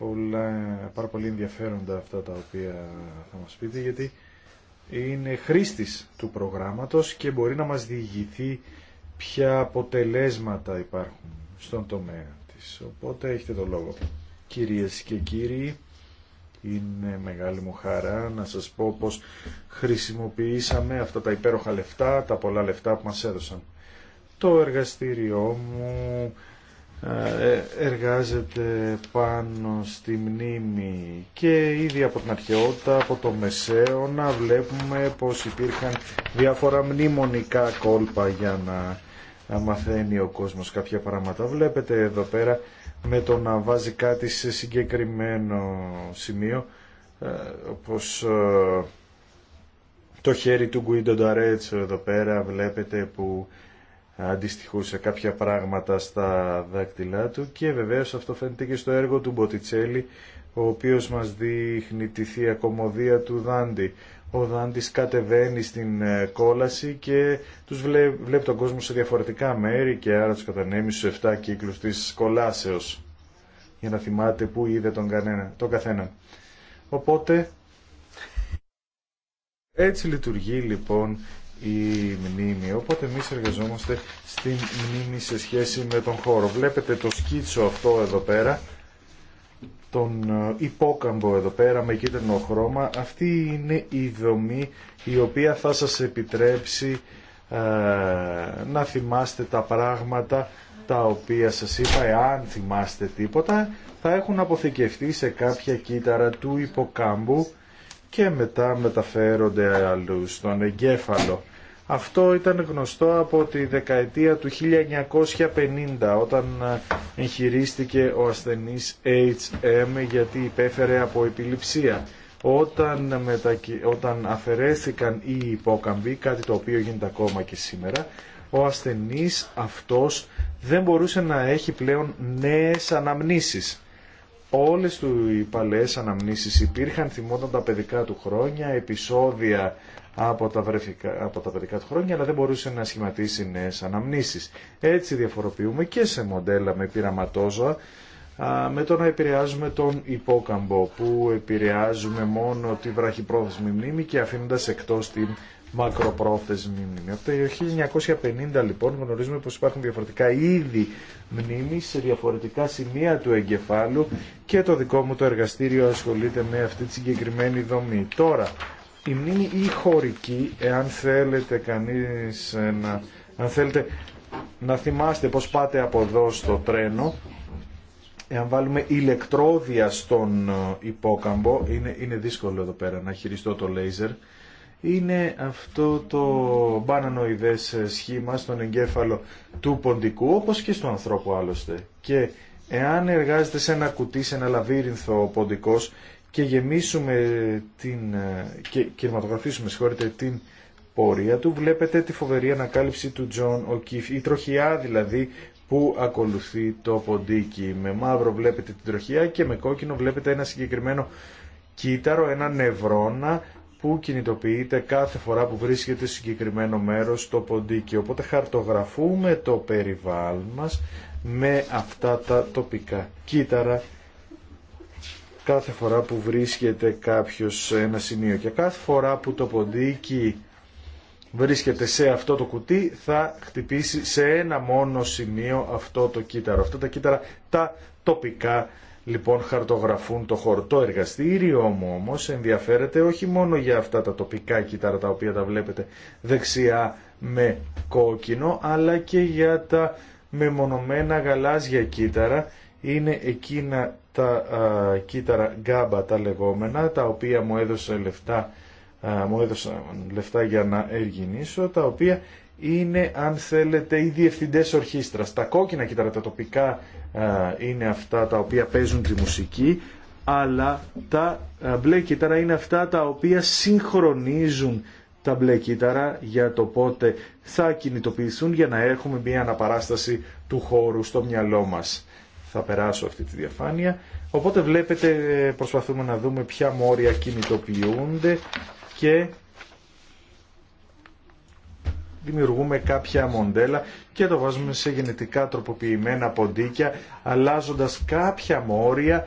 πολλά, πάρα πολύ ενδιαφέροντα αυτά τα οποία θα μας πείτε γιατί είναι χρήστης του προγράμματος και μπορεί να μας διηγηθεί ποια αποτελέσματα υπάρχουν στον τομέα της. Οπότε έχετε το λόγο. Κυρίες και κύριοι, είναι μεγάλη μου χαρά να σας πω πως χρησιμοποιήσαμε αυτά τα υπέροχα λεφτά, τα πολλά λεφτά που μας έδωσαν. Το εργαστήριό μου ε, εργάζεται πάνω στη μνήμη και ήδη από την αρχαιότητα, από το Μεσαίωνα βλέπουμε πως υπήρχαν διάφορα μνημονικά κόλπα για να, μαθαίνει ο κόσμος κάποια πράγματα. Βλέπετε εδώ πέρα με το να βάζει κάτι σε συγκεκριμένο σημείο ε, όπως ε, το χέρι του Γκουίντο Νταρέτσο εδώ πέρα βλέπετε που αντιστοιχούσε κάποια πράγματα στα δάκτυλά του και βεβαίως αυτό φαίνεται και στο έργο του Μποτιτσέλη ο οποίος μας δείχνει τη θεία κομμωδία του Δάντη. Ο Δάντης κατεβαίνει στην ε, κόλαση και τους βλέ... βλέπει τον κόσμο σε διαφορετικά μέρη και άρα τους κατανέμει στους 7 κύκλους της κολάσεως για να θυμάται που είδε τον, κανένα, τον καθένα. Οπότε έτσι λειτουργεί λοιπόν η μνήμη. Οπότε εμείς εργαζόμαστε στην μνήμη σε σχέση με τον χώρο. Βλέπετε το σκίτσο αυτό εδώ πέρα, τον ε, υπόκαμπο εδώ πέρα με κίτρινο χρώμα. Αυτή είναι η δομή η οποία θα σας επιτρέψει ε, να θυμάστε τα πράγματα τα οποία σας είπα, εάν θυμάστε τίποτα, θα έχουν αποθηκευτεί σε κάποια κύτταρα του υποκάμπου και μετά μεταφέρονται αλλού στον εγκέφαλο. Αυτό ήταν γνωστό από τη δεκαετία του 1950 όταν ε, εγχειρίστηκε ο ασθενής HM γιατί υπέφερε από επιληψία. Όταν, όταν αφαιρέθηκαν οι υπόκαμποι, κάτι το οποίο γίνεται ακόμα και σήμερα, ο ασθενής αυτός δεν μπορούσε να έχει πλέον νέες αναμνήσεις. Όλες του οι παλαιές αναμνήσεις υπήρχαν, θυμόταν τα παιδικά του χρόνια, επεισόδια από τα, βρεφικά, από τα παιδικά του χρόνια, αλλά δεν μπορούσε να σχηματίσει νέες αναμνήσεις. Έτσι διαφοροποιούμε και σε μοντέλα με πειραματόζωα, με το να επηρεάζουμε τον υπόκαμπο, που επηρεάζουμε μόνο τη βραχυπρόθεσμη μνήμη και αφήνοντας εκτός την μακροπρόθεσμη μνήμη. Από το 1950 λοιπόν γνωρίζουμε πως υπάρχουν διαφορετικά είδη μνήμη σε διαφορετικά σημεία του εγκεφάλου και το δικό μου το εργαστήριο ασχολείται με αυτή τη συγκεκριμένη δομή. Τώρα, η μνήμη ή χωρική, εάν θέλετε κανείς να, αν θέλετε να θυμάστε πως πάτε από εδώ στο τρένο, εάν βάλουμε ηλεκτρόδια στον ε, υπόκαμπο, είναι, είναι δύσκολο εδώ πέρα να χειριστώ το λέιζερ, είναι αυτό το μπανανοειδές σχήμα στον εγκέφαλο του ποντικού, όπως και στον ανθρώπου άλλωστε. Και εάν εργάζεται σε ένα κουτί, σε ένα λαβύρινθο ο ποντικός και γεμίσουμε την, ε, και κυρματογραφήσουμε την πορεία του, βλέπετε τη φοβερή ανακάλυψη του Τζον Οκίφ, η τροχιά δηλαδή που ακολουθεί το ποντίκι. Με μαύρο βλέπετε την τροχιά και με κόκκινο βλέπετε ένα συγκεκριμένο κύτταρο, ένα νευρώνα που κινητοποιείται κάθε φορά που βρίσκεται σε συγκεκριμένο μέρος το ποντίκι. Οπότε χαρτογραφούμε το περιβάλλον μας με αυτά τα τοπικά κύτταρα κάθε φορά που βρίσκεται κάποιος σε ένα σημείο και κάθε φορά που το ποντίκι βρίσκεται σε αυτό το κουτί θα χτυπήσει σε ένα μόνο σημείο αυτό το κύτταρο. Αυτά τα κύτταρα τα τοπικά λοιπόν χαρτογραφούν το χορτό εργαστήριό μου όμως ενδιαφέρεται όχι μόνο για αυτά τα τοπικά κύτταρα τα οποία τα βλέπετε δεξιά με κόκκινο αλλά και για τα μεμονωμένα γαλάζια κύτταρα είναι εκείνα τα α, κύτταρα γκάμπα τα λεγόμενα τα οποία μου έδωσε λεφτά μου έδωσαν λεφτά για να εργυνήσω, τα οποία είναι, αν θέλετε, οι διευθυντέ ορχήστρας Τα κόκκινα κύτταρα, τα τοπικά είναι αυτά τα οποία παίζουν τη μουσική, αλλά τα μπλε κύτταρα είναι αυτά τα οποία συγχρονίζουν τα μπλε κύτταρα για το πότε θα κινητοποιηθούν για να έχουμε μια αναπαράσταση του χώρου στο μυαλό μας. Θα περάσω αυτή τη διαφάνεια. Οπότε βλέπετε ε, προσπαθούμε να δούμε ποια μόρια κινητοποιούνται και δημιουργούμε κάποια μοντέλα και το βάζουμε σε γενετικά τροποποιημένα ποντίκια, αλλάζοντας κάποια μόρια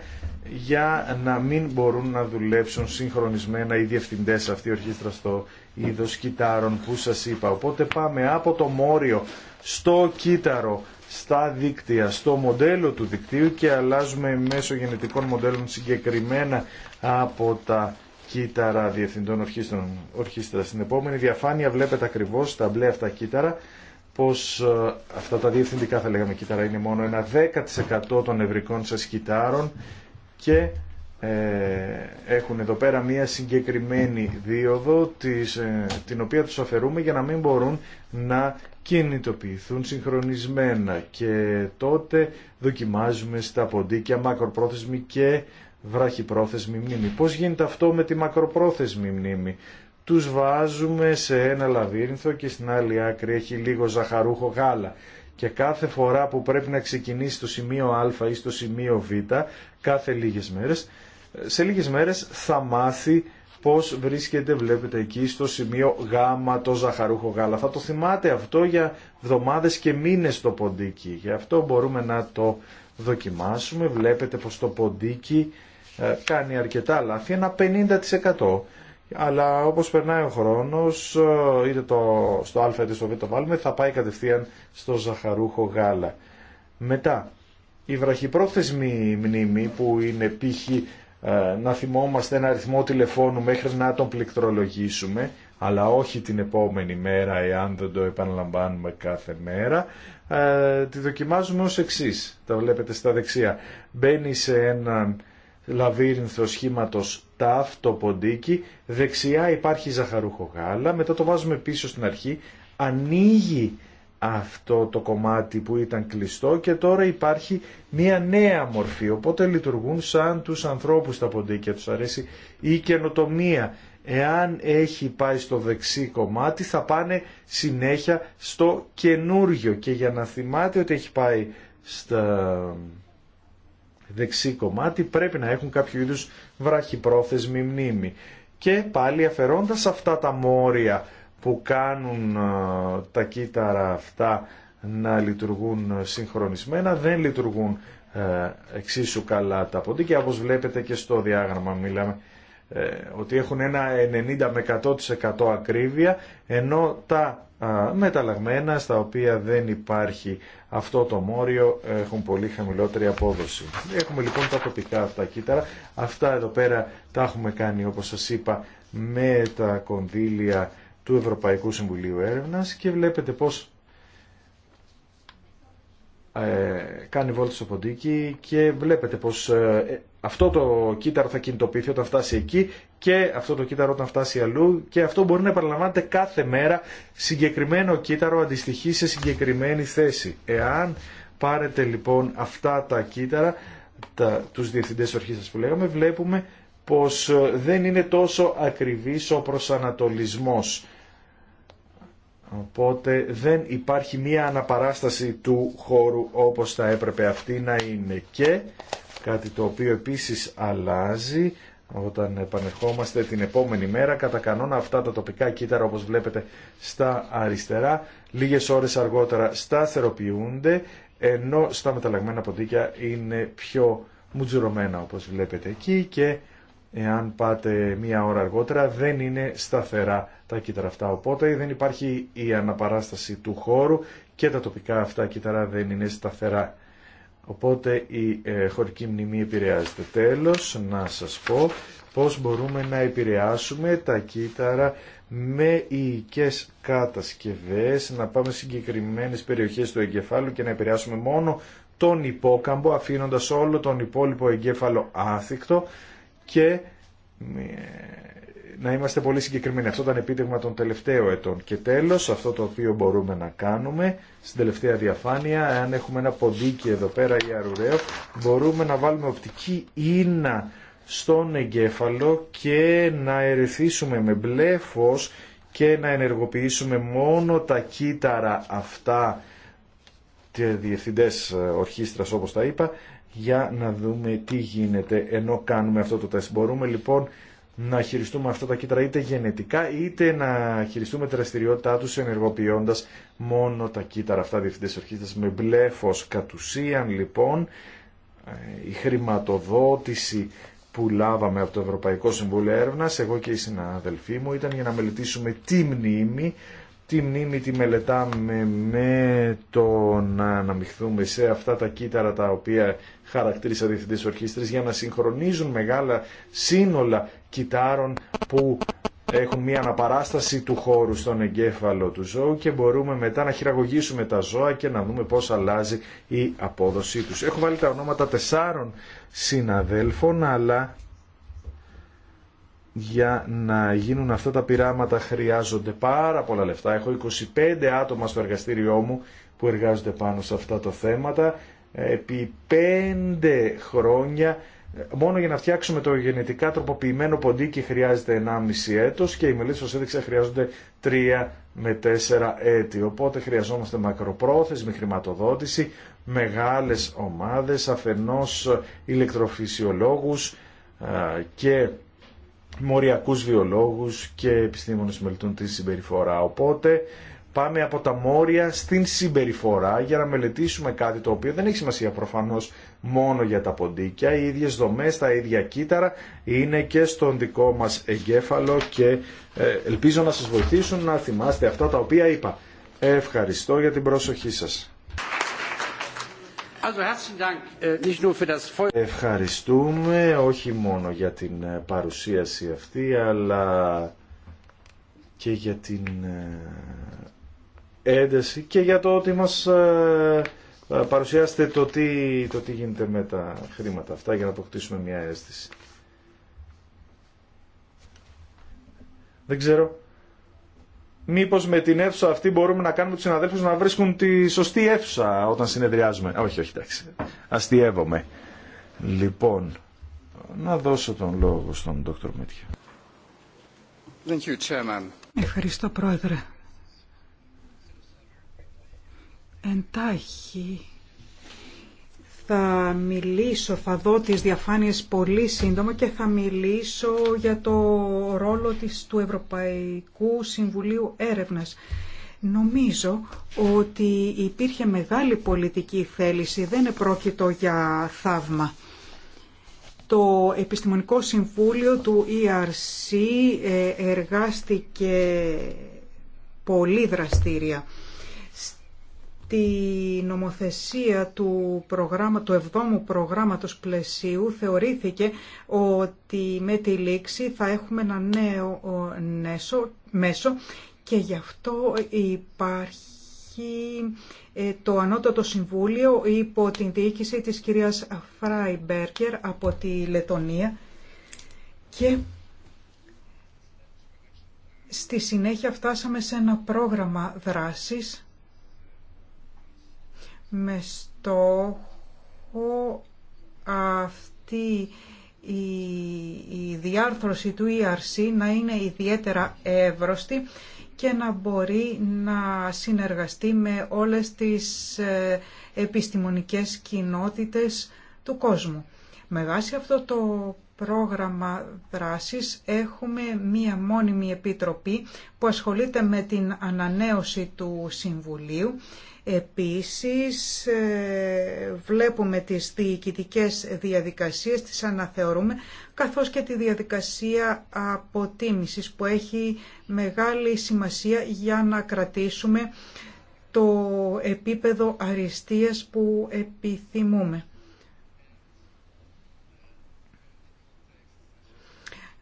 για να μην μπορούν να δουλέψουν συγχρονισμένα οι διευθυντές αυτή η ορχήστρα στο είδος κυτάρων που σας είπα. Οπότε πάμε από το μόριο στο κύτταρο, στα δίκτυα, στο μοντέλο του δικτύου και αλλάζουμε μέσω γενετικών μοντέλων συγκεκριμένα από τα κύτταρα διευθυντών ορχήστρων, ορχήστρα. Στην επόμενη διαφάνεια βλέπετε ακριβώς τα μπλε αυτά κύτταρα πως ε, αυτά τα διευθυντικά θα λέγαμε κύτταρα είναι μόνο ένα 10% των ευρικών σας κυτάρων και ε, έχουν εδώ πέρα μία συγκεκριμένη δίωδο της, ε, την οποία τους αφαιρούμε για να μην μπορούν να κινητοποιηθούν συγχρονισμένα και τότε δοκιμάζουμε στα ποντίκια μακροπρόθεσμη και βραχυπρόθεσμη μνήμη. Πώς γίνεται αυτό με τη μακροπρόθεσμη μνήμη. Τους βάζουμε σε ένα λαβύρινθο και στην άλλη άκρη έχει λίγο ζαχαρούχο γάλα. Και κάθε φορά που πρέπει να ξεκινήσει στο σημείο Α ή στο σημείο Β, κάθε λίγες μέρες, σε λίγες μέρες θα μάθει πώς βρίσκεται, βλέπετε εκεί, στο σημείο Γ το ζαχαρούχο γάλα. Θα το θυμάται αυτό για εβδομάδες και μήνες το ποντίκι. Γι' αυτό μπορούμε να το δοκιμάσουμε. Βλέπετε πως το ποντίκι ε, κάνει αρκετά λάθη, ένα 50%. Αλλά όπως περνάει ο χρόνος, ε, είτε το, στο α είτε στο β το βάλουμε, θα πάει κατευθείαν στο ζαχαρούχο γάλα. Μετά, η βραχυπρόθεσμη μνήμη που είναι π.χ. Ε, να θυμόμαστε ένα αριθμό τηλεφώνου μέχρι να τον πληκτρολογήσουμε, αλλά όχι την επόμενη μέρα εάν δεν το επαναλαμβάνουμε κάθε μέρα, τη δοκιμάζουμε ως εξής, τα βλέπετε στα δεξιά. Μπαίνει σε έναν λαβύρινθο σχήματο ταφ, ποντίκι, δεξιά υπάρχει ζαχαρούχο γάλα, μετά το βάζουμε πίσω στην αρχή, ανοίγει αυτό το κομμάτι που ήταν κλειστό και τώρα υπάρχει μία νέα μορφή, οπότε λειτουργούν σαν τους ανθρώπους τα ποντίκια, τους αρέσει η καινοτομία. Εάν έχει πάει στο δεξί κομμάτι θα πάνε συνέχεια στο καινούργιο και για να θυμάται ότι έχει πάει στα δεξί κομμάτι πρέπει να έχουν κάποιο είδους βραχυπρόθεσμη μνήμη. Και πάλι αφαιρώντας αυτά τα μόρια που κάνουν τα κύτταρα αυτά να λειτουργούν συγχρονισμένα, δεν λειτουργούν ε, εξίσου καλά τα ποντίκια, όπως βλέπετε και στο διάγραμμα μιλάμε ε, ότι έχουν ένα 90 με 100% ακρίβεια, ενώ τα μεταλλαγμένα στα οποία δεν υπάρχει αυτό το μόριο έχουν πολύ χαμηλότερη απόδοση. Έχουμε λοιπόν τα τοπικά αυτά κύτταρα. Αυτά εδώ πέρα τα έχουμε κάνει όπως σας είπα με τα κονδύλια του Ευρωπαϊκού Συμβουλίου Έρευνας και βλέπετε πως ε, κάνει βόλτα στο ποντίκι και βλέπετε πως ε, αυτό το κύτταρο θα κινητοποιηθεί όταν φτάσει εκεί και αυτό το κύτταρο όταν φτάσει αλλού και αυτό μπορεί να επαναλαμβάνεται κάθε μέρα συγκεκριμένο κύτταρο αντιστοιχεί σε συγκεκριμένη θέση. Εάν πάρετε λοιπόν αυτά τα κύτταρα, τα, τους διευθυντές ορχήστας που λέγαμε, βλέπουμε πως ε, δεν είναι τόσο ακριβής ο προσανατολισμός. Οπότε δεν υπάρχει μία αναπαράσταση του χώρου όπως θα έπρεπε αυτή να είναι. Και Κάτι το οποίο επίσης αλλάζει όταν επανερχόμαστε την επόμενη μέρα. Κατά κανόνα αυτά τα τοπικά κύτταρα όπως βλέπετε στα αριστερά λίγες ώρες αργότερα σταθεροποιούνται ενώ στα μεταλλαγμένα ποντίκια είναι πιο μουτζουρωμένα όπως βλέπετε εκεί και εάν πάτε μία ώρα αργότερα δεν είναι σταθερά τα κύτταρα αυτά. Οπότε δεν υπάρχει η αναπαράσταση του χώρου και τα τοπικά αυτά κύτταρα δεν είναι σταθερά. Οπότε η ε, χωρική μνημή επηρεάζεται. Τέλος, να σας πω πώς μπορούμε να επηρεάσουμε τα κύτταρα με ικές κατασκευές, να πάμε σε συγκεκριμένες περιοχές του εγκεφάλου και να επηρεάσουμε μόνο τον υπόκαμπο, αφήνοντας όλο τον υπόλοιπο εγκέφαλο άθικτο και να είμαστε πολύ συγκεκριμένοι. Αυτό ήταν επίτευγμα των τελευταίων ετών. Και τέλος, αυτό το οποίο μπορούμε να κάνουμε, στην τελευταία διαφάνεια, αν έχουμε ένα ποντίκι εδώ πέρα ή αρουραίο, μπορούμε να βάλουμε οπτική ίνα στον εγκέφαλο και να ερεθίσουμε με μπλε φως και να ενεργοποιήσουμε μόνο τα κύτταρα αυτά και διευθυντές ε, ορχήστρας όπως τα είπα για να δούμε τι γίνεται ενώ κάνουμε αυτό το τεστ. Μπορούμε λοιπόν να χειριστούμε αυτά τα κύτταρα είτε γενετικά είτε να χειριστούμε τη δραστηριότητά τους ενεργοποιώντας μόνο τα κύτταρα αυτά διευθυντές με μπλε φως. Κατ' λοιπόν ε, η χρηματοδότηση που λάβαμε από το Ευρωπαϊκό Συμβούλιο Έρευνα, εγώ και οι συναδελφοί μου, ήταν για να μελετήσουμε τη μνήμη τη μνήμη τη μελετάμε με το να αναμειχθούμε σε αυτά τα κύτταρα τα οποία χαρακτήρισα διευθυντέ ορχήστρες για να συγχρονίζουν μεγάλα σύνολα κυτάρων που έχουν μια αναπαράσταση του χώρου στον εγκέφαλο του ζώου και μπορούμε μετά να χειραγωγήσουμε τα ζώα και να δούμε πώς αλλάζει η απόδοσή τους. Έχω βάλει τα ονόματα τεσσάρων συναδέλφων, αλλά για να γίνουν αυτά τα πειράματα χρειάζονται πάρα πολλά λεφτά. Έχω 25 άτομα στο εργαστήριό μου που εργάζονται πάνω σε αυτά τα θέματα. Επί 5 χρόνια μόνο για να φτιάξουμε το γενετικά τροποποιημένο ποντίκι χρειάζεται 1,5 έτος και οι μελίτες που έδειξα χρειάζονται 3 με 4 έτη. Οπότε χρειαζόμαστε μακροπρόθεσμη χρηματοδότηση, μεγάλες ομάδες, αφενός ηλεκτροφυσιολόγους και μοριακούς βιολόγους και επιστήμονες μελετούν τη συμπεριφορά. Οπότε πάμε από τα μόρια στην συμπεριφορά για να μελετήσουμε κάτι το οποίο δεν έχει σημασία προφανώς μόνο για τα ποντίκια. Οι ίδιες δομές, τα ίδια κύτταρα είναι και στον δικό μας εγκέφαλο και ε, ελπίζω να σας βοηθήσουν να θυμάστε αυτά τα οποία είπα. Ευχαριστώ για την προσοχή σας. Äh, Ευχαριστούμε όχι μόνο για την ε, παρουσίαση αυτή, αλλά και για την ε, ένταση και για το ότι μας ε, παρουσιάσετε το τι, το τι γίνεται με τα χρήματα αυτά για να αποκτήσουμε μια αίσθηση. Δεν ξέρω μήπως με την αίθουσα αυτή μπορούμε να κάνουμε τους συναδέλφους να βρίσκουν τη σωστή αίθουσα όταν συνεδριάζουμε. Όχι, όχι, εντάξει. Αστειεύομαι. Λοιπόν, να δώσω τον λόγο στον Δόκτωρ Μίτια. Ευχαριστώ, Πρόεδρε. Εντάχει, θα μιλήσω, θα δω τις διαφάνειες πολύ σύντομα και θα μιλήσω για το ρόλο της, του Ευρωπαϊκού Συμβουλίου Έρευνας. Νομίζω ότι υπήρχε μεγάλη πολιτική θέληση, δεν πρόκειτο για θαύμα. Το Επιστημονικό Συμβούλιο του ERC ε, εργάστηκε πολύ δραστήρια τη νομοθεσία του, προγράμμα, του 7ου προγράμματος πλαισίου θεωρήθηκε ότι με τη λήξη θα έχουμε ένα νέο μέσο και γι' αυτό υπάρχει ε, το Ανώτατο Συμβούλιο υπό την διοίκηση της κυρίας Φράιμπερκερ από τη Λετωνία και στη συνέχεια φτάσαμε σε ένα πρόγραμμα δράσης με στόχο αυτή η, διάρθρωση του ERC να είναι ιδιαίτερα εύρωστη και να μπορεί να συνεργαστεί με όλες τις ε, επιστημονικές κοινότητες του κόσμου. Με βάση αυτό το πρόγραμμα δράσης έχουμε μία μόνιμη επιτροπή που ασχολείται με την ανανέωση του Συμβουλίου Επίσης ε, βλέπουμε τις διοικητικές διαδικασίες, τις αναθεωρούμε, καθώς και τη διαδικασία αποτίμησης που έχει μεγάλη σημασία για να κρατήσουμε το επίπεδο αριστείας που επιθυμούμε.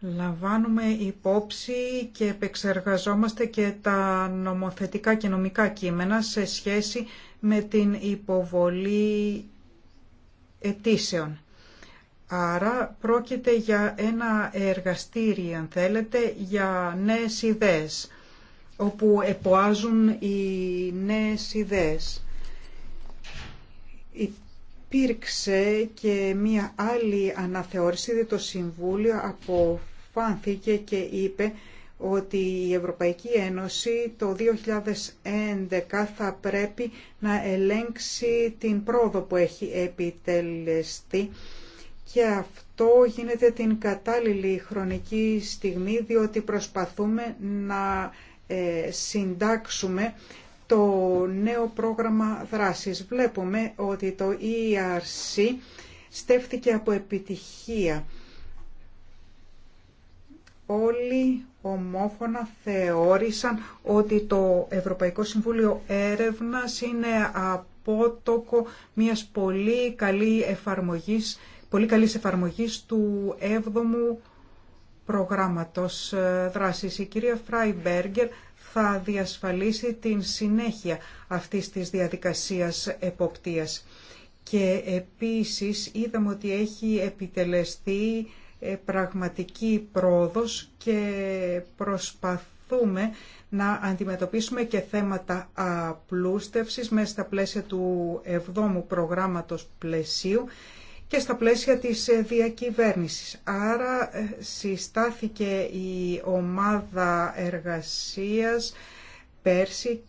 Λαμβάνουμε υπόψη και επεξεργαζόμαστε και τα νομοθετικά και νομικά κείμενα σε σχέση με την υποβολή αιτήσεων. Άρα πρόκειται για ένα εργαστήρι, αν θέλετε, για νέες ιδέες, όπου εποάζουν οι νέες ιδέες. Υπήρξε και μία άλλη αναθεώρηση, το Συμβούλιο από Φανθήκε και είπε ότι η Ευρωπαϊκή Ένωση το 2011 θα πρέπει να ελέγξει την πρόοδο που έχει επιτελεστεί και αυτό γίνεται την κατάλληλη χρονική στιγμή διότι προσπαθούμε να ε, συντάξουμε το νέο πρόγραμμα δράσης. Βλέπουμε ότι το ERC στέφθηκε από επιτυχία όλοι ομόφωνα θεώρησαν ότι το Ευρωπαϊκό Συμβούλιο Έρευνας είναι απότοκο μιας πολύ, καλή εφαρμογής, πολύ καλής εφαρμογής του 7ου προγράμματος ε, δράσης. Η κυρία Φράιμπεργκερ θα διασφαλίσει την συνέχεια αυτής της διαδικασίας εποπτείας. Και επίσης είδαμε ότι έχει επιτελεστεί ε, πραγματική πρόοδος και προσπαθούμε να αντιμετωπίσουμε και θέματα απλούστευσης μέσα στα πλαίσια του 7ου προγράμματος πλαισίου και στα πλαίσια της ε, διακυβέρνησης. Άρα ε, συστάθηκε η ομάδα εργασίας πέρσι.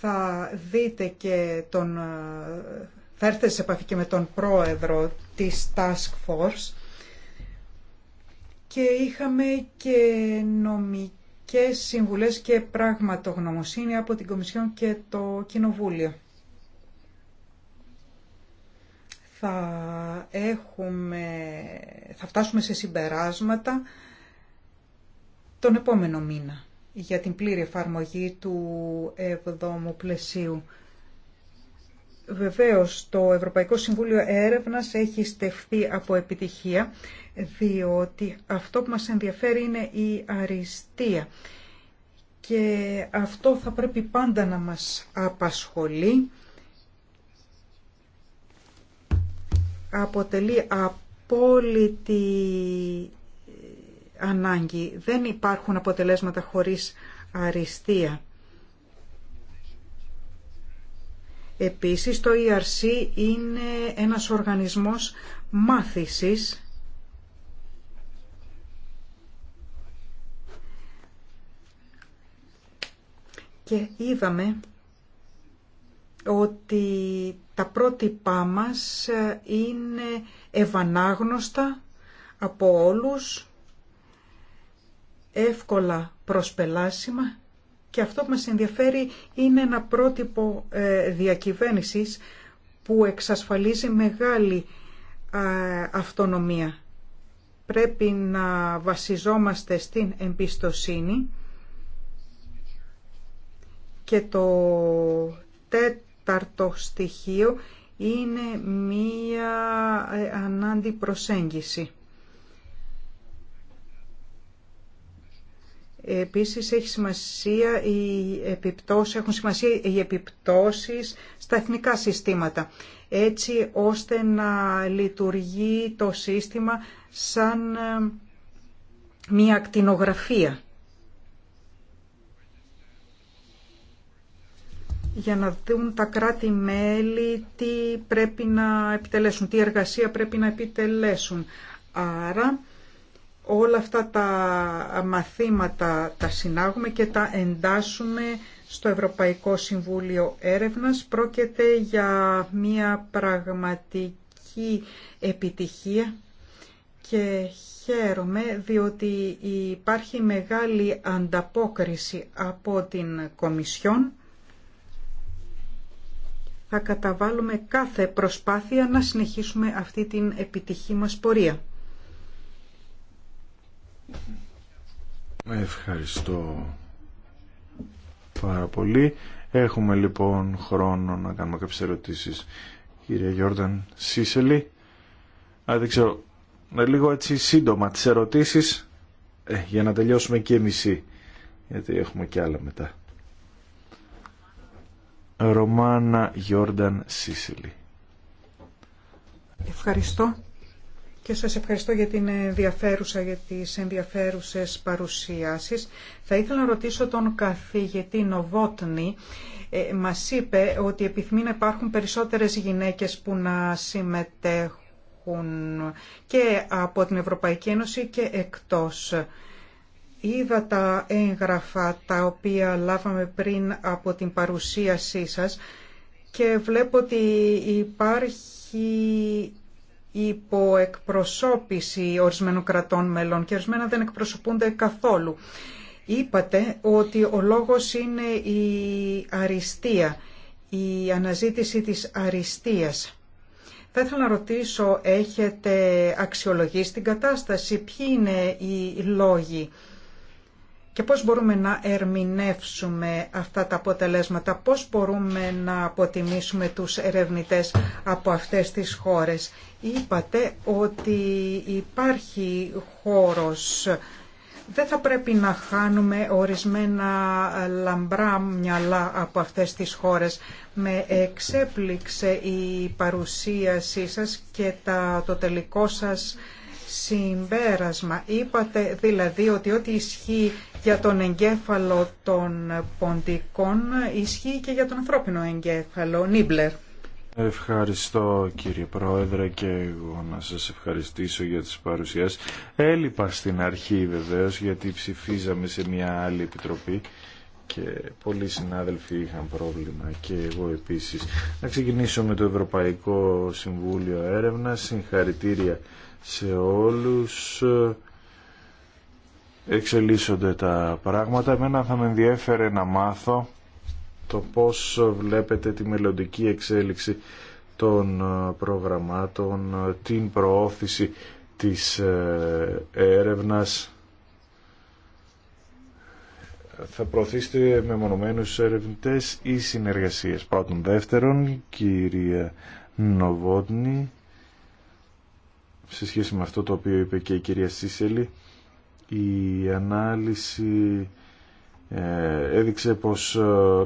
Θα δείτε και τον... Θα έρθετε σε επαφή και με τον πρόεδρο της Task Force και είχαμε και νομικές συμβουλές και πραγματογνωμοσύνη από την Κομισιόν και το Κοινοβούλιο. Θα, έχουμε, θα φτάσουμε σε συμπεράσματα τον επόμενο μήνα για την πλήρη εφαρμογή του Εβδόμου πλαισίου. Βεβαίως, το Ευρωπαϊκό Συμβούλιο Έρευνας έχει στεφθεί από επιτυχία διότι αυτό που μας ενδιαφέρει είναι η αριστεία και αυτό θα πρέπει πάντα να μας απασχολεί. Αποτελεί απόλυτη ανάγκη. Δεν υπάρχουν αποτελέσματα χωρίς αριστεία. Επίσης το ERC είναι ένας οργανισμός μάθησης και είδαμε ότι τα πρότυπά μας είναι ευανάγνωστα από όλους, εύκολα προσπελάσιμα και αυτό που μας ενδιαφέρει είναι ένα πρότυπο ε, διακυβέρνησης που εξασφαλίζει μεγάλη ε, αυτονομία. Πρέπει να βασιζόμαστε στην εμπιστοσύνη και το τέταρτο στοιχείο είναι μία ε, ανάντη προσέγγιση. Επίσης έχει σημασία οι επιπτώσεις, έχουν σημασία οι επιπτώσεις στα εθνικά συστήματα, έτσι ώστε να λειτουργεί το σύστημα σαν ε, μια ακτινογραφία για να δουν τα κράτη-μέλη τι πρέπει να επιτελέσουν, τι εργασία πρέπει να επιτελέσουν. Άρα όλα αυτά τα μαθήματα τα συνάγουμε και τα εντάσσουμε στο Ευρωπαϊκό Συμβούλιο Έρευνας. Πρόκειται για μια πραγματική επιτυχία και χαίρομαι διότι υπάρχει μεγάλη ανταπόκριση από την Κομισιόν θα καταβάλουμε κάθε προσπάθεια να συνεχίσουμε αυτή την επιτυχή μας πορεία. Ευχαριστώ πάρα πολύ. Έχουμε λοιπόν χρόνο να κάνουμε κάποιες ερωτήσεις. Κύριε Γιόρταν Σίσελη, Α, λίγο έτσι σύντομα τις ερωτήσεις, ε, για να τελειώσουμε και μισή, γιατί έχουμε και άλλα μετά. Ρωμάνα Γιόρνταν Σίσιλη. Ευχαριστώ και σας ευχαριστώ για την ενδιαφέρουσα, για τις ενδιαφέρουσες παρουσιάσεις. Θα ήθελα να ρωτήσω τον καθηγητή Νοβότνη. Ε, μας είπε ότι επιθυμεί να υπάρχουν περισσότερες γυναίκες που να συμμετέχουν και από την Ευρωπαϊκή Ένωση και εκτός. Είδα τα έγγραφα τα οποία λάβαμε πριν από την παρουσίασή σας και βλέπω ότι υπάρχει υποεκπροσώπηση ορισμένων κρατών μελών και ορισμένα δεν εκπροσωπούνται καθόλου. Είπατε ότι ο λόγος είναι η αριστεία, η αναζήτηση της αριστείας. Θα ήθελα να ρωτήσω, έχετε αξιολογήσει την κατάσταση, ποιοι είναι οι λόγοι και πώς μπορούμε να ερμηνεύσουμε αυτά τα αποτελέσματα, πώς μπορούμε να αποτιμήσουμε τους ερευνητές από αυτές τις χώρες. Είπατε ότι υπάρχει χώρος. Δεν θα πρέπει να χάνουμε ορισμένα λαμπρά μυαλά από αυτές τις χώρες. Με εξέπληξε η παρουσίασή σας και τα, το τελικό σας συμπέρασμα. Είπατε δηλαδή ότι ό,τι ισχύει για τον εγκέφαλο των ποντικών ισχύει και για τον ανθρώπινο εγκέφαλο. Νίμπλερ. Ευχαριστώ κύριε Πρόεδρε και εγώ να σας ευχαριστήσω για τις παρουσίες. Έλειπα στην αρχή βεβαίως γιατί ψηφίζαμε σε μια άλλη επιτροπή και πολλοί συνάδελφοι είχαν πρόβλημα και εγώ επίσης. Να ξεκινήσω με το Ευρωπαϊκό Συμβούλιο Έρευνα. Συγχαρητήρια σε όλους εξελίσσονται τα πράγματα. Εμένα θα με ενδιέφερε να μάθω το πώς βλέπετε τη μελλοντική εξέλιξη των ε, προγραμμάτων, την προώθηση της ε, έρευνας. Θα προωθήσετε με μονομένους ερευνητές ή συνεργασίες. Πρώτον δεύτερον, κυρία Νοβότνη, σε σχέση με αυτό το οποίο είπε και η κυρία Σίσελη, η ανάλυση ε, έδειξε πως ε,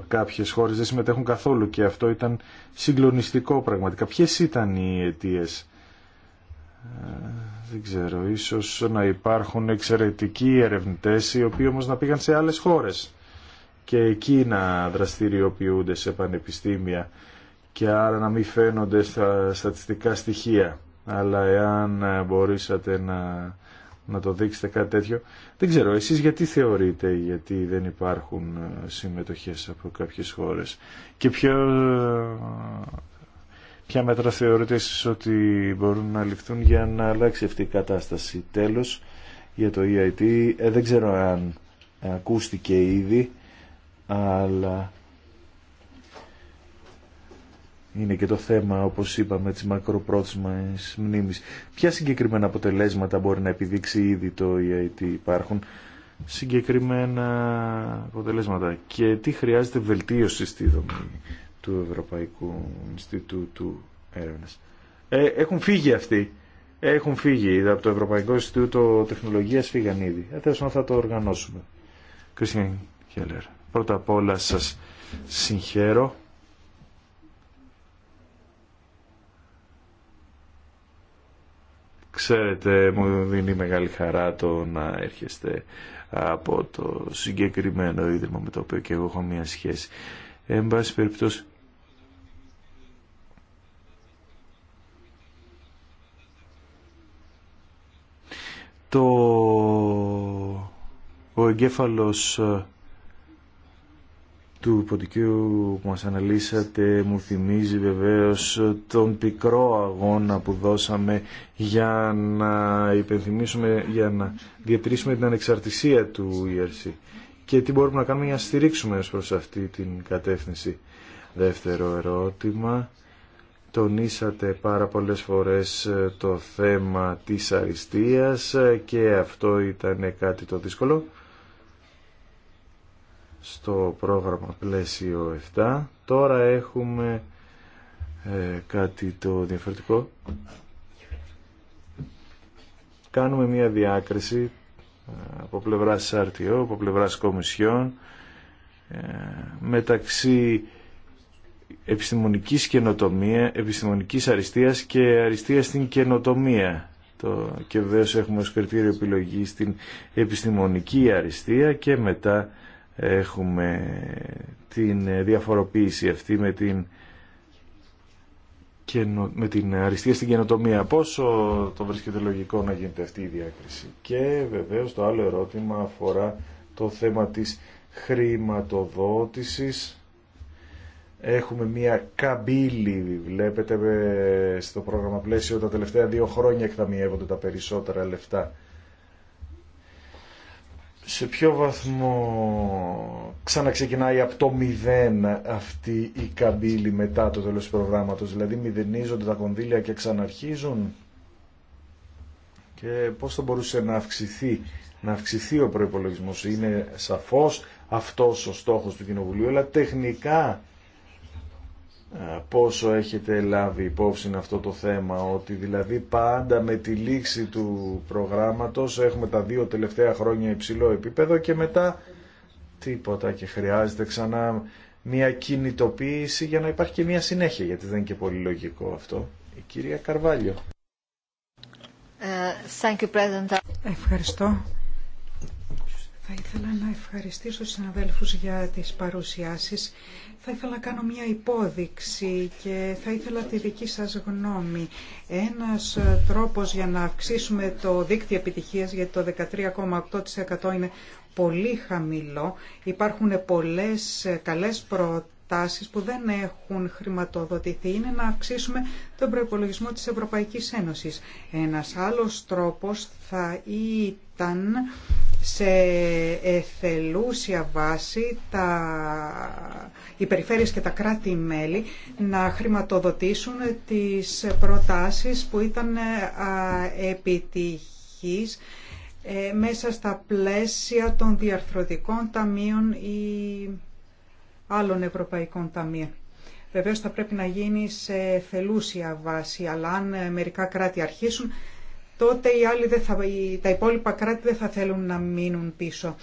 κάποιες χώρες δεν συμμετέχουν καθόλου και αυτό ήταν συγκλονιστικό πραγματικά. Ποιες ήταν οι αιτίες ε, δεν ξέρω, ίσως να υπάρχουν εξαιρετικοί ερευνητές οι οποίοι όμως να πήγαν σε άλλες χώρες και εκεί να δραστηριοποιούνται σε πανεπιστήμια και άρα να μην φαίνονται στα στατιστικά στοιχεία. Αλλά εάν μπορούσατε να να το δείξετε κάτι τέτοιο. Δεν ξέρω, εσείς γιατί θεωρείτε, γιατί δεν υπάρχουν ε, συμμετοχές από κάποιες χώρες και ποιο, ε, ποια μέτρα θεωρείτε εσείς ότι μπορούν να ληφθούν για να αλλάξει αυτή η κατάσταση. Τέλος, για το EIT, ε, δεν ξέρω αν ακούστηκε ήδη, αλλά είναι και το θέμα, όπως είπαμε, της μακροπρόθεσμας μνήμης. Ποια συγκεκριμένα αποτελέσματα μπορεί να επιδείξει ήδη το EIT υπάρχουν συγκεκριμένα αποτελέσματα και τι χρειάζεται βελτίωση στη δομή του Ευρωπαϊκού Ινστιτούτου Έρευνας. Ε, έχουν φύγει αυτοί. Έχουν φύγει από το Ευρωπαϊκό Ινστιτούτο Τεχνολογίας φύγαν ήδη. Ε, να θα το οργανώσουμε. Κρίστιαν Χέλλερ, πρώτα απ' όλα σας συγχαίρω Ξέρετε, μου δίνει μεγάλη χαρά το να έρχεστε από το συγκεκριμένο ίδρυμα με το οποίο και εγώ έχω μία σχέση. Εν πάση περιπτώσει, το... ο εγκέφαλος ε, του ποντικού που μας αναλύσατε μου θυμίζει βεβαίως τον πικρό αγώνα που δώσαμε για να υπενθυμίσουμε, για να διατηρήσουμε την ανεξαρτησία του ERC και τι μπορούμε να κάνουμε για να στηρίξουμε ως προς αυτή την κατεύθυνση. Δεύτερο ερώτημα, τονίσατε πάρα πολλές φορές ε, το θέμα της αριστείας και αυτό ήταν κάτι το δύσκολο στο πρόγραμμα πλαίσιο 7. Τώρα έχουμε ε, κάτι το διαφορετικό. Κάνουμε μία διάκριση ε, από πλευράς σάρτιο, από πλευράς Κομισιόν ε, μεταξύ επιστημονικής καινοτομία, επιστημονικής αριστείας και αριστείας στην καινοτομία. Το, και βέβαια έχουμε ως κριτήριο επιλογή στην επιστημονική αριστεία και μετά έχουμε την διαφοροποίηση αυτή με την, με την αριστεία στην καινοτομία. Πόσο το βρίσκεται λογικό να γίνεται αυτή η διάκριση. Και βεβαίως το άλλο ερώτημα αφορά το θέμα της χρηματοδότησης. Έχουμε μια καμπύλη, βλέπετε στο πρόγραμμα πλαίσιο τα τελευταία δύο χρόνια εκταμιεύονται τα περισσότερα λεφτά σε ποιο βαθμό ξαναξεκινάει από το μηδέν αυτή η καμπύλη μετά το τέλος του προγράμματος, δηλαδή μηδενίζονται τα κονδύλια και ξαναρχίζουν και πώς θα μπορούσε να αυξηθεί, να αυξηθεί ο προϋπολογισμός. Είναι σαφώς αυτός ο στόχος του Κοινοβουλίου, αλλά τεχνικά πόσο έχετε λάβει υπόψη αυτό το θέμα, ότι δηλαδή πάντα με τη λήξη του προγράμματος έχουμε τα δύο τελευταία χρόνια υψηλό επίπεδο και μετά τίποτα και χρειάζεται ξανά μια κινητοποίηση για να υπάρχει και μια συνέχεια, γιατί δεν είναι και πολύ λογικό αυτό. Η κυρία Καρβάλιο. Ε, Ευχαριστώ. Θα ήθελα να ευχαριστήσω τους συναδέλφους για τις παρουσιάσεις. Θα ήθελα να κάνω μια υπόδειξη και θα ήθελα τη δική σας γνώμη. Ένας ε, τρόπος για να αυξήσουμε το δίκτυο επιτυχίας, γιατί το 13,8% είναι πολύ χαμηλό, υπάρχουν πολλές ε, καλές προτάσεις, που δεν έχουν χρηματοδοτηθεί είναι να αυξήσουμε τον προϋπολογισμό της Ευρωπαϊκής Ένωσης. Ένας άλλος τρόπος θα ήταν σε εθελούσια βάση τα, οι περιφέρειες και τα κράτη-μέλη να χρηματοδοτήσουν τις προτάσεις που ήταν ε, επιτυχής ε, μέσα στα πλαίσια των διαρθρωτικών ταμείων ή άλλων ευρωπαϊκών ταμείων. Βεβαίως θα πρέπει να γίνει σε θελούσια βάση, αλλά αν ε, μερικά κράτη αρχίσουν τότε οι άλλοι θα, τα υπόλοιπα κράτη δεν θα θέλουν να μείνουν πίσω.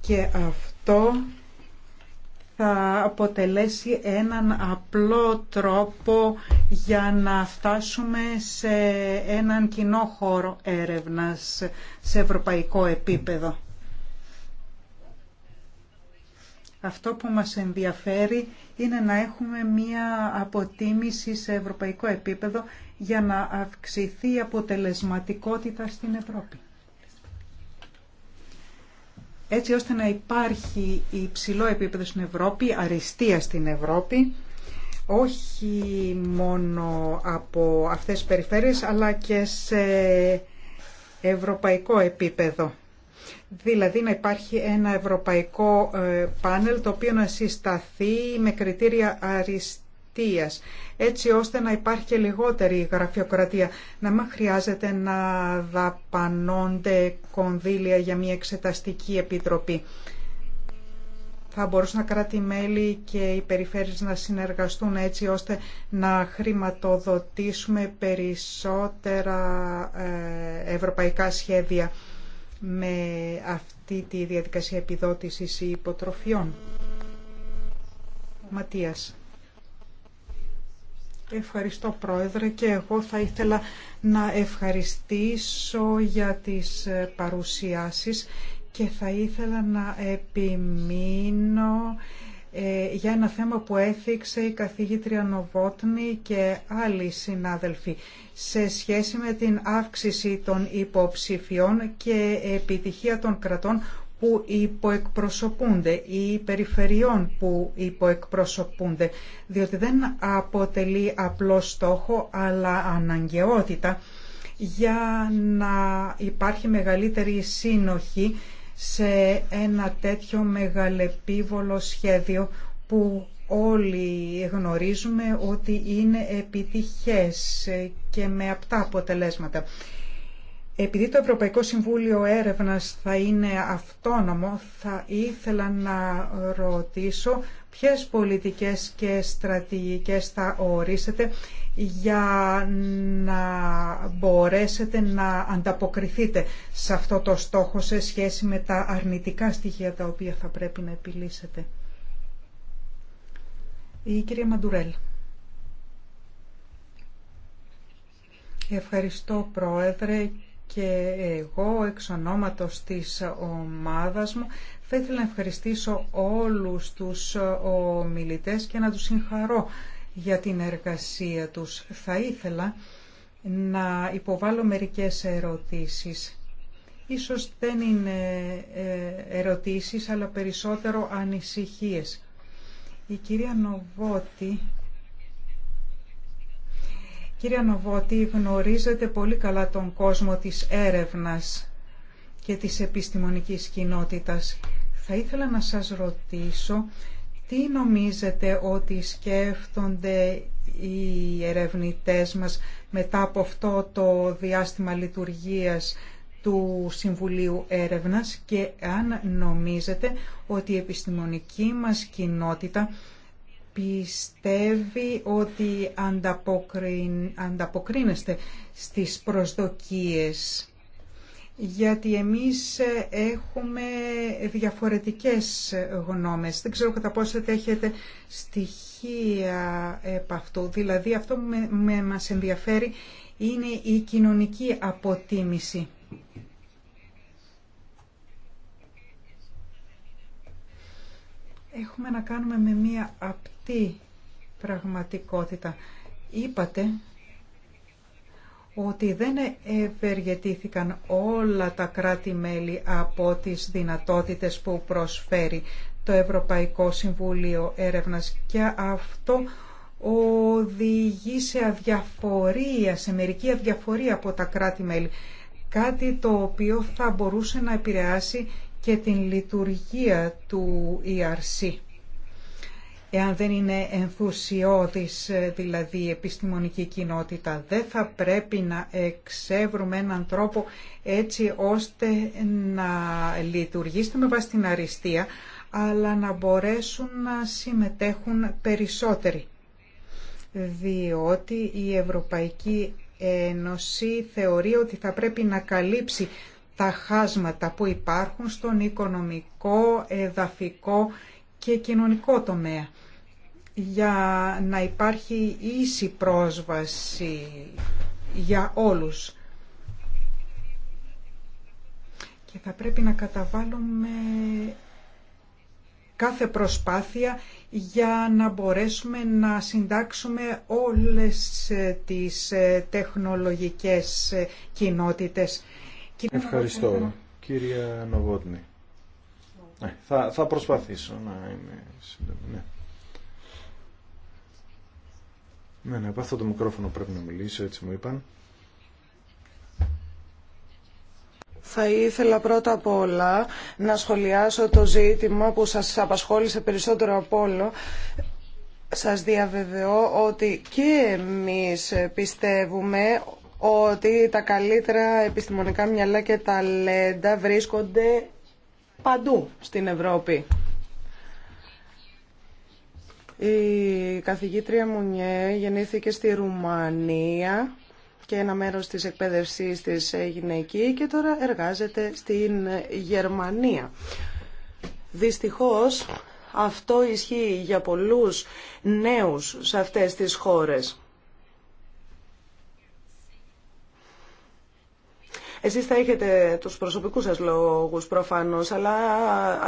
Και αυτό θα αποτελέσει έναν απλό τρόπο για να φτάσουμε σε έναν κοινό χώρο έρευνας σε ευρωπαϊκό επίπεδο. Αυτό που μας ενδιαφέρει είναι να έχουμε μία αποτίμηση σε ευρωπαϊκό επίπεδο για να αυξηθεί η αποτελεσματικότητα στην Ευρώπη. Έτσι ώστε να υπάρχει υψηλό επίπεδο στην Ευρώπη, αριστεία στην Ευρώπη, όχι μόνο από αυτές τις περιφέρειες αλλά και σε ευρωπαϊκό επίπεδο δηλαδή να υπάρχει ένα ευρωπαϊκό ε, πάνελ το οποίο να συσταθεί με κριτήρια αριστείας έτσι ώστε να υπάρχει και λιγότερη γραφειοκρατία να μην χρειάζεται να δαπανώνται κονδύλια για μια εξεταστική επιτροπή θα μπορούσαν να κράτη-μέλη και οι περιφέρειες να συνεργαστούν έτσι ώστε να χρηματοδοτήσουμε περισσότερα ε, ευρωπαϊκά σχέδια με αυτή τη διαδικασία επιδότησης υποτροφιών. Ματίας. Ευχαριστώ Πρόεδρε και εγώ θα ήθελα να ευχαριστήσω για τις παρουσιάσεις και θα ήθελα να επιμείνω ε, για ένα θέμα που έθιξε η καθηγήτρια Νοβότνη και άλλοι συνάδελφοι σε σχέση με την αύξηση των υποψηφιών και επιτυχία των κρατών που υποεκπροσωπούνται ή περιφερειών που υποεκπροσωπούνται, διότι δεν αποτελεί απλό στόχο αλλά αναγκαιότητα για να υπάρχει μεγαλύτερη σύνοχη σε ένα τέτοιο μεγαλεπίβολο σχέδιο που όλοι γνωρίζουμε ότι είναι επιτυχές και με απτά αποτελέσματα. Επειδή το Ευρωπαϊκό Συμβούλιο Έρευνας θα είναι αυτόνομο, θα ήθελα να ρωτήσω ποιες πολιτικές και στρατηγικές θα ορίσετε για να μπορέσετε να ανταποκριθείτε σε αυτό το στόχο σε σχέση με τα αρνητικά στοιχεία τα οποία θα πρέπει να επιλύσετε. Η κυρία Μαντουρέλ. Ευχαριστώ Πρόεδρε και εγώ εξ ονόματος της ομάδας μου θα ήθελα να ευχαριστήσω όλους τους ομιλητές και να τους συγχαρώ για την εργασία τους. Θα ήθελα να υποβάλω μερικές ερωτήσεις. Ίσως δεν είναι ε, ερωτήσεις, αλλά περισσότερο ανησυχίες. Η κυρία Νοβότη... Κυρία Νοβότη, γνωρίζετε πολύ καλά τον κόσμο της έρευνας και της επιστημονικής κοινότητας. Θα ήθελα να σας ρωτήσω τι νομίζετε ότι σκέφτονται οι ερευνητές μας μετά από αυτό το διάστημα λειτουργίας του Συμβουλίου Έρευνας και αν νομίζετε ότι η επιστημονική μας κοινότητα πιστεύει ότι ανταποκρίνεστε στις προσδοκίες γιατί εμείς ε, έχουμε διαφορετικές γνώμες. Δεν ξέρω κατά πόσο έχετε στοιχεία από αυτού. Δηλαδή αυτό που με, μας ενδιαφέρει είναι η κοινωνική αποτίμηση. Έχουμε να κάνουμε με μία απτή πραγματικότητα. Είπατε ότι δεν ευεργετήθηκαν όλα τα κράτη-μέλη από τις δυνατότητες που προσφέρει το Ευρωπαϊκό Συμβούλιο Έρευνας και αυτό οδηγεί σε αδιαφορία, σε μερική αδιαφορία από τα κράτη-μέλη. Κάτι το οποίο θα μπορούσε να επηρεάσει και την λειτουργία του ERC εάν δεν είναι ενθουσιώδης ε, δηλαδή η επιστημονική κοινότητα. Δεν θα πρέπει να εξεύρουμε έναν τρόπο έτσι ώστε να λειτουργήσουμε βάση την αριστεία, αλλά να μπορέσουν να συμμετέχουν περισσότεροι. Διότι η Ευρωπαϊκή Ένωση θεωρεί ότι θα πρέπει να καλύψει τα χάσματα που υπάρχουν στον οικονομικό, εδαφικό και κοινωνικό τομέα για να υπάρχει ίση πρόσβαση για όλους. Και θα πρέπει να καταβάλουμε κάθε προσπάθεια για να μπορέσουμε να συντάξουμε όλες ε, τις ε, τεχνολογικές ε, κοινότητες. Ευχαριστώ, κύριε Νοβότνη. θα, θα προσπαθήσω να είμαι σύντομη. Ναι. Ναι, ναι, από αυτό το μικρόφωνο πρέπει να μιλήσω, έτσι μου είπαν. Θα ήθελα πρώτα απ' όλα να σχολιάσω το ζήτημα που σας απασχόλησε περισσότερο από όλο. Σας διαβεβαιώ ότι και εμείς πιστεύουμε ότι τα καλύτερα επιστημονικά μυαλά και ταλέντα βρίσκονται παντού στην Ευρώπη. Η καθηγήτρια Μουνιέ γεννήθηκε στη Ρουμανία και ένα μέρος της εκπαίδευσής της έγινε εκεί και τώρα εργάζεται στην Γερμανία. Δυστυχώς αυτό ισχύει για πολλούς νέους σε αυτές τις χώρες. Εσείς θα έχετε τους προσωπικούς σας λόγους προφανώς, αλλά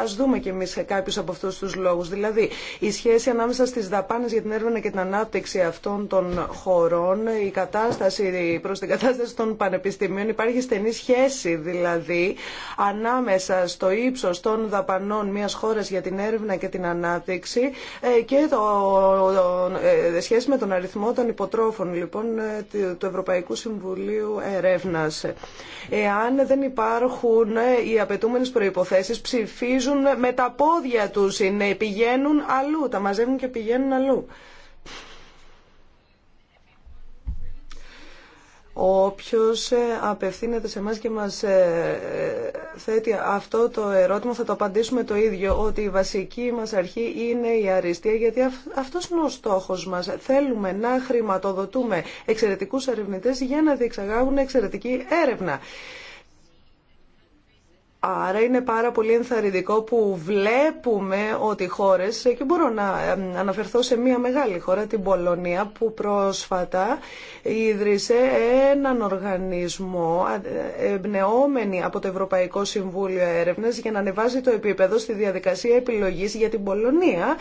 ας δούμε κι εμείς κάποιους από αυτούς τους λόγους. Δηλαδή, η σχέση ανάμεσα στις δαπάνες για την έρευνα και την ανάπτυξη αυτών των χωρών, η κατάσταση προς την κατάσταση των πανεπιστημίων, υπάρχει στενή σχέση δηλαδή ανάμεσα στο ύψος των δαπανών μιας χώρας για την έρευνα και την ανάπτυξη ε, και το, ε, σχέση με τον αριθμό των υποτρόφων λοιπόν ε, του Ευρωπαϊκού Συμβουλίου Ερεύνας. Εάν δεν υπάρχουν οι απαιτούμενες προϋποθέσεις, ψηφίζουν με τα πόδια τους, είναι, πηγαίνουν αλλού, τα μαζεύουν και πηγαίνουν αλλού. όποιος ε, απευθύνεται σε μας και μας ε, ε, θέτει αυτό το ερώτημα θα το απαντήσουμε το ίδιο ότι η βασική μας αρχή είναι η αριστεία γιατί αυτός είναι ο στόχος μας θέλουμε να χρηματοδοτούμε εξαιρετικούς ερευνητές για να διεξαγάγουν εξαιρετική έρευνα Άρα είναι πάρα πολύ ενθαρρυντικό που βλέπουμε ότι χώρες, ε, και μπορώ να ε, αναφερθώ σε μια μεγάλη χώρα, την Πολωνία, που πρόσφατα ίδρυσε έναν οργανισμό ε, εμπνεόμενη από το Ευρωπαϊκό Συμβούλιο Έρευνας για να ανεβάζει το επίπεδο στη διαδικασία επιλογής για την Πολωνία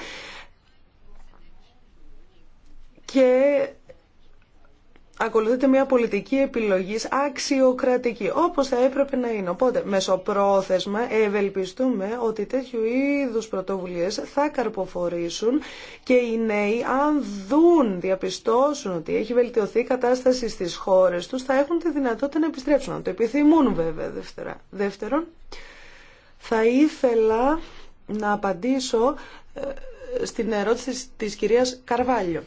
ακολουθείται μια πολιτική επιλογής αξιοκρατική, Όπω θα έπρεπε να είναι. Οπότε, μεσοπρόθεσμα, ευελπιστούμε ότι τέτοιου είδους πρωτοβουλίες θα καρποφορήσουν και οι νέοι, αν δουν, διαπιστώσουν ότι έχει βελτιωθεί η κατάσταση στις χώρες του, θα έχουν τη δυνατότητα να επιστρέψουν. Να το επιθυμούν βέβαια Δεύτερον, θα ήθελα να απαντήσω ε, στην ερώτηση της κυρίας Καρβάλιο.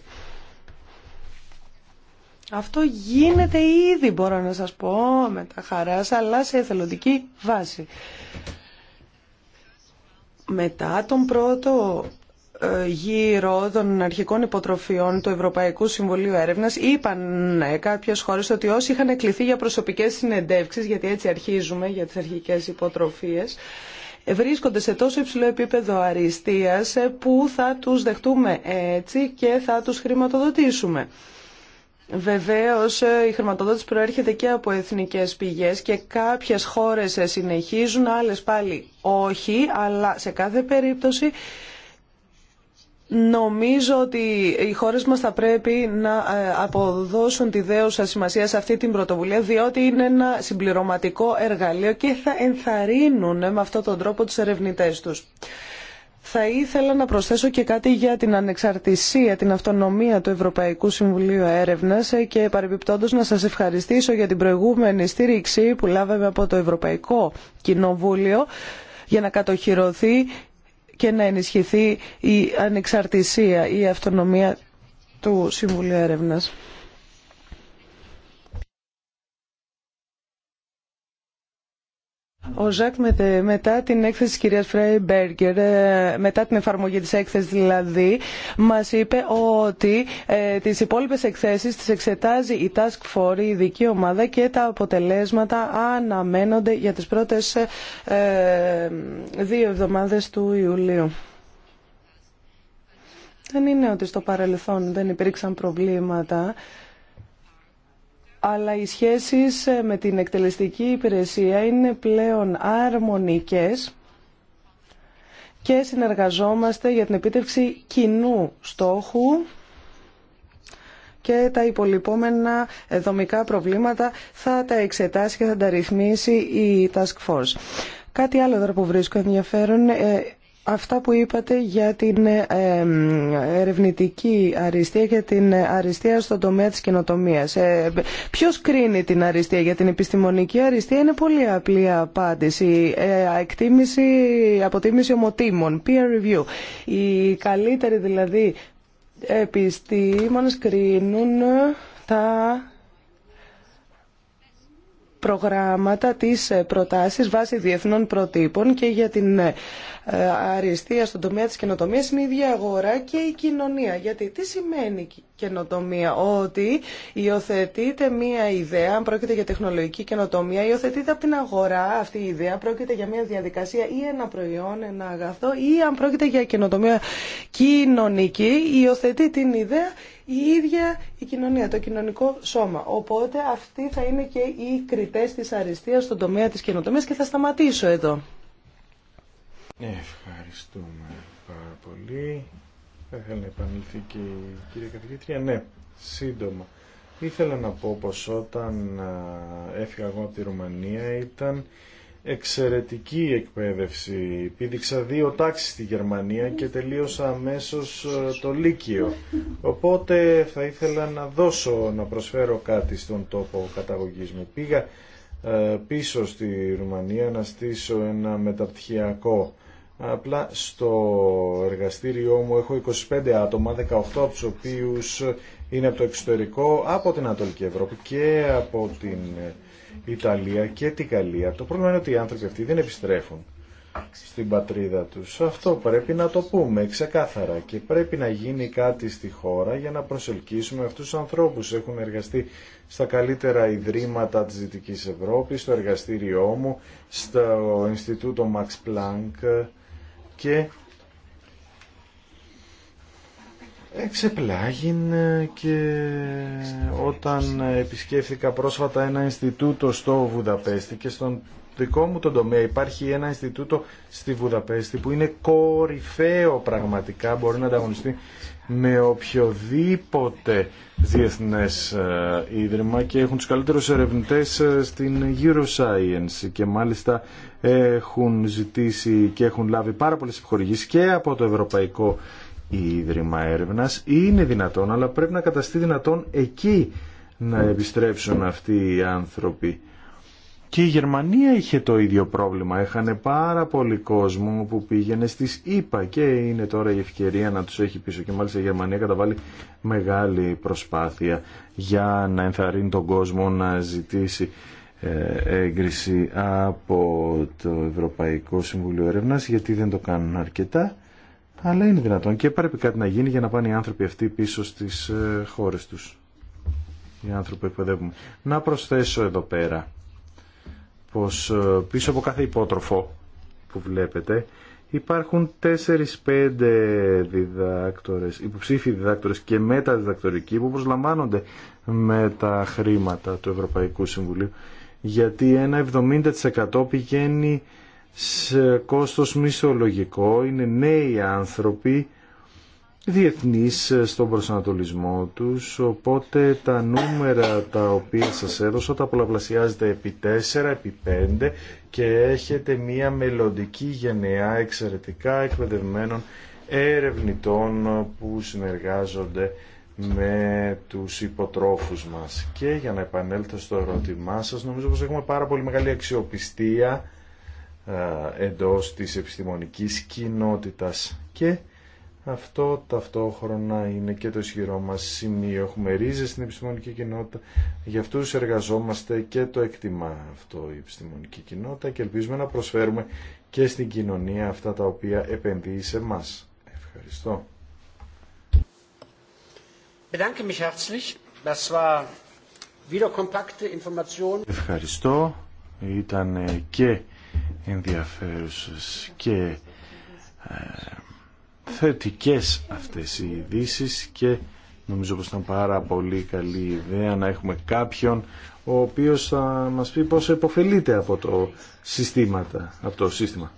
Αυτό γίνεται ήδη μπορώ να σας πω με τα χαράς αλλά σε εθελοντική βάση. Μετά τον πρώτο ε, γύρο των αρχικών υποτροφιών του Ευρωπαϊκού Συμβουλίου Έρευνας είπαν ναι, κάποιες χώρες ότι όσοι είχαν κληθεί για προσωπικές συνεντεύξεις, γιατί έτσι αρχίζουμε για τις αρχικές υποτροφίες, βρίσκονται σε τόσο υψηλό επίπεδο αριστείας ε, που θα τους δεχτούμε έτσι και θα τους χρηματοδοτήσουμε. Βεβαίω, ε, η χρηματοδότηση προέρχεται και από εθνικέ πηγέ, και κάποιε χώρε ε, συνεχίζουν, άλλε πάλι όχι, αλλά σε κάθε περίπτωση Νομίζω ότι οι χώρες μας θα πρέπει να ε, αποδώσουν τη δέουσα σημασία σε αυτή την πρωτοβουλία διότι είναι ένα συμπληρωματικό εργαλείο και θα ενθαρρύνουν με αυτόν τον τρόπο τους ερευνητές τους. Θα ήθελα να προσθέσω και κάτι για την ανεξαρτησία, την αυτονομία του Ευρωπαϊκού Συμβουλίου Έρευνα και παρεμπιπτόντω να σα ευχαριστήσω για την προηγούμενη στήριξη που λάβαμε από το Ευρωπαϊκό Κοινοβούλιο για να κατοχυρωθεί και να ενισχυθεί η ανεξαρτησία, η αυτονομία του Συμβουλίου Έρευνας. Ο Ζακ μετά την έκθεση της κυρίας Φρέιμπεργκερ, ε, μετά την εφαρμογή της έκθεσης δηλαδή, μας είπε ότι ε, τις υπόλοιπες εκθέσεις τις εξετάζει η Task Force, η ειδική ομάδα και τα αποτελέσματα αναμένονται για τις πρώτες ε, δύο εβδομάδες του Ιουλίου. Δεν είναι ότι στο παρελθόν δεν υπήρξαν προβλήματα αλλά οι σχέσεις ε, με την εκτελεστική υπηρεσία είναι πλέον αρμονικές και συνεργαζόμαστε για την επίτευξη κοινού στόχου και τα υπολοιπόμενα ε, δομικά προβλήματα θα τα εξετάσει και θα τα ρυθμίσει η Task Force. Κάτι άλλο εδώ που βρίσκω ενδιαφέρον ε, Αυτά που είπατε για την ε, ερευνητική αριστεία και την αριστεία στον τομέα της καινοτομίας. Ε, ποιος κρίνει την αριστεία για την επιστημονική αριστεία είναι πολύ απλή απάντηση. Ε, εκτίμηση, αποτίμηση ομοτήμων, peer review. Οι καλύτεροι δηλαδή επιστήμονες κρίνουν τα προγράμματα, τις ε, προτάσεις βάσει διεθνών προτύπων και για την ε, αριστεία στον τομέα της καινοτομία είναι η ίδια αγορά και η κοινωνία. Γιατί τι σημαίνει καινοτομία, ότι υιοθετείται μία ιδέα, αν πρόκειται για τεχνολογική καινοτομία, υιοθετείται από την αγορά αυτή η ιδέα, πρόκειται για μία διαδικασία ή ένα προϊόν, ένα αγαθό ή αν πρόκειται για καινοτομία κοινωνική, υιοθετεί την ιδέα η ίδια η κοινωνία, το κοινωνικό σώμα. Οπότε αυτοί θα είναι και οι κριτές της αριστείας στον τομέα της καινοτομίας και θα σταματήσω εδώ. Ευχαριστούμε πάρα πολύ. Θα ήθελα να και η κυρία καθηγήτρια. Ναι, σύντομα. Ήθελα να πω πως όταν έφυγα εγώ από τη Ρουμανία ήταν εξαιρετική εκπαίδευση. Πήδηξα δύο τάξεις στη Γερμανία και τελείωσα αμέσως ε, το Λύκειο. Οπότε θα ήθελα να δώσω, να προσφέρω κάτι στον τόπο καταγωγής μου. Πήγα ε, πίσω στη Ρουμανία να στήσω ένα μεταπτυχιακό. Απλά στο εργαστήριό μου έχω 25 άτομα, 18 από τους οποίους είναι από το εξωτερικό, από την Ανατολική Ευρώπη και από την Ιταλία και τη Γαλλία. Το πρόβλημα είναι ότι οι άνθρωποι αυτοί δεν επιστρέφουν στην πατρίδα τους. Αυτό πρέπει να το πούμε ξεκάθαρα και πρέπει να γίνει κάτι στη χώρα για να προσελκύσουμε αυτούς τους ανθρώπους. Έχουν εργαστεί στα καλύτερα ιδρύματα της Δυτικής Ευρώπης, στο εργαστήριό μου, στο Ινστιτούτο Max Planck και Εξεπλάγιν ναι, και όταν επισκέφθηκα πρόσφατα ένα Ινστιτούτο στο Βουδαπέστη και στον δικό μου τον τομέα υπάρχει ένα Ινστιτούτο στη Βουδαπέστη που είναι κορυφαίο πραγματικά, μπορεί να ανταγωνιστεί με οποιοδήποτε διεθνές ε, ίδρυμα και έχουν τους καλύτερους ερευνητές ε, στην Euroscience και μάλιστα έχουν ζητήσει και έχουν λάβει πάρα πολλές επιχορηγήσεις και από το Ευρωπαϊκό η ίδρυμα έρευνας είναι δυνατόν αλλά πρέπει να καταστεί δυνατόν εκεί να επιστρέψουν αυτοί οι άνθρωποι. Και η Γερμανία είχε το ίδιο πρόβλημα. Έχανε πάρα πολύ κόσμο που πήγαινε στις ΗΠΑ και είναι τώρα η ευκαιρία να τους έχει πίσω. Και μάλιστα η Γερμανία καταβάλει μεγάλη προσπάθεια για να ενθαρρύνει τον κόσμο να ζητήσει ε, έγκριση από το Ευρωπαϊκό Συμβουλίο Έρευνας γιατί δεν το κάνουν αρκετά αλλά είναι δυνατόν και πρέπει κάτι να γίνει για να πάνε οι άνθρωποι αυτοί πίσω στις ε, χώρες τους. Οι άνθρωποι που εκπαιδεύουν. Να προσθέσω εδώ πέρα πως ε, πίσω από κάθε υπότροφο που βλέπετε υπάρχουν 4-5 διδάκτορες, υποψήφιοι διδάκτορες και μεταδιδακτορικοί που προσλαμβάνονται με τα χρήματα του Ευρωπαϊκού Συμβουλίου γιατί ένα 70% πηγαίνει σε κόστος μισολογικό, είναι νέοι άνθρωποι διεθνείς στον προσανατολισμό τους, οπότε τα νούμερα τα οποία σας έδωσα τα πολλαπλασιάζετε επί 4, επί 5 και έχετε μια μελλοντική γενεά εξαιρετικά εκπαιδευμένων ερευνητών που συνεργάζονται με τους υποτρόφους μας. Και για να επανέλθω στο ερώτημά σας, νομίζω πως έχουμε πάρα πολύ μεγάλη αξιοπιστία εντός της επιστημονικής κοινότητας και αυτό ταυτόχρονα είναι και το ισχυρό μας σημείο. Έχουμε ρίζες στην επιστημονική κοινότητα, για αυτούς εργαζόμαστε και το εκτιμά αυτό η επιστημονική κοινότητα και ελπίζουμε να προσφέρουμε και στην κοινωνία αυτά τα οποία επενδύει σε μας. Ευχαριστώ. Ευχαριστώ. Ήταν και ενδιαφέρουσες και ε, θετικές αυτές οι ειδήσει και νομίζω πως ήταν πάρα πολύ καλή ιδέα να έχουμε κάποιον ο οποίος θα μας πει πόσο υποφελείται από το, συστήματα, από το σύστημα.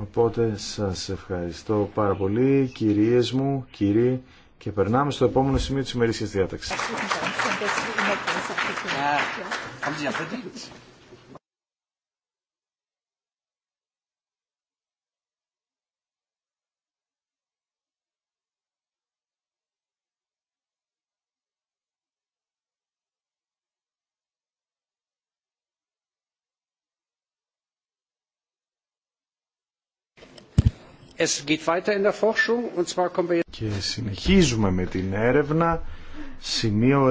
Οπότε σας ευχαριστώ πάρα πολύ κυρίες μου, κύριοι και περνάμε στο επόμενο σημείο της ημερήσιας διάταξης. Και συνεχίζουμε με την έρευνα σημείο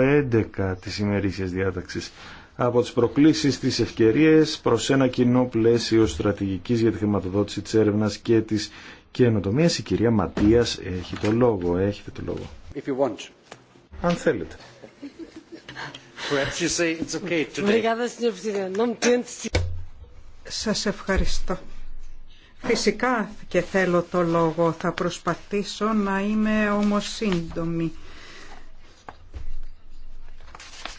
11 της ημερήσιας διάταξης. Από τις προκλήσεις της ευκαιρίες προς ένα κοινό πλαίσιο στρατηγικής για τη χρηματοδότηση της έρευνας και της καινοτομίας, η κυρία Ματίας έχει το λόγο. Έχετε το λόγο. If you want. Αν θέλετε. Σας ευχαριστώ. Φυσικά και θέλω το λόγο. Θα προσπαθήσω να είμαι όμως σύντομη.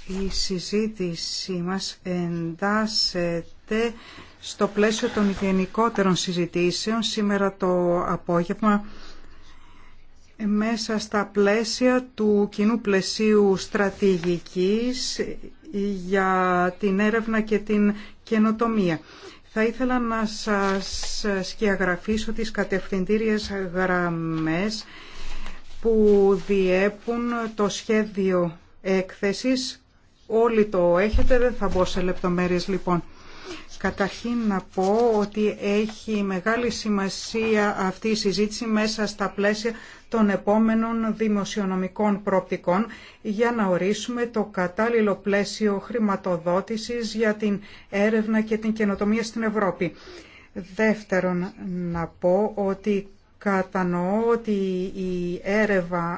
Η συζήτησή μας εντάσσεται στο πλαίσιο των γενικότερων συζητήσεων σήμερα το απόγευμα μέσα στα πλαίσια του κοινού πλαισίου στρατηγικής για την έρευνα και την καινοτομία. Θα ήθελα να σας σκιαγραφίσω τις κατευθυντήριες γραμμές που διέπουν το σχέδιο έκθεσης. Όλοι το έχετε, δεν θα μπω σε λεπτομέρειες λοιπόν. Καταρχήν να πω ότι έχει μεγάλη σημασία αυτή η συζήτηση μέσα στα πλαίσια των επόμενων δημοσιονομικών πρόπτικων για να ορίσουμε το κατάλληλο πλαίσιο χρηματοδότησης για την έρευνα και την καινοτομία στην Ευρώπη. Δεύτερον, να πω ότι κατανοώ ότι η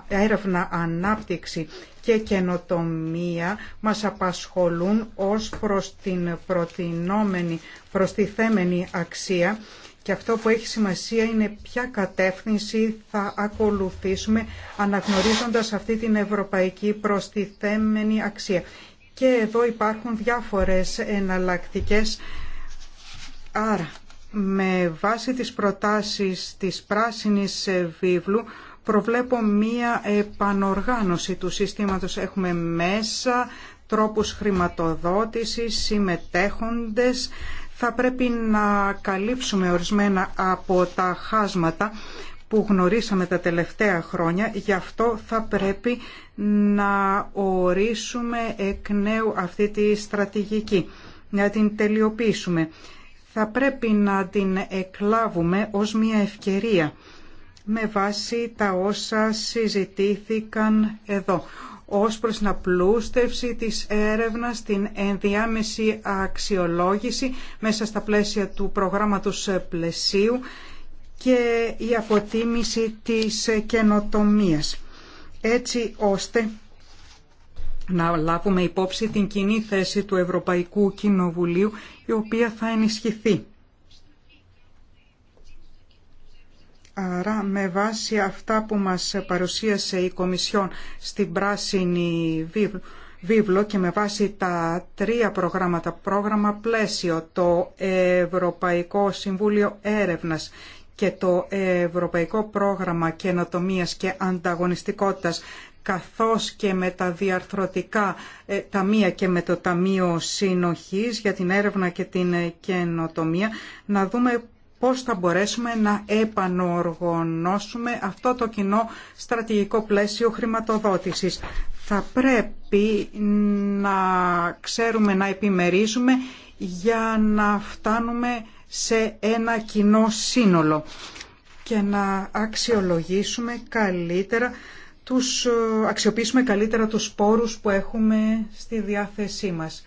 έρευνα ανάπτυξη και καινοτομία μας απασχολούν ως προς την προτινόμενη, προστιθέμενη αξία και αυτό που έχει σημασία είναι ποια κατεύθυνση θα ακολουθήσουμε αναγνωρίζοντας αυτή την ευρωπαϊκή προστιθέμενη αξία. Και εδώ υπάρχουν διάφορες εναλλακτικές. Άρα, με βάση τις προτάσεις της πράσινης βίβλου, προβλέπω μία επανοργάνωση του συστήματος. Έχουμε μέσα τρόπους χρηματοδότησης, συμμετέχοντες. Θα πρέπει να καλύψουμε ορισμένα από τα χάσματα που γνωρίσαμε τα τελευταία χρόνια. Γι' αυτό θα πρέπει να ορίσουμε εκ νέου αυτή τη στρατηγική, να την τελειοποιήσουμε. Θα πρέπει να την εκλάβουμε ως μια ευκαιρία με βάση τα όσα συζητήθηκαν εδώ ως προς την απλούστευση της έρευνας, την ενδιάμεση αξιολόγηση μέσα στα πλαίσια του προγράμματος πλαισίου και η αποτίμηση της καινοτομίας. Έτσι ώστε να λάβουμε υπόψη την κοινή θέση του Ευρωπαϊκού Κοινοβουλίου η οποία θα ενισχυθεί. Άρα με βάση αυτά που μας παρουσίασε η Κομισιόν στην Πράσινη Βίβλο και με βάση τα τρία προγράμματα, πρόγραμμα πλαίσιο, το Ευρωπαϊκό Συμβούλιο Έρευνας και το Ευρωπαϊκό Πρόγραμμα Καινοτομίας και Ανταγωνιστικότητας καθώς και με τα διαρθρωτικά ε, ταμεία και με το Ταμείο Συνοχής για την έρευνα και την καινοτομία, να δούμε πώς θα μπορέσουμε να επανοργωνώσουμε αυτό το κοινό στρατηγικό πλαίσιο χρηματοδότησης. Θα πρέπει να ξέρουμε να επιμερίζουμε για να φτάνουμε σε ένα κοινό σύνολο και να αξιολογήσουμε καλύτερα τους, αξιοποιήσουμε καλύτερα τους πόρους που έχουμε στη διάθεσή μας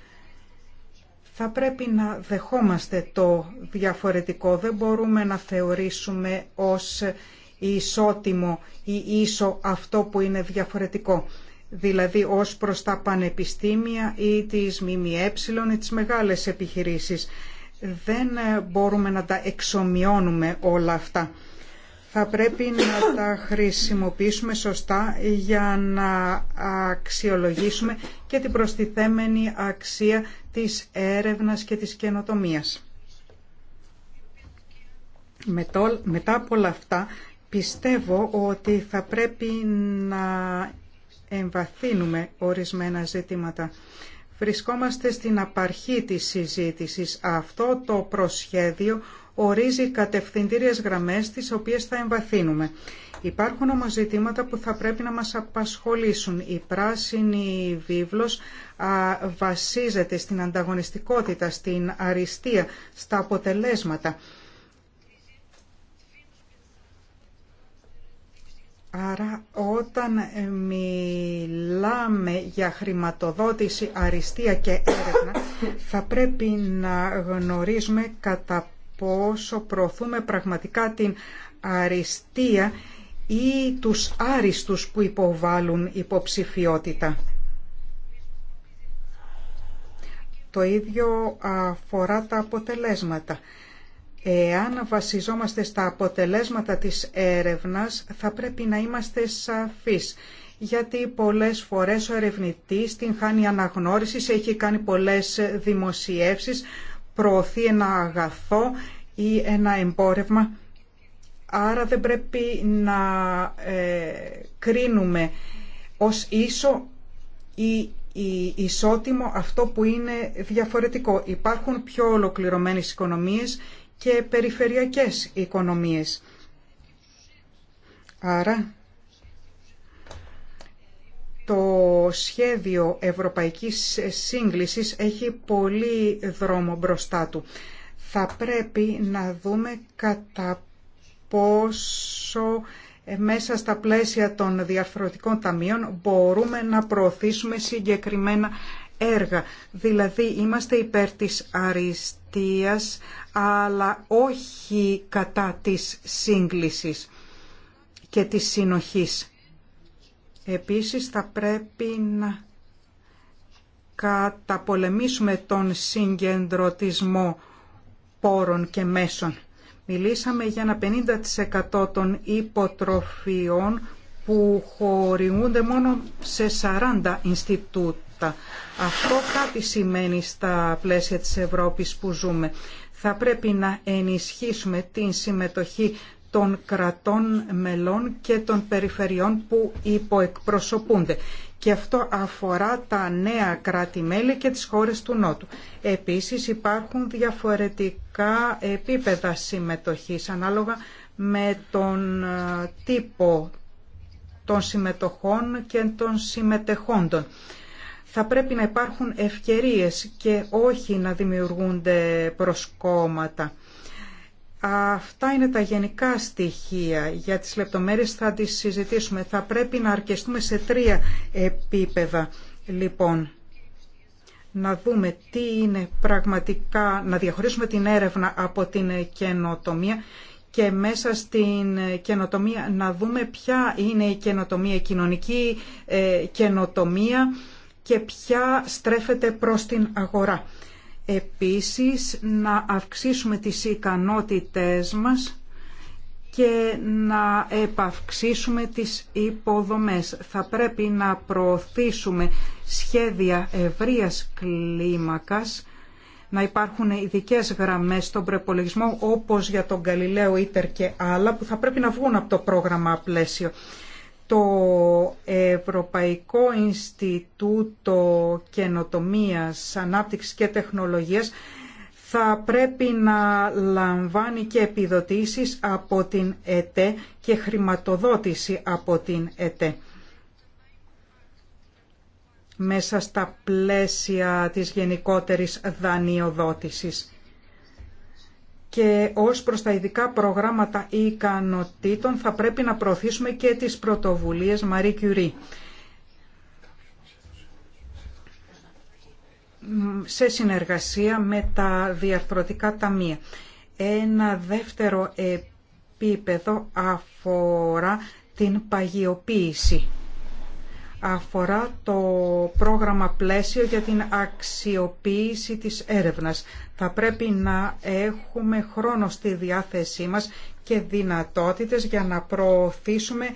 θα πρέπει να δεχόμαστε το διαφορετικό. Δεν μπορούμε να θεωρήσουμε ως ισότιμο ή ίσο αυτό που είναι διαφορετικό. Δηλαδή ως προς τα πανεπιστήμια ή τις ΜΜΕ ή τις μεγάλες επιχειρήσεις. Δεν μπορούμε να τα εξομοιώνουμε όλα αυτά θα πρέπει να τα χρησιμοποιήσουμε σωστά για να αξιολογήσουμε και την προστιθέμενη αξία της έρευνας και της καινοτομίας. Μετά από όλα αυτά, πιστεύω ότι θα πρέπει να εμβαθύνουμε ορισμένα ζητήματα. Βρισκόμαστε στην απαρχή της συζήτησης. Αυτό το προσχέδιο ορίζει κατευθυντήριες γραμμές τις οποίες θα εμβαθύνουμε. Υπάρχουν όμως ζητήματα που θα πρέπει να μας απασχολήσουν. Η πράσινη βίβλος βασίζεται στην ανταγωνιστικότητα, στην αριστεία, στα αποτελέσματα. Άρα όταν μιλάμε για χρηματοδότηση, αριστεία και έρευνα θα πρέπει να γνωρίζουμε κατά πόσο προωθούμε πραγματικά την αριστεία ή τους άριστους που υποβάλλουν υποψηφιότητα. Το ίδιο αφορά τα αποτελέσματα. Εάν βασιζόμαστε στα αποτελέσματα της έρευνας, θα πρέπει να είμαστε σαφείς, γιατί πολλές φορές ο ερευνητής την χάνει αναγνώρισης, έχει κάνει πολλές δημοσιεύσεις, προωθεί ένα αγαθό ή ένα εμπόρευμα. Άρα δεν πρέπει να ε, κρίνουμε ως ίσο ή η ισότιμο αυτό που είναι διαφορετικό. Υπάρχουν πιο ολοκληρωμένες οικονομίες και περιφερειακές οικονομίες. Άρα το σχέδιο ευρωπαϊκής σύγκλησης έχει πολύ δρόμο μπροστά του. Θα πρέπει να δούμε κατά πόσο ε, μέσα στα πλαίσια των διαρθρωτικών ταμείων μπορούμε να προωθήσουμε συγκεκριμένα έργα. Δηλαδή είμαστε υπέρ της αριστείας αλλά όχι κατά της σύγκλησης και της συνοχής Επίσης θα πρέπει να καταπολεμήσουμε τον συγκεντρωτισμό πόρων και μέσων. Μιλήσαμε για ένα 50% των υποτροφιών που χορηγούνται μόνο σε 40 Ινστιτούτα. Αυτό κάτι σημαίνει στα πλαίσια της Ευρώπης που ζούμε. Θα πρέπει να ενισχύσουμε την συμμετοχή των κρατών μελών και των περιφερειών που υποεκπροσωπούνται. Και αυτό αφορά τα νέα κράτη-μέλη και τις χώρες του Νότου. Επίσης υπάρχουν διαφορετικά επίπεδα συμμετοχής ανάλογα με τον ε, τύπο των συμμετοχών και των συμμετεχόντων. Θα πρέπει να υπάρχουν ευκαιρίες και όχι να δημιουργούνται προσκόμματα. Αυτά είναι τα γενικά στοιχεία. Για τις λεπτομέρειες θα τις συζητήσουμε. Θα πρέπει να αρκεστούμε σε τρία επίπεδα. Λοιπόν, να δούμε τι είναι πραγματικά, να διαχωρίσουμε την έρευνα από την καινοτομία και μέσα στην καινοτομία να δούμε ποια είναι η καινοτομία, η κοινωνική ε, καινοτομία και ποια στρέφεται προς την αγορά. Επίσης, να αυξήσουμε τις ικανότητές μας και να επαυξήσουμε τις υποδομές. Θα πρέπει να προωθήσουμε σχέδια ευρείας κλίμακας, να υπάρχουν ειδικέ γραμμές στον προπολογισμό όπως για τον Γαλιλαίο Ίτερ και άλλα που θα πρέπει να βγουν από το πρόγραμμα πλαίσιο το Ευρωπαϊκό Ινστιτούτο Καινοτομίας, Ανάπτυξης και Τεχνολογίας θα πρέπει να λαμβάνει και επιδοτήσεις από την ΕΤΕ και χρηματοδότηση από την ΕΤΕ. Μέσα στα πλαίσια της γενικότερης δανειοδότησης και ως προς τα ειδικά προγράμματα ικανοτήτων θα πρέπει να προωθήσουμε και τις πρωτοβουλίες Marie Curie. σε συνεργασία με τα διαρθρωτικά ταμεία. Ένα δεύτερο επίπεδο αφορά την παγιοποίηση αφορά το πρόγραμμα πλαίσιο για την αξιοποίηση της έρευνας. Θα πρέπει να έχουμε χρόνο στη διάθεσή μας και δυνατότητες για να προωθήσουμε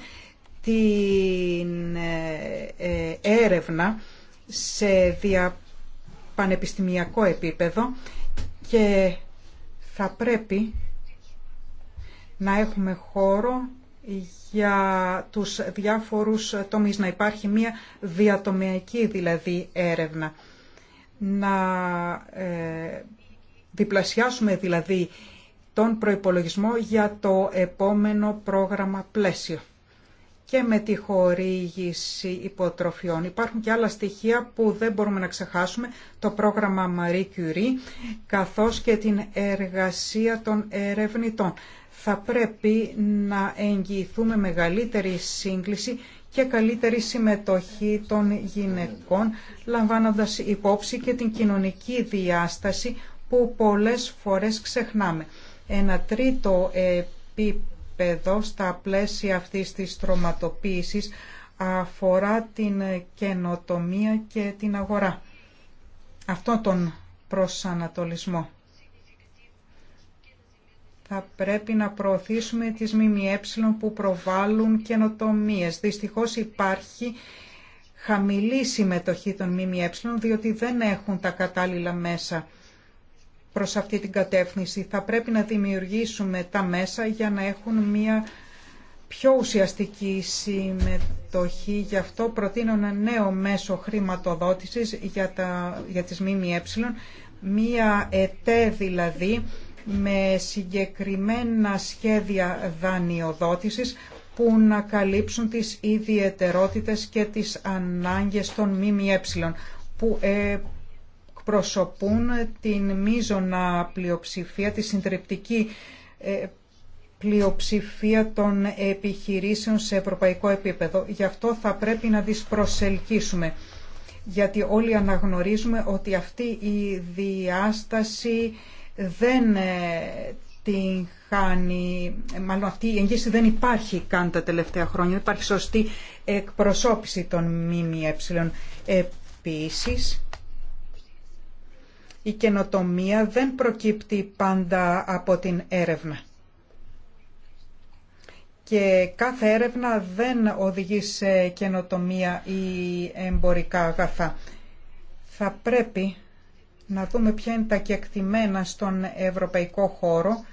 την ε, ε, έρευνα σε διαπανεπιστημιακό επίπεδο και θα πρέπει να έχουμε χώρο για τους διάφορους τομείς, να υπάρχει μια διατομιακή δηλαδή έρευνα. Να ε, διπλασιάσουμε δηλαδή τον προϋπολογισμό για το επόμενο πρόγραμμα πλαίσιο και με τη χορήγηση υποτροφιών. Υπάρχουν και άλλα στοιχεία που δεν μπορούμε να ξεχάσουμε, το πρόγραμμα Marie Curie, καθώς και την εργασία των ερευνητών θα πρέπει να εγγυηθούμε μεγαλύτερη σύγκληση και καλύτερη συμμετοχή των γυναικών, λαμβάνοντας υπόψη και την κοινωνική διάσταση που πολλές φορές ξεχνάμε. Ένα τρίτο επίπεδο στα πλαίσια αυτής της τροματοποίησης αφορά την καινοτομία και την αγορά. Αυτό τον προσανατολισμό θα πρέπει να προωθήσουμε τις ΜΜΕ που προβάλλουν καινοτομίες. Δυστυχώς υπάρχει χαμηλή συμμετοχή των ΜΜΕ διότι δεν έχουν τα κατάλληλα μέσα προς αυτή την κατεύθυνση. Θα πρέπει να δημιουργήσουμε τα μέσα για να έχουν μια πιο ουσιαστική συμμετοχή. Γι' αυτό προτείνω ένα νέο μέσο χρηματοδότησης για, τα, για τις ΜΜΕ, μία ΕΤΕ δηλαδή, με συγκεκριμένα σχέδια δανειοδότησης που να καλύψουν τις ιδιαιτερότητες και τις ανάγκες των ΜΜΕ που προσωπούν την μίζωνα πλειοψηφία, τη συντριπτική ε, πλειοψηφία των επιχειρήσεων σε ευρωπαϊκό επίπεδο. Γι' αυτό θα πρέπει να τις προσελκύσουμε, γιατί όλοι αναγνωρίζουμε ότι αυτή η διάσταση δεν ε, την χάνει, μάλλον αυτή η δεν υπάρχει καν τα τελευταία χρόνια, δεν υπάρχει σωστή εκπροσώπηση των ΜΜΕ. Επίσης, η καινοτομία δεν προκύπτει πάντα από την έρευνα. Και κάθε έρευνα δεν οδηγεί σε καινοτομία ή εμπορικά αγαθά. Θα πρέπει να δούμε ποια είναι τα κεκτημένα στον ευρωπαϊκό χώρο,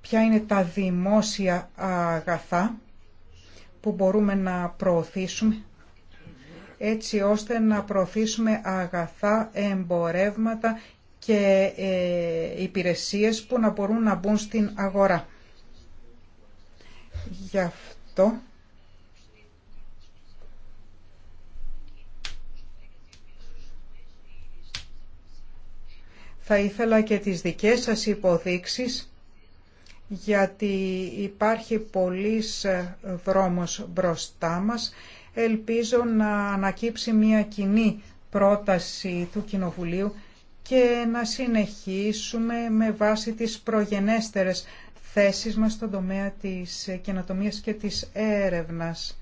ποια είναι τα δημόσια αγαθά που μπορούμε να προωθήσουμε, έτσι ώστε να προωθήσουμε αγαθά, εμπορεύματα και ε, υπηρεσίες που να μπορούν να μπουν στην αγορά. Γι' αυτό Θα ήθελα και τις δικές σας υποδείξεις γιατί υπάρχει πολλής ε, δρόμος μπροστά μας. Ελπίζω να ανακύψει μια κοινή πρόταση του Κοινοβουλίου και να συνεχίσουμε με βάση τις προγενέστερες θέσεις μας στον τομέα της καινοτομίας και της έρευνας.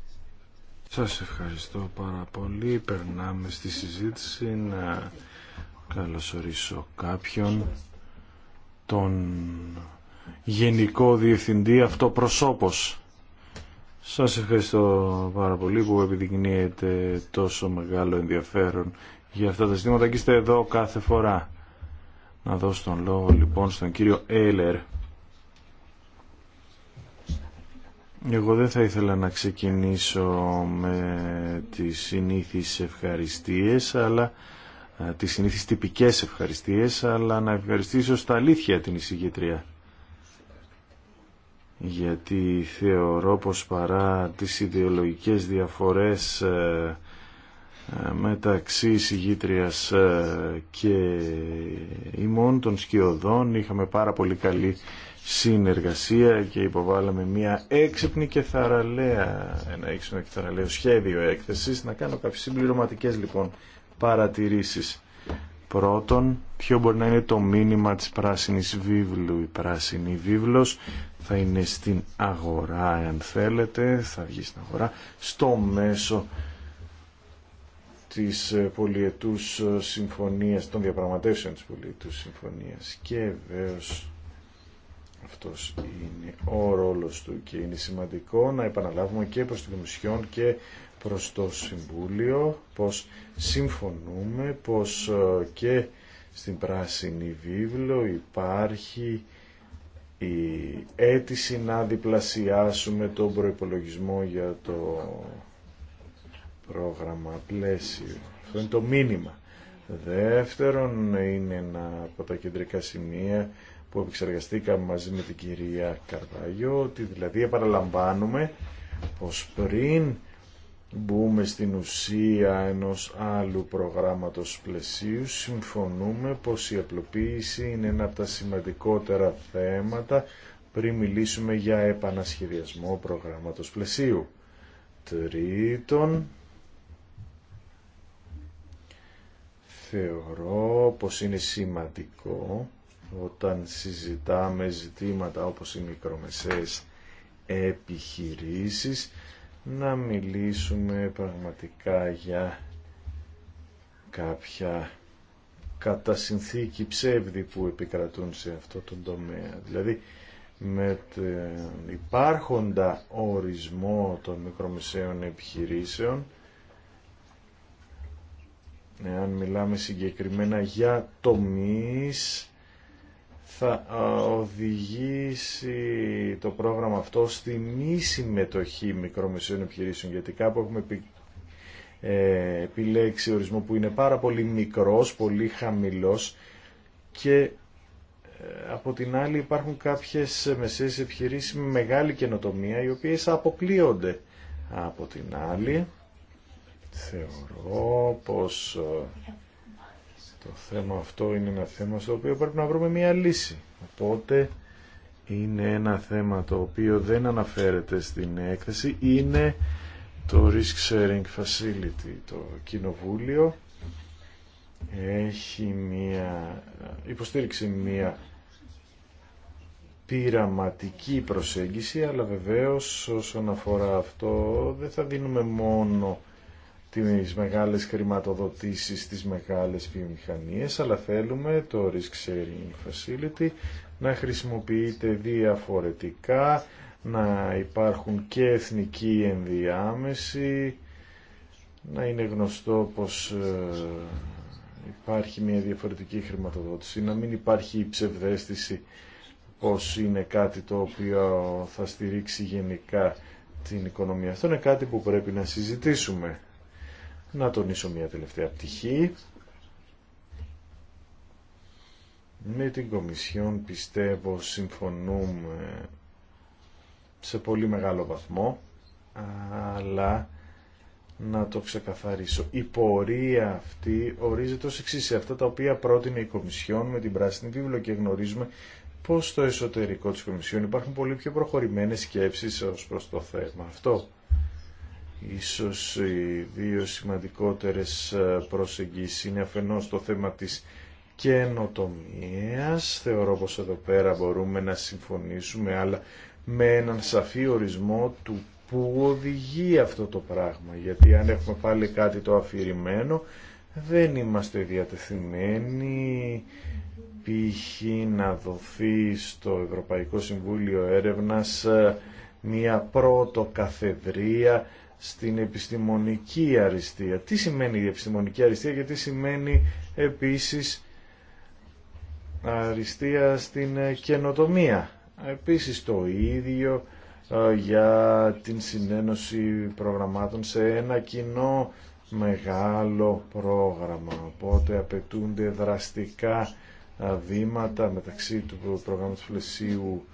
Σας ευχαριστώ πάρα πολύ. Περνάμε στη συζήτηση να καλωσορίσω κάποιον τον Γενικό Διευθυντή Αυτοπροσώπος. Σας ευχαριστώ πάρα πολύ που επιδεικνύεται τόσο μεγάλο ενδιαφέρον για αυτά τα ζητήματα και είστε εδώ κάθε φορά. Να δώσω τον λόγο λοιπόν στον κύριο Έλερ. Εγώ δεν θα ήθελα να ξεκινήσω με τις συνήθεις ευχαριστίες, αλλά ε, τις συνήθεις τυπικές ευχαριστίες, αλλά να ευχαριστήσω στα αλήθεια την εισηγήτρια. Γιατί θεωρώ πως παρά τις ιδεολογικές διαφορές ε, ε, μεταξύ εισηγήτριας και ημών των σκιωδών είχαμε πάρα πολύ καλή συνεργασία και υποβάλαμε μια έξυπνη και θαραλέα, ένα έξυπνο και θαραλέο σχέδιο έκθεσης. Να κάνω κάποιες συμπληρωματικές λοιπόν παρατηρήσεις. Πρώτον, ποιο μπορεί να είναι το μήνυμα της πράσινης βίβλου. Η πράσινη βίβλος θα είναι στην αγορά, αν θέλετε, θα βγει στην αγορά, στο μέσο της ε, πολιετούς ε, συμφωνίας, των διαπραγματεύσεων της πολιετούς συμφωνίας και βεβαίω αυτός είναι ο ρόλος του και είναι σημαντικό να επαναλάβουμε και προς την Κομισιόν και προς το Συμβούλιο πως συμφωνούμε πως ε, και στην Πράσινη Βίβλο υπάρχει η αίτηση να διπλασιάσουμε τον προϋπολογισμό για το πρόγραμμα πλαίσιο. Αυτό είναι το μήνυμα. Δεύτερον είναι ένα από τα κεντρικά σημεία που επεξεργαστήκαμε μαζί με την κυρία Καρδάγιο, ότι δηλαδή επαναλαμβάνουμε πως πριν μπούμε στην ουσία ενός άλλου προγράμματος πλαισίου, συμφωνούμε πως η απλοποίηση είναι ένα από τα σημαντικότερα θέματα πριν μιλήσουμε για επανασχεδιασμό προγράμματος πλαισίου. Τρίτον, θεωρώ πως είναι σημαντικό όταν συζητάμε ζητήματα όπως οι μικρομεσαίες επιχειρήσεις να μιλήσουμε πραγματικά για κάποια κατά συνθήκη ψεύδη που επικρατούν σε αυτό το τομέα. Δηλαδή με υπάρχοντα ορισμό των μικρομεσαίων επιχειρήσεων εάν μιλάμε συγκεκριμένα για τομείς θα οδηγήσει το πρόγραμμα αυτό στη μη συμμετοχή μικρομεσαίων επιχειρήσεων γιατί κάπου έχουμε ε, επιλέξει ορισμό που είναι πάρα πολύ μικρός, πολύ χαμηλός και ε, από την άλλη υπάρχουν κάποιες μεσαίες επιχειρήσεις με μεγάλη καινοτομία οι οποίες αποκλείονται από την άλλη θεωρώ πως ε, το θέμα αυτό είναι ένα θέμα στο οποίο πρέπει να βρούμε μια λύση. Οπότε είναι ένα θέμα το οποίο δεν αναφέρεται στην έκθεση. Είναι το Risk Sharing Facility. Το Κοινοβούλιο έχει μια, υποστήριξε μια πειραματική προσέγγιση αλλά βεβαίως όσον αφορά αυτό δεν θα δίνουμε μόνο τις μεγάλες χρηματοδοτήσεις, τις μεγάλες βιομηχανίες, αλλά θέλουμε το Risk Sharing Facility να χρησιμοποιείται διαφορετικά, να υπάρχουν και εθνική ενδιάμεση, να είναι γνωστό πως ε, υπάρχει μια διαφορετική χρηματοδότηση, να μην υπάρχει η ψευδέστηση πως είναι κάτι το οποίο θα στηρίξει γενικά την οικονομία. Αυτό είναι κάτι που πρέπει να συζητήσουμε να τονίσω μια τελευταία πτυχή. Με την Κομισιόν πιστεύω συμφωνούμε σε πολύ μεγάλο βαθμό, αλλά να το ξεκαθαρίσω. Η πορεία αυτή ορίζεται ως εξής, σε αυτά τα οποία πρότεινε η Κομισιόν με την Πράσινη Βίβλο και γνωρίζουμε πως στο εσωτερικό της Κομισιόν υπάρχουν πολύ πιο προχωρημένες σκέψεις ως προς το θέμα αυτό. Ίσως οι δύο σημαντικότερες ε, προσεγγίσεις είναι αφενός το θέμα της καινοτομίας. Θεωρώ πως εδώ πέρα μπορούμε να συμφωνήσουμε, αλλά με έναν σαφή ορισμό του που οδηγεί αυτό το πράγμα. Γιατί αν έχουμε πάλι κάτι το αφηρημένο, δεν είμαστε διατεθειμένοι π.χ. να δοθεί στο Ευρωπαϊκό Συμβούλιο Έρευνας ε, μια πρώτο καθεδρία στην επιστημονική αριστεία. Τι σημαίνει η επιστημονική αριστεία γιατί σημαίνει επίσης αριστεία στην ε, καινοτομία. Επίσης το ίδιο ε, για την συνένωση προγραμμάτων σε ένα κοινό μεγάλο πρόγραμμα. Οπότε απαιτούνται δραστικά ε, βήματα μεταξύ του προγράμματος πλαισίου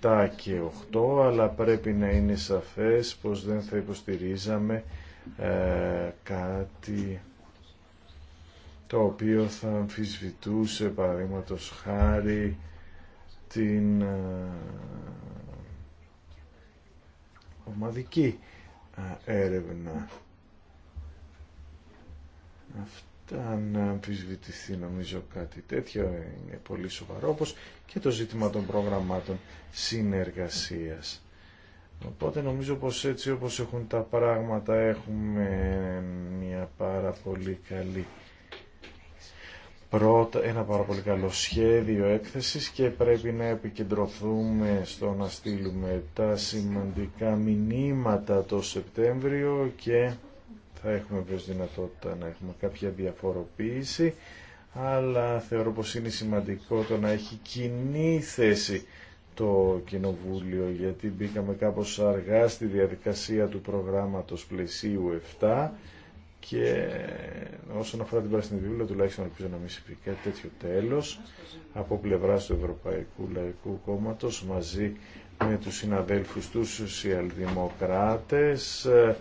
7 και 8, αλλά πρέπει να είναι σαφές πως δεν θα υποστηρίζαμε ε, κάτι το οποίο θα αμφισβητούσε παραδείγματος χάρη την ε, ομαδική ε, έρευνα. Αυτό αν αμφισβητηθεί νομίζω κάτι τέτοιο είναι πολύ σοβαρό όπως και το ζήτημα των προγραμμάτων συνεργασίας. Οπότε νομίζω πως έτσι όπως έχουν τα πράγματα έχουμε μια πάρα πολύ καλή πρώτα, ένα πάρα πολύ καλό σχέδιο έκθεσης και πρέπει να επικεντρωθούμε στο να στείλουμε τα σημαντικά μηνύματα το Σεπτέμβριο και θα έχουμε βέβαια δυνατότητα να έχουμε κάποια διαφοροποίηση αλλά θεωρώ πως είναι σημαντικό το να έχει κοινή θέση το Κοινοβούλιο γιατί μπήκαμε κάπως αργά στη διαδικασία του προγράμματος πλαισίου 7 και όσον αφορά την Πράσινη Βίβλα τουλάχιστον ελπίζω να μην συμβεί κάτι τέτοιο τέλος από πλευράς του Ευρωπαϊκού Λαϊκού Κόμματος μαζί με τους συναδέλφους τους σοσιαλδημοκράτες ε,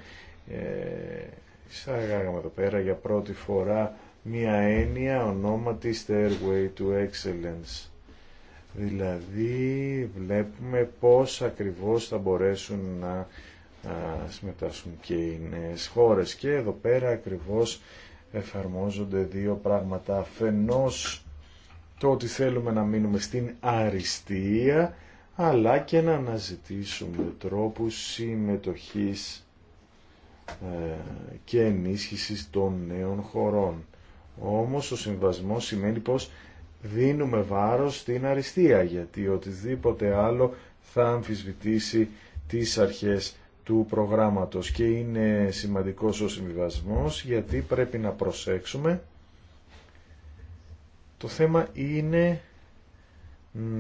εισάγαμε εδώ πέρα για πρώτη φορά μία έννοια ονόματι Stairway to Excellence. Δηλαδή βλέπουμε πώς ακριβώς θα μπορέσουν να συμμετάσχουν και οι νέες χώρες. Και εδώ πέρα ακριβώς εφαρμόζονται δύο πράγματα. Αφενός το ότι θέλουμε να μείνουμε στην αριστεία, αλλά και να αναζητήσουμε τρόπους συμμετοχής ε, και ενίσχυσης των νέων χωρών. Όμως ο συμβασμός σημαίνει πως δίνουμε βάρος στην αριστεία, γιατί οτιδήποτε άλλο θα αμφισβητήσει τις αρχές του προγράμματος και είναι σημαντικός ο συμβιβασμός γιατί πρέπει να προσέξουμε το θέμα είναι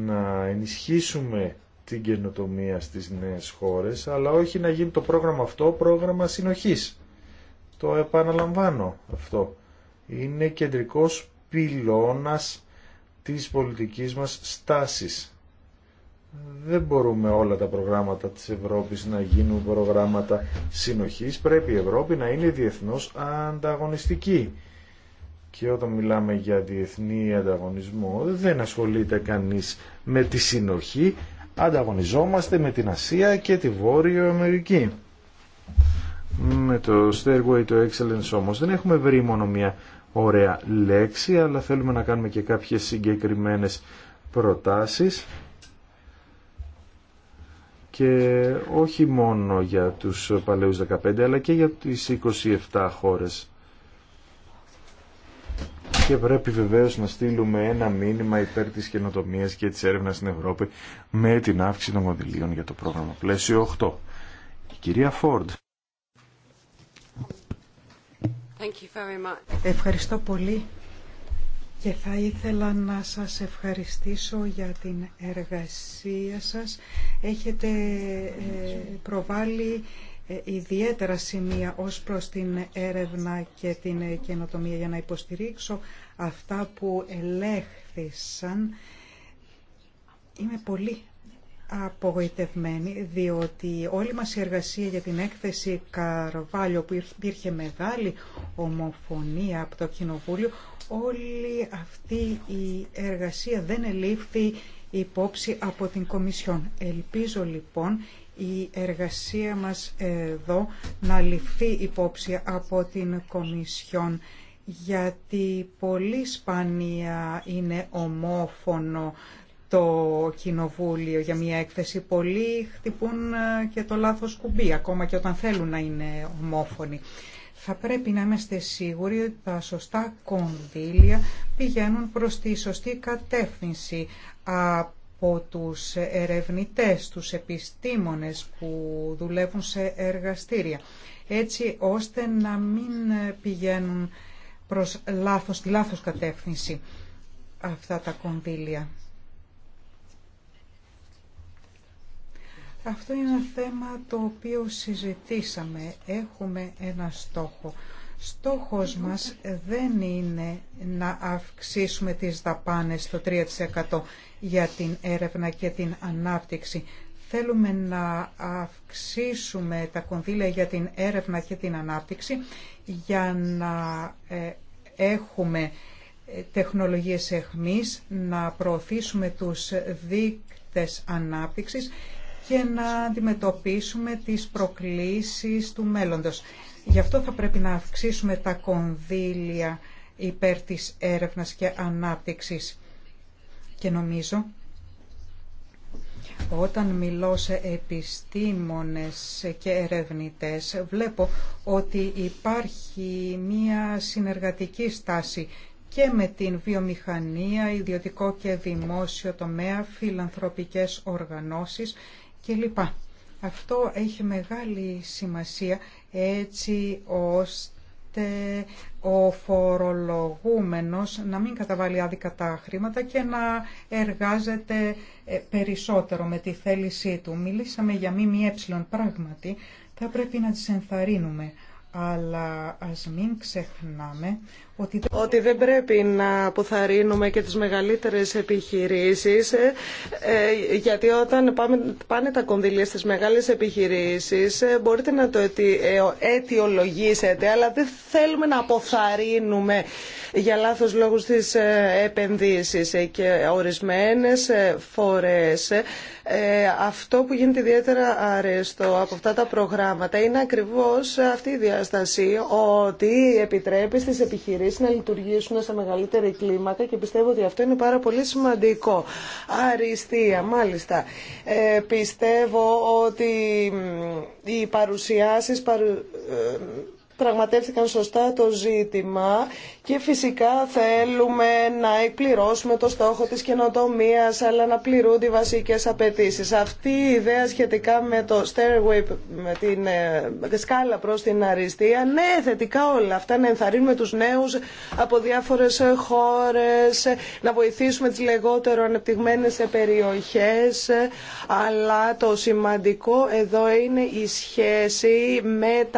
να ενισχύσουμε την καινοτομία στις νέες χώρες, αλλά όχι να γίνει το πρόγραμμα αυτό πρόγραμμα συνοχής. Το επαναλαμβάνω αυτό. Είναι κεντρικός πυλώνας της πολιτικής μας στάσης. Δεν μπορούμε όλα τα προγράμματα της Ευρώπης να γίνουν προγράμματα συνοχής. Πρέπει η Ευρώπη να είναι διεθνώς ανταγωνιστική. Και όταν μιλάμε για διεθνή ανταγωνισμό δεν ασχολείται κανείς με τη συνοχή, ανταγωνιζόμαστε με την Ασία και τη Βόρειο Αμερική. Με το Stairway to Excellence όμως δεν έχουμε βρει μόνο μια ωραία λέξη, αλλά θέλουμε να κάνουμε και κάποιες συγκεκριμένες προτάσεις και όχι μόνο για τους παλαιούς 15 αλλά και για τις 27 χώρες και πρέπει βεβαίως να στείλουμε ένα μήνυμα υπέρ της καινοτομίας και της έρευνας στην Ευρώπη με την αύξηση των κονδυλίων για το πρόγραμμα πλαίσιο 8. Η κυρία Φόρντ. Ευχαριστώ πολύ και θα ήθελα να σας ευχαριστήσω για την εργασία σας. Έχετε ε, προβάλει ε, ιδιαίτερα σημεία ως προς την έρευνα και την καινοτομία για να υποστηρίξω αυτά που ελέγχθησαν. Είμαι πολύ απογοητευμένη διότι όλη μας η εργασία για την έκθεση Καρβάλιο που υπήρχε μεγάλη ομοφωνία από το Κοινοβούλιο όλη αυτή η εργασία δεν ελήφθη υπόψη από την Κομισιόν. Ελπίζω λοιπόν η εργασία μας εδώ να ληφθεί υπόψη από την Κομισιόν γιατί πολύ σπάνια είναι ομόφωνο το κοινοβούλιο για μια έκθεση. Πολλοί χτυπούν ε, και το λάθος κουμπί, ακόμα και όταν θέλουν να είναι ομόφωνοι. Θα πρέπει να είμαστε σίγουροι ότι τα σωστά κονδύλια πηγαίνουν προς τη σωστή κατεύθυνση από τους ερευνητές, τους επιστήμονες που δουλεύουν σε εργαστήρια, έτσι ώστε να μην πηγαίνουν προς λάθος, τη λάθος κατεύθυνση αυτά τα κονδύλια. Αυτό είναι ένα θέμα το οποίο συζητήσαμε. Έχουμε ένα στόχο Στόχος μας δεν είναι να αυξήσουμε τις δαπάνες στο 3% για την έρευνα και την ανάπτυξη. Θέλουμε να αυξήσουμε τα κονδύλια για την έρευνα και την ανάπτυξη για να ε, έχουμε ε, τεχνολογίες εχμής, να προωθήσουμε τους δείκτες ανάπτυξης και να αντιμετωπίσουμε τις προκλήσεις του μέλλοντος. Γι' αυτό θα πρέπει να αυξήσουμε τα κονδύλια υπέρ της έρευνας και ανάπτυξης. Και νομίζω όταν μιλώ σε επιστήμονες και ερευνητές βλέπω ότι υπάρχει μία συνεργατική στάση και με την βιομηχανία, ιδιωτικό και δημόσιο τομέα, φιλανθρωπικές οργανώσεις κλπ. Αυτό έχει μεγάλη σημασία έτσι ώστε ο φορολογούμενος να μην καταβάλει άδικα τα χρήματα και να εργάζεται ε, περισσότερο με τη θέλησή του. Μιλήσαμε για ΜΜΕ πράγματι, θα πρέπει να τις ενθαρρύνουμε, αλλά ας μην ξεχνάμε ότι, ότι δεν πρέπει να αποθαρρύνουμε και τις μεγαλύτερες επιχειρήσεις ε, ε, γιατί όταν πάνε τα κονδυλία στις μεγάλες επιχειρήσεις ε, μπορείτε να το αιτιολογήσετε αιτιολογήσετε αλλά δεν θέλουμε να αποθαρρύνουμε για λάθος λόγους τις επενδύσεις και ορισμένες φορές αυτό που γίνεται ιδιαίτερα αρεστό από αυτά τα προγράμματα είναι ακριβώς αυτή η διάσταση ότι επιτρέπει στις επιχειρήσεις να λειτουργήσουν σε μεγαλύτερη κλίμακα και πιστεύω ότι αυτό είναι πάρα πολύ σημαντικό. Αριστεία, μάλιστα. Ε, πιστεύω ότι οι παρουσιάσεις παρου... Ε, πραγματεύτηκαν σωστά το ζήτημα και φυσικά θέλουμε να εκπληρώσουμε το στόχο της καινοτομία, αλλά να πληρούνται οι βασικές απαιτήσεις. Αυτή η ιδέα σχετικά με το stairway, με την ε, σκάλα προς την αριστεία, ναι θετικά όλα αυτά, να ενθαρρύνουμε τους νέους από διάφορες χώρες, να βοηθήσουμε τις λεγότερο ανεπτυγμένες περιοχές, αλλά το σημαντικό εδώ είναι η σχέση με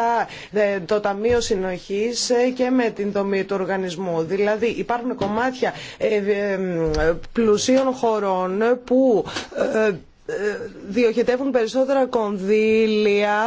το Ταμείο συνοχή ε, και με την δομή του οργανισμού. Δηλαδή υπάρχουν κομμάτια ε, ε, πλουσίων χωρών που διοχετεύουν περισσότερα κονδύλια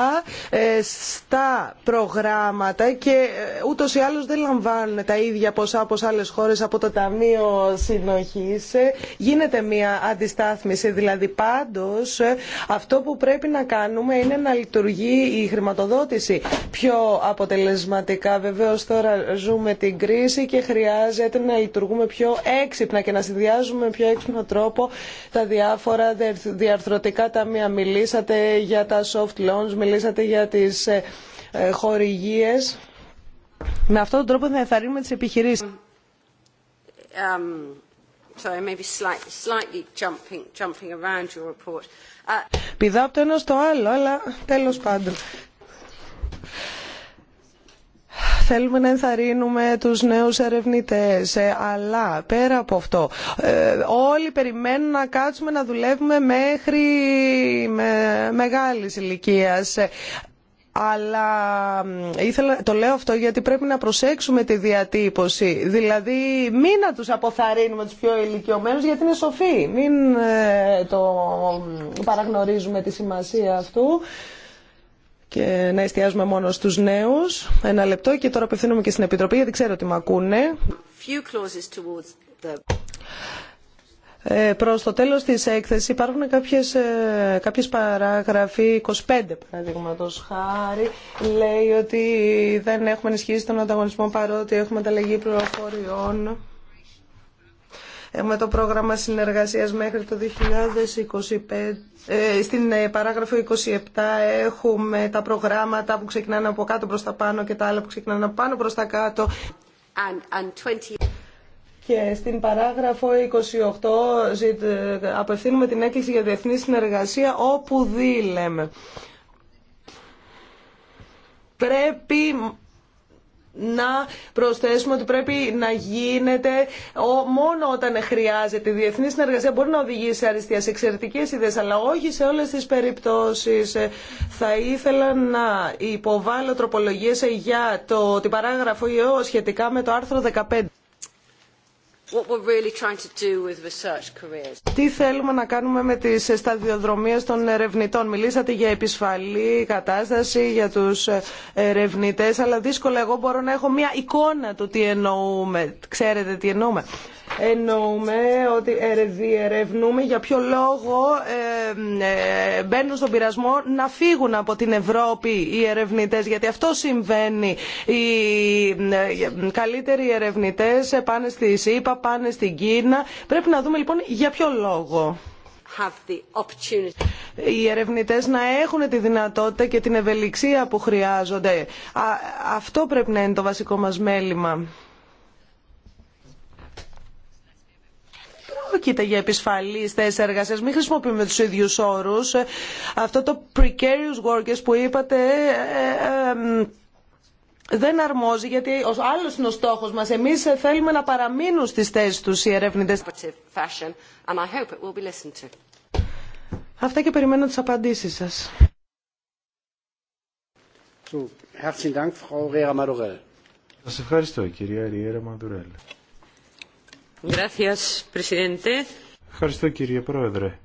ε, στα προγράμματα και ε, ούτως ή άλλως δεν λαμβάνουν τα ίδια ποσά από άλλες χώρες από το Ταμείο Συνοχής. Ε, γίνεται μια αντιστάθμιση. Δηλαδή πάντως αυτό που πρέπει να κάνουμε είναι να λειτουργεί η χρηματοδότηση πιο αποτελεσματικά. Βεβαίως τώρα ζούμε την κρίση και χρειάζεται να λειτουργούμε πιο έξυπνα και να συνδυάζουμε πιο έξυπνο τρόπο τα διάφορα Αρθρωτικά ταμεία, μιλήσατε για τα soft loans, μιλήσατε για τις ε, ε, χορηγίες. Με αυτόν τον τρόπο θα ενθαρρύνουμε τις επιχειρήσεις. Um, sorry, maybe slightly, slightly jumping, jumping around your report. Uh, από το ένα στο άλλο, αλλά τέλος πάντων θέλουμε να ενθαρρύνουμε τους νέους ερευνητές. Ε, αλλά πέρα από αυτό, ε, όλοι περιμένουν να κάτσουμε να δουλεύουμε μέχρι με μεγάλης ηλικίας ε, αλλά ήθελα, το λέω αυτό γιατί πρέπει να προσέξουμε τη διατύπωση. Δηλαδή μην να τους αποθαρρύνουμε τους πιο ηλικιωμένους γιατί είναι σοφοί. Μην το παραγνωρίζουμε τη σημασία αυτού και να εστιάζουμε μόνο στους νέους. Ένα λεπτό και τώρα απευθύνομαι και στην Επιτροπή γιατί ξέρω ότι με ακούνε. Ε, προς το τέλος της έκθεσης υπάρχουν κάποιες, ε, κάποιες παράγραφοι, 25 παραδείγματος χάρη, λέει ότι δεν έχουμε ενισχύσει τον ανταγωνισμό παρότι έχουμε ανταλλαγή πληροφοριών. Ε, με το πρόγραμμα συνεργασίας μέχρι το 2025. Ε, στην ε, παράγραφο 27 έχουμε τα προγράμματα που ξεκινάνε από κάτω προς τα πάνω και τα άλλα που ξεκινάνε από πάνω προς τα κάτω. And, Και στην παράγραφο 28 απευθύνουμε την έκκληση για διεθνή συνεργασία όπου δει, λέμε. Πρέπει να προσθέσουμε ότι πρέπει να γίνεται μόνο όταν χρειάζεται. Η διεθνή συνεργασία μπορεί να οδηγήσει σε αριστεία, σε εξαιρετικέ ιδέε, αλλά όχι σε όλε τι περιπτώσει. Ε, θα ήθελα να υποβάλω τροπολογίε για το, την παράγραφο σχετικά με το άρθρο 15. Τι θέλουμε να κάνουμε με τις σταδιοδρομίες των ερευνητών. Μιλήσατε για επισφαλή κατάσταση για τους ερευνητές, αλλά δύσκολα εγώ μπορώ να έχω μια εικόνα του τι εννοούμε. Ξέρετε τι εννοούμε. Εννοούμε ότι διερευνούμε για ποιο λόγο ε, μπαίνουν στον πειρασμό να φύγουν από την Ευρώπη οι ερευνητές. Γιατί αυτό συμβαίνει. Οι ε, καλύτεροι ερευνητές πάνε στη ΣΥΠΑ, πάνε στην Κίνα. Πρέπει να δούμε λοιπόν για ποιο λόγο. οι ερευνητές να έχουν τη δυνατότητα και την ευελιξία που χρειάζονται. αυτό πρέπει να είναι το βασικό μας μέλημα. Πρόκειται για επισφαλή θέση εργασία. Μην χρησιμοποιούμε του ίδιου όρου. Αυτό το precarious workers που είπατε. Ε, ε, ε, δεν αρμόζει γιατί ο άλλος είναι ο στόχος μας. Εμείς θέλουμε να παραμείνουν στις θέσεις τους οι ερευνητές. Αυτά και περιμένω τις απαντήσεις σας. Σας ευχαριστώ κυρία Ριέρα Μαντουρέλ. Ευχαριστώ κύριε Πρόεδρε.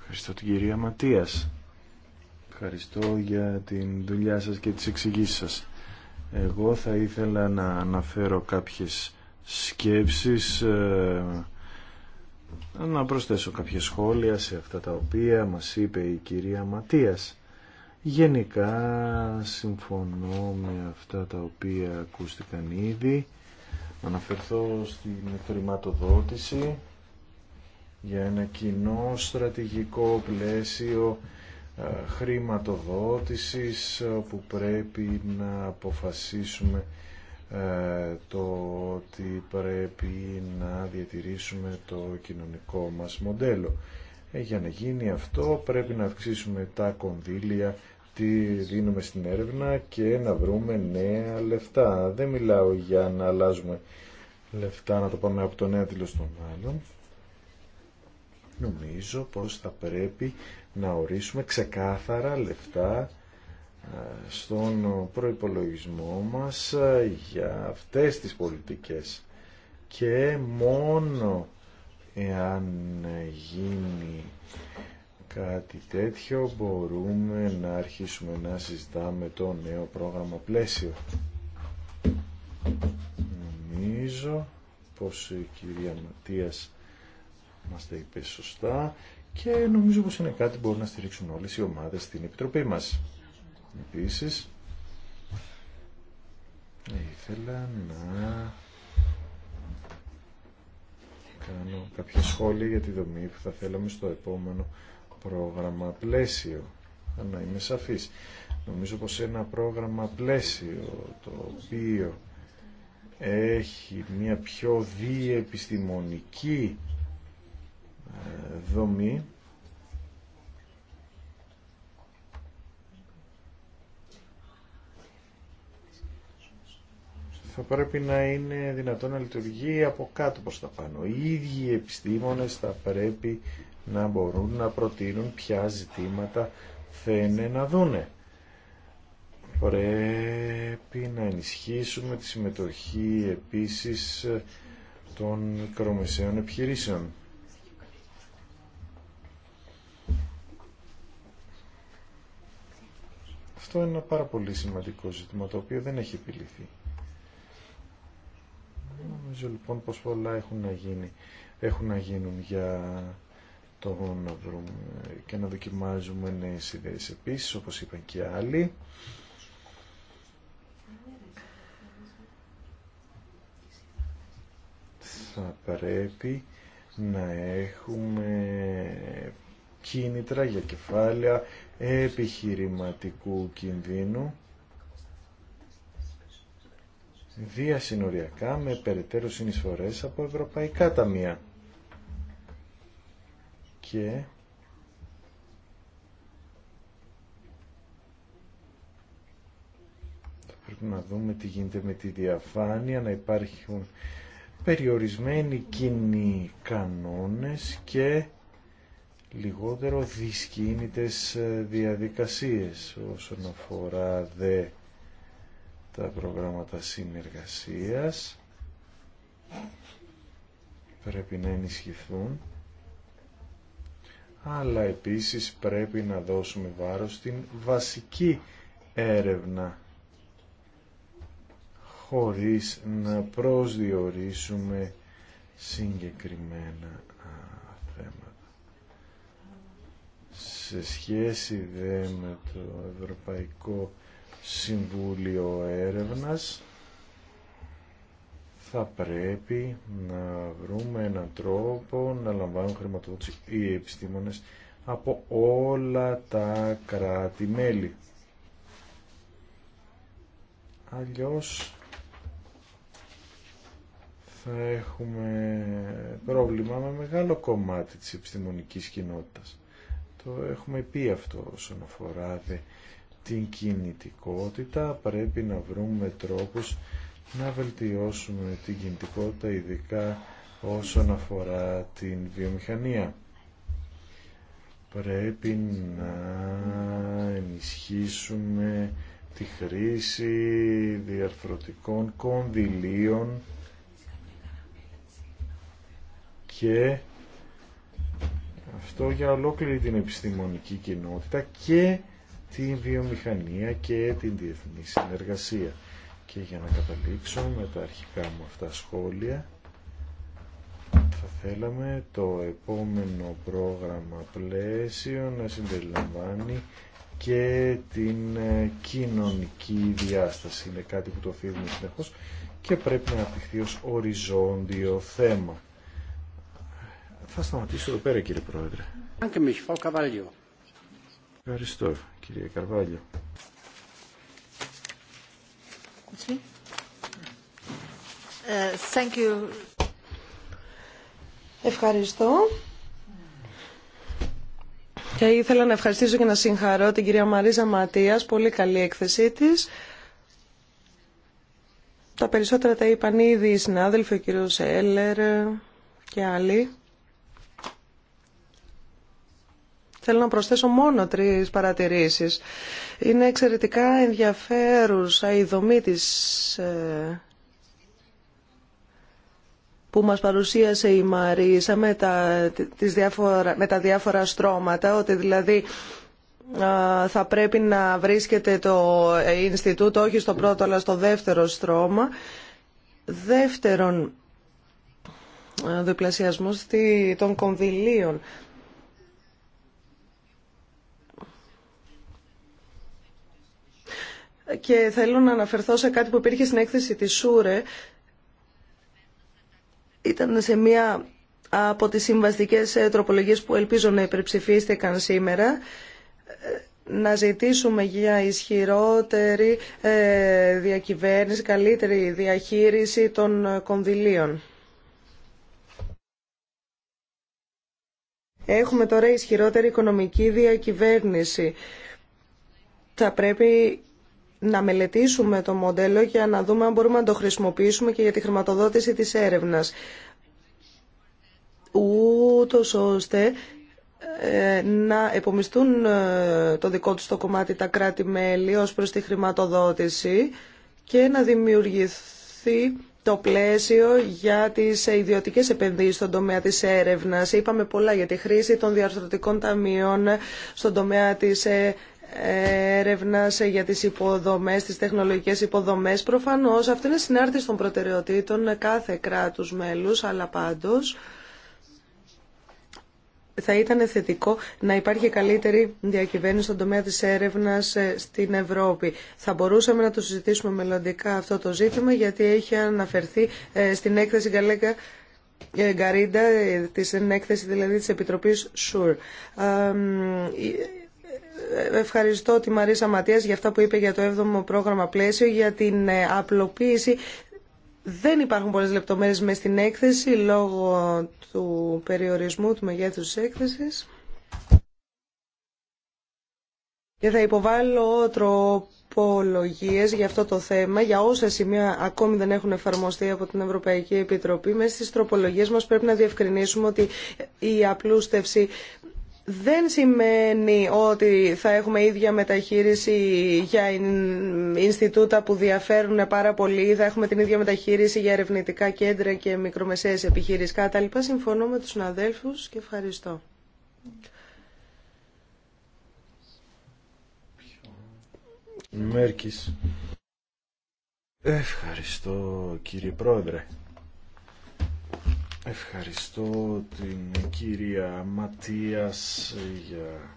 Ευχαριστώ την κυρία Ματίας. Ευχαριστώ για την δουλειά σας και τις εξηγήσεις σας. Εγώ θα ήθελα να αναφέρω κάποιες σκέψεις, ε, να προσθέσω κάποια σχόλια σε αυτά τα οποία μας είπε η κυρία Ματίας. Γενικά συμφωνώ με αυτά τα οποία ακούστηκαν ήδη. αναφερθώ στην χρηματοδότηση για ένα κοινό στρατηγικό πλαίσιο ε, χρηματοδότησης ε, που πρέπει να αποφασίσουμε ε, το ότι πρέπει να διατηρήσουμε το κοινωνικό μας μοντέλο. Για να γίνει αυτό πρέπει να αυξήσουμε τα κονδύλια τι δίνουμε στην έρευνα και να βρούμε νέα λεφτά. Δεν μιλάω για να αλλάζουμε λεφτά, να το πάμε από το νέο τύλο στον άλλον νομίζω πως θα πρέπει να ορίσουμε ξεκάθαρα λεφτά στον προϋπολογισμό μας για αυτές τις πολιτικές και μόνο εάν γίνει κάτι τέτοιο μπορούμε να αρχίσουμε να συζητάμε το νέο πρόγραμμα πλαίσιο. Νομίζω πως η κυρία Ματίας μας τα είπε σωστά και νομίζω πως είναι κάτι που μπορούν να στηρίξουν όλες οι ομάδες στην Επιτροπή μας. Επίσης, ήθελα να κάνω κάποια σχόλια για τη δομή που θα θέλαμε στο επόμενο πρόγραμμα πλαίσιο. Να είμαι σαφής. Νομίζω πως ένα πρόγραμμα πλαίσιο το οποίο έχει μια πιο διεπιστημονική δομή θα πρέπει να είναι δυνατόν να λειτουργεί από κάτω προς τα πάνω. Οι ίδιοι επιστήμονες θα πρέπει να μπορούν να προτείνουν ποια ζητήματα θένε να δούνε. Πρέπει να ενισχύσουμε τη συμμετοχή επίσης των μικρομεσαίων επιχειρήσεων. αυτό είναι ένα πάρα πολύ σημαντικό ζήτημα το οποίο δεν έχει επιληθεί. Νομίζω λοιπόν πως πολλά έχουν να, γίνει, έχουν να γίνουν για το να βρούμε και να δοκιμάζουμε νέες ιδέες επίσης όπως είπαν και άλλοι. Θα πρέπει να έχουμε κίνητρα για κεφάλαια επιχειρηματικού κινδύνου διασυνοριακά με περαιτέρω συνεισφορές από ευρωπαϊκά ταμεία και θα πρέπει να δούμε τι γίνεται με τη διαφάνεια να υπάρχουν περιορισμένοι κοινοί κανόνες και λιγότερο δυσκίνητες ε, διαδικασίες όσον αφορά δε τα προγράμματα συνεργασίας πρέπει να ενισχυθούν αλλά επίσης πρέπει να δώσουμε βάρος στην βασική έρευνα χωρίς να προσδιορίσουμε συγκεκριμένα σε σχέση δε με το Ευρωπαϊκό Συμβούλιο Έρευνας θα πρέπει να βρούμε έναν τρόπο να λαμβάνουν χρηματοδότηση οι επιστήμονες από όλα τα κράτη-μέλη. Αλλιώς θα έχουμε πρόβλημα με μεγάλο κομμάτι της επιστημονικής κοινότητας. Το έχουμε πει αυτό όσον αφορά την κινητικότητα. Πρέπει να βρούμε τρόπους να βελτιώσουμε την κινητικότητα, ειδικά όσον αφορά την βιομηχανία. Πρέπει να ενισχύσουμε τη χρήση διαρθρωτικών κονδυλίων και αυτό για ολόκληρη την επιστημονική κοινότητα και την βιομηχανία και την διεθνή συνεργασία. Και για να καταλήξω με τα αρχικά μου αυτά σχόλια, θα θέλαμε το επόμενο πρόγραμμα πλαίσιο να συμπεριλαμβάνει και την ε, κοινωνική διάσταση. Είναι κάτι που το φύγουμε συνεχώς και πρέπει να αναπτυχθεί ως οριζόντιο θέμα. Θα σταματήσω εδώ πέρα κύριε Πρόεδρε. Ευχαριστώ κύριε Καρβάλιο. Ε, Ευχαριστώ. Και ήθελα να ευχαριστήσω και να συγχαρώ την κυρία Μαρίζα Ματίας. Πολύ καλή έκθεσή της. Τα περισσότερα τα είπαν ήδη οι συνάδελφοι, ο κύριος Έλερ και άλλοι. Θέλω να προσθέσω μόνο τρεις παρατηρήσεις. Είναι εξαιρετικά ενδιαφέρουσα η δομή ε, που μας παρουσίασε η Μαρίσα με τα, τις διάφορα, με τα διάφορα στρώματα, ότι δηλαδή θα πρέπει να βρίσκεται το ε, Ινστιτούτο όχι στο πρώτο αλλά στο δεύτερο στρώμα. Δεύτερον, ε, διπλασιασμός των κονδυλίων. και θέλω να αναφερθώ σε κάτι που υπήρχε στην έκθεση της ΣΟΥΡΕ. Ήταν σε μία από τις συμβαστικές ε, τροπολογίες που ελπίζω να υπερψηφίστηκαν σήμερα ε, να ζητήσουμε για ισχυρότερη ε, διακυβέρνηση, καλύτερη διαχείριση των κονδυλίων. Έχουμε τώρα ισχυρότερη οικονομική διακυβέρνηση. Θα πρέπει να μελετήσουμε το μοντέλο για να δούμε αν μπορούμε να το χρησιμοποιήσουμε και για τη χρηματοδότηση της έρευνας. Ούτως ώστε ε, να επομιστούν ε, το δικό τους το κομμάτι τα κράτη-μέλη ως προς τη χρηματοδότηση και να δημιουργηθεί το πλαίσιο για τις ιδιωτικές επενδύσεις στον τομέα της έρευνας. Είπαμε πολλά για τη χρήση των διαρθρωτικών ταμείων στον τομέα της ε, έρευνας για τις υποδομές, τις τεχνολογικές υποδομές. Προφανώς αυτό είναι συνάρτηση των προτεραιοτήτων κάθε κράτους μέλους, αλλά πάντως θα ήταν θετικό να υπάρχει καλύτερη διακυβέρνηση στον τομέα της έρευνας ε, στην Ευρώπη. Θα μπορούσαμε να το συζητήσουμε μελλοντικά αυτό το ζήτημα γιατί έχει αναφερθεί ε, στην έκθεση Γκαλέκα ε, Γκαρίντα, στην έκθεση δηλαδή της Επιτροπής ΣΟΥΡ. Ευχαριστώ τη Μαρίσα Ματίας για αυτά που είπε για το 7ο πρόγραμμα πλαίσιο, για την ε, απλοποίηση. Δεν υπάρχουν πολλές λεπτομέρειες με στην έκθεση λόγω του περιορισμού του μεγέθους της έκθεσης. Και θα υποβάλω τροπολογίες για αυτό το θέμα, για όσα σημεία ακόμη δεν έχουν εφαρμοστεί από την Ευρωπαϊκή Επιτροπή. Μέσα στις τροπολογίες μας πρέπει να διευκρινίσουμε ότι η απλούστευση δεν σημαίνει ότι θα έχουμε ίδια μεταχείριση για Ινστιτούτα που διαφέρουν πάρα πολύ, θα έχουμε την ίδια μεταχείριση για ερευνητικά κέντρα και μικρομεσαίες επιχειρήσεις κτλ. Συμφωνώ με τους συναδέλφους και ευχαριστώ. Μέρκης. Ευχαριστώ κύριε Πρόεδρε. Ευχαριστώ την κυρία Ματίας για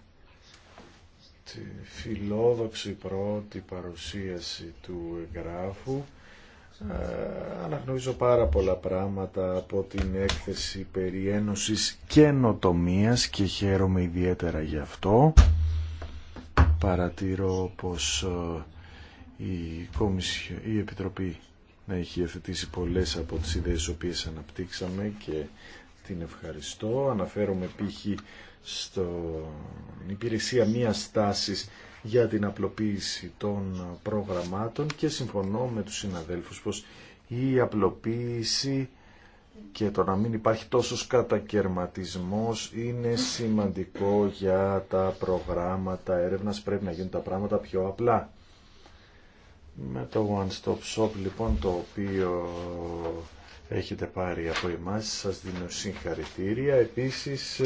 τη φιλόδοξη πρώτη παρουσίαση του εγγράφου. Ε, αναγνωρίζω πάρα πολλά πράγματα από την έκθεση περί ένωσης καινοτομίας και χαίρομαι ιδιαίτερα γι' αυτό. Παρατηρώ πως ε, η, η Επιτροπή να έχει ευθετήσει πολλές από τις ιδέες τις οποίες αναπτύξαμε και την ευχαριστώ. Αναφέρομαι π.χ. στην υπηρεσία μία τάσης για την απλοποίηση των προγραμμάτων και συμφωνώ με τους συναδέλφους πως η απλοποίηση και το να μην υπάρχει τόσος κατακαιρματισμός είναι σημαντικό για τα προγράμματα έρευνας. Πρέπει να γίνουν τα πράγματα πιο απλά με το One Stop Shop λοιπόν το οποίο έχετε πάρει από εμάς σας δίνω συγχαρητήρια επίσης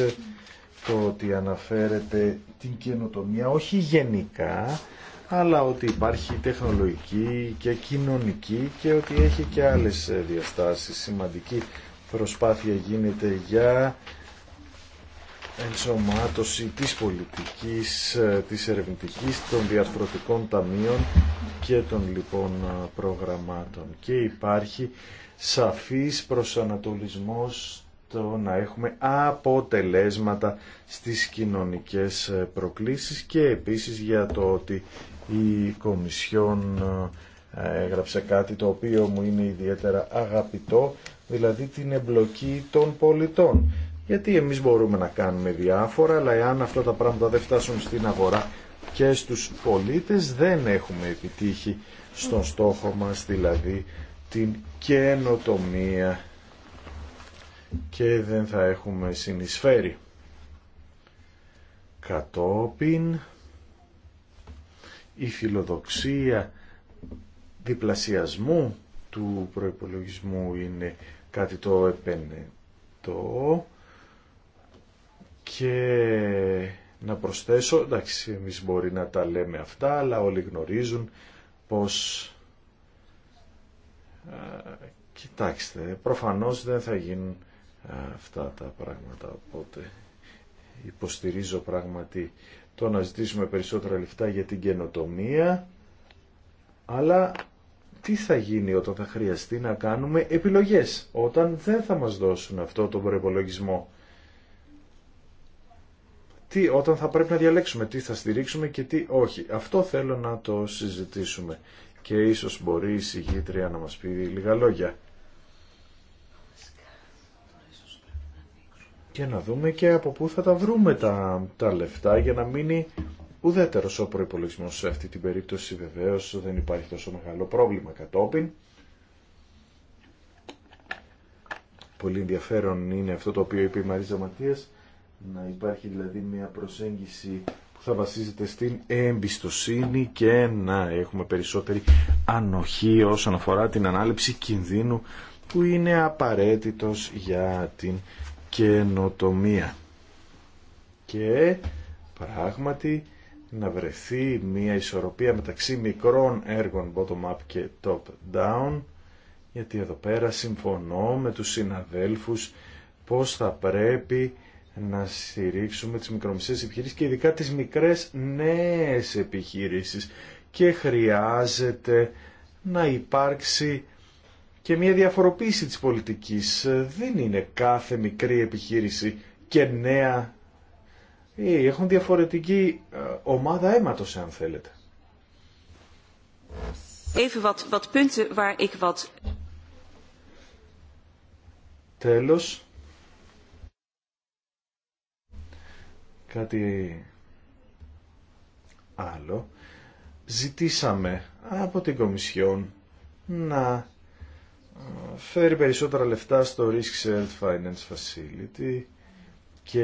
το ότι αναφέρετε την καινοτομία όχι γενικά αλλά ότι υπάρχει τεχνολογική και κοινωνική και ότι έχει και άλλες διαστάσεις σημαντική προσπάθεια γίνεται για ενσωμάτωση της πολιτικής, ε, της ερευνητικής, των διαρθρωτικών ταμείων και των λοιπόν ε, προγραμμάτων. Και υπάρχει σαφής προσανατολισμός το να έχουμε αποτελέσματα στις κοινωνικές ε, προκλήσεις και επίσης για το ότι η Κομισιόν έγραψε κάτι το οποίο μου είναι ιδιαίτερα αγαπητό, δηλαδή την εμπλοκή των πολιτών γιατί εμείς μπορούμε να κάνουμε διάφορα, αλλά εάν αυτά τα πράγματα δεν φτάσουν στην αγορά και στους πολίτες, δεν έχουμε επιτύχει στον στόχο μας, δηλαδή την καινοτομία και δεν θα έχουμε συνεισφέρει. Κατόπιν η φιλοδοξία διπλασιασμού του προϋπολογισμού είναι κάτι το επενετό και να προσθέσω, εντάξει, εμείς μπορεί να τα λέμε αυτά, αλλά όλοι γνωρίζουν πως... Κοιτάξτε, προφανώς δεν θα γίνουν αυτά τα πράγματα, οπότε υποστηρίζω πράγματι το να ζητήσουμε περισσότερα λεφτά για την καινοτομία, αλλά τι θα γίνει όταν θα χρειαστεί να κάνουμε επιλογές, όταν δεν θα μας δώσουν αυτό το προπολογισμό τι, όταν θα πρέπει να διαλέξουμε τι θα στηρίξουμε και τι όχι. Αυτό θέλω να το συζητήσουμε και ίσως μπορεί η συγγήτρια να μας πει λίγα λόγια. Και να δούμε και από πού θα τα βρούμε τα, τα λεφτά για να μείνει ουδέτερος ο προϋπολογισμός σε αυτή την περίπτωση βεβαίως δεν υπάρχει τόσο μεγάλο πρόβλημα κατόπιν. Πολύ ενδιαφέρον είναι αυτό το οποίο είπε η Μαρίζα Ματίας να υπάρχει δηλαδή μια προσέγγιση που θα βασίζεται στην εμπιστοσύνη και να έχουμε περισσότερη ανοχή όσον αφορά την ανάληψη κινδύνου που είναι απαραίτητος για την καινοτομία. Και πράγματι να βρεθεί μια ισορροπία μεταξύ μικρών έργων bottom-up και top-down γιατί εδώ πέρα συμφωνώ με τους συναδέλφους πως θα πρέπει να στηρίξουμε τις μικρομεσαίες επιχειρήσεις και ειδικά τις μικρές νέες επιχειρήσεις και χρειάζεται να υπάρξει και μια διαφοροποίηση της πολιτικής. Δεν είναι κάθε μικρή επιχείρηση και νέα. Ε, έχουν διαφορετική ε, ομάδα αίματος, αν θέλετε. Even wat, wat punten waar ik wat... Τέλος, κάτι άλλο, ζητήσαμε από την Κομισιόν να ε, φέρει περισσότερα λεφτά στο Risk self Finance Facility και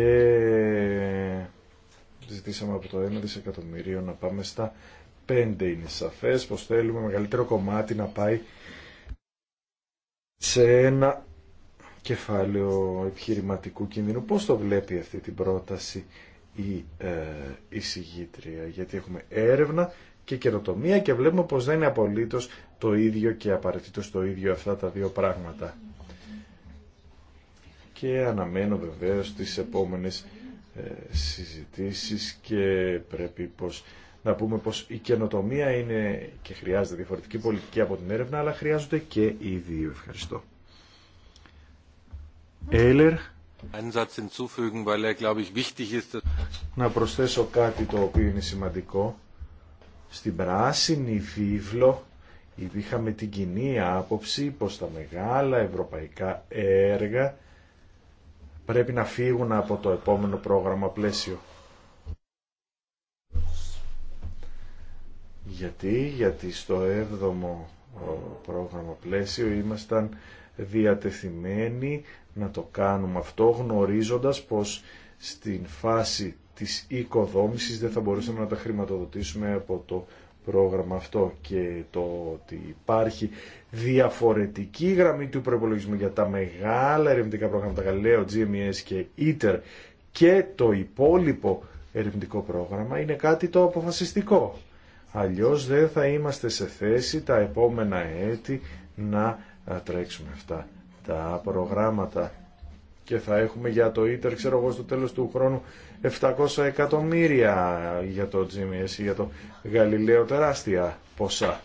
ζητήσαμε από το 1 δισεκατομμύριο να πάμε στα 5. Είναι σαφές πως θέλουμε μεγαλύτερο κομμάτι να πάει σε ένα κεφάλαιο επιχειρηματικού κινδύνου. Πώς το βλέπει αυτή την πρόταση η ε, εισηγήτρια, γιατί έχουμε έρευνα και καινοτομία και βλέπουμε πως δεν είναι απολύτως το ίδιο και απαραίτητο το ίδιο αυτά τα δύο πράγματα. Και αναμένω βεβαίως τις επόμενες ε, συζητήσεις και πρέπει πως να πούμε πως η καινοτομία είναι και χρειάζεται διαφορετική πολιτική από την έρευνα, αλλά χρειάζονται και οι δύο. Ευχαριστώ. Έλερ. Er, να προσθέσω κάτι το οποίο είναι σημαντικό. Στην πράσινη βίβλο είχαμε την κοινή άποψη πως τα μεγάλα ευρωπαϊκά έργα πρέπει να φύγουν από το επόμενο πρόγραμμα πλαίσιο. Γιατί, γιατί στο έβδομο πρόγραμμα πλαίσιο ήμασταν διατεθειμένοι να το κάνουμε αυτό γνωρίζοντας πως στην φάση της οικοδόμησης δεν θα μπορούσαμε να τα χρηματοδοτήσουμε από το πρόγραμμα αυτό και το ότι υπάρχει διαφορετική γραμμή του προπολογισμού για τα μεγάλα ερευνητικά πρόγραμματα Galileo, GMS e και ITER και το υπόλοιπο ερευνητικό πρόγραμμα είναι κάτι το αποφασιστικό. Αλλιώς δεν θα είμαστε σε θέση τα επόμενα έτη να τρέξουμε αυτά τα προγράμματα και θα έχουμε για το ίτερ, ξέρω εγώ, στο τέλος του χρόνου 700 εκατομμύρια για το GMS, για το Γαλιλαίο τεράστια ποσά.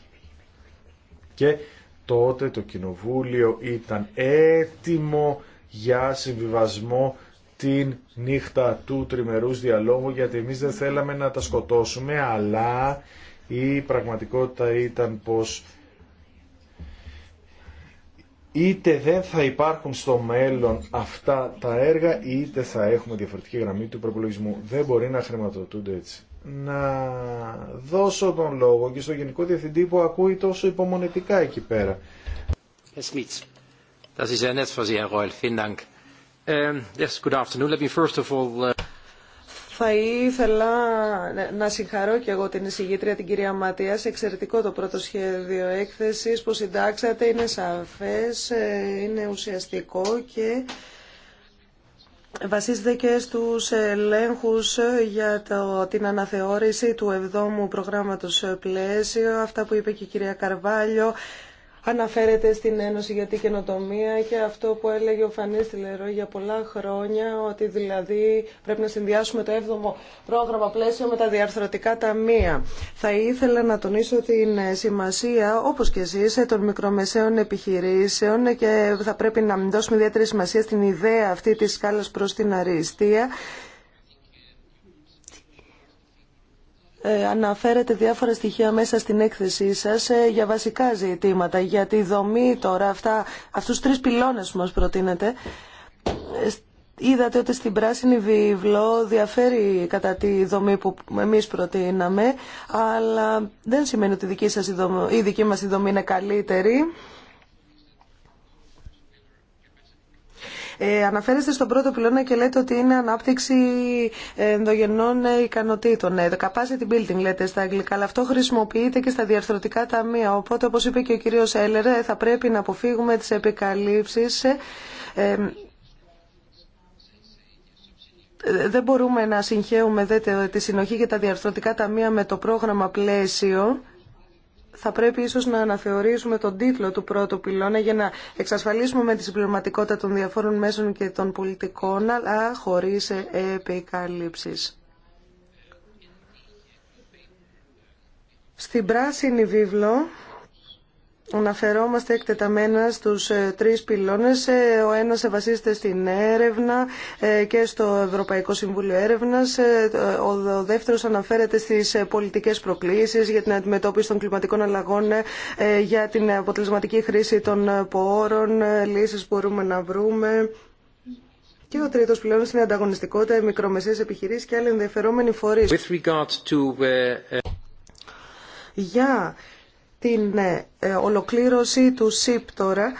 Και τότε το Κοινοβούλιο ήταν έτοιμο για συμβιβασμό την νύχτα του τριμερούς διαλόγου γιατί εμείς δεν θέλαμε να τα σκοτώσουμε αλλά η πραγματικότητα ήταν πως είτε δεν θα υπάρχουν στο μέλλον αυτά τα έργα, είτε θα έχουμε διαφορετική γραμμή του προπολογισμού. Δεν μπορεί να χρηματοδοτούνται έτσι. Να δώσω τον λόγο και στο Γενικό Διευθυντή που ακούει τόσο υπομονετικά εκεί πέρα. Good afternoon. Let me first of all... Uh, θα ήθελα να συγχαρώ και εγώ την εισηγήτρια την κυρία Ματίας. Εξαιρετικό το πρώτο σχέδιο έκθεσης που συντάξατε. Είναι σαφές, ε, είναι ουσιαστικό και βασίζεται και στους ελέγχους για το, την αναθεώρηση του 7ου προγράμματος πλαίσιο. Αυτά που είπε και η κυρία Καρβάλιο αναφέρεται στην Ένωση για την Καινοτομία και αυτό που έλεγε ο Φανής Τηλερό για πολλά χρόνια, ότι δηλαδή πρέπει να συνδυάσουμε το 7ο πρόγραμμα πλαίσιο με τα διαρθρωτικά ταμεία. Θα ήθελα να τονίσω την σημασία, όπως και εσείς, των μικρομεσαίων επιχειρήσεων και θα πρέπει να δώσουμε ιδιαίτερη σημασία στην ιδέα αυτή της σκάλας προς την αριστεία Ε, αναφέρετε διάφορα στοιχεία μέσα στην έκθεσή σας ε, για βασικά ζητήματα, για τη δομή τώρα, αυτά, αυτούς τρεις πυλώνες που μας προτείνετε. Ε, είδατε ότι στην πράσινη βιβλό διαφέρει κατά τη δομή που εμείς προτείναμε, αλλά δεν σημαίνει ότι η δική, σας δομή, η δική μας η δομή είναι καλύτερη. Ε, αναφέρεστε στον πρώτο πυλώνα και λέτε ότι είναι ανάπτυξη ε, ενδογενών ε, ικανοτήτων. Ε, capacity building λέτε στα αγγλικά, αλλά αυτό χρησιμοποιείται και στα διαρθρωτικά ταμεία. Οπότε, όπως είπε και ο κύριος Έλερε, θα πρέπει να αποφύγουμε τις επικαλύψεις. Ε, ε δεν μπορούμε να συγχαίουμε δε, τη συνοχή για τα διαρθρωτικά ταμεία με το πρόγραμμα πλαίσιο θα πρέπει ίσως να αναθεωρήσουμε τον τίτλο του πρώτου πυλώνα για να εξασφαλίσουμε με τη συμπληρωματικότητα των διαφόρων μέσων και των πολιτικών, αλλά χωρίς επικαλύψεις. Στην πράσινη βίβλο Αναφερόμαστε εκτεταμένα στους ε, τρεις πυλώνες. Ε, ο ένας βασίζεται στην έρευνα ε, και στο Ευρωπαϊκό Συμβούλιο Έρευνας. Ο δεύτερος αναφέρεται στις πολιτικές προκλήσεις για την αντιμετώπιση των κλιματικών αλλαγών, για την αποτελεσματική χρήση των πόρων, λύσεις που μπορούμε να βρούμε. Και ο τρίτος πυλώνας είναι ανταγωνιστικότητα, μικρομεσαίες επιχειρήσεις και άλλοι ενδιαφερόμενοι φορείς την ε, ε, ολοκλήρωση του ΣΥΠ τώρα.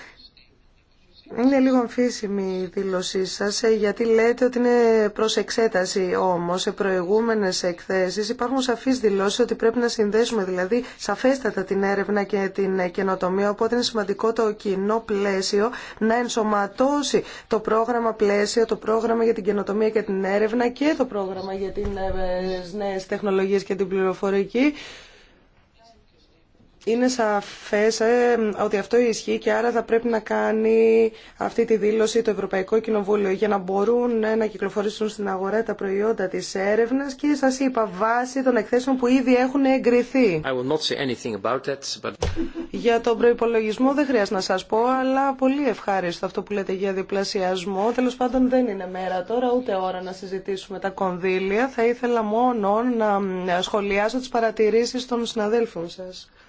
Είναι λίγο αμφίσιμη η δήλωσή σας, ε, γιατί λέτε ότι είναι προς εξέταση όμως σε προηγούμενες εκθέσεις. Υπάρχουν σαφείς δηλώσεις ότι πρέπει να συνδέσουμε δηλαδή σαφέστατα την έρευνα και την καινοτομία, οπότε είναι σημαντικό το κοινό πλαίσιο να ενσωματώσει το πρόγραμμα πλαίσιο, το πρόγραμμα για την καινοτομία και την έρευνα και το πρόγραμμα για τις νέες τεχνολογίες και την πληροφορική είναι σαφέ ε, ότι αυτό ισχύει και άρα θα πρέπει να κάνει αυτή τη δήλωση το Ευρωπαϊκό Κοινοβούλιο για να μπορούν ε, να κυκλοφορήσουν στην αγορά τα προϊόντα τη έρευνα και σα είπα βάση των εκθέσεων που ήδη έχουν εγκριθεί. Για τον προπολογισμό δεν χρειάζεται να σα πω, αλλά πολύ ευχάριστο αυτό που λέτε για διπλασιασμό. Τέλο πάντων δεν είναι μέρα τώρα, ούτε ώρα να συζητήσουμε τα κονδύλια. Θα ήθελα μόνο να σχολιάσω τι παρατηρήσει των συναδέλφων σα.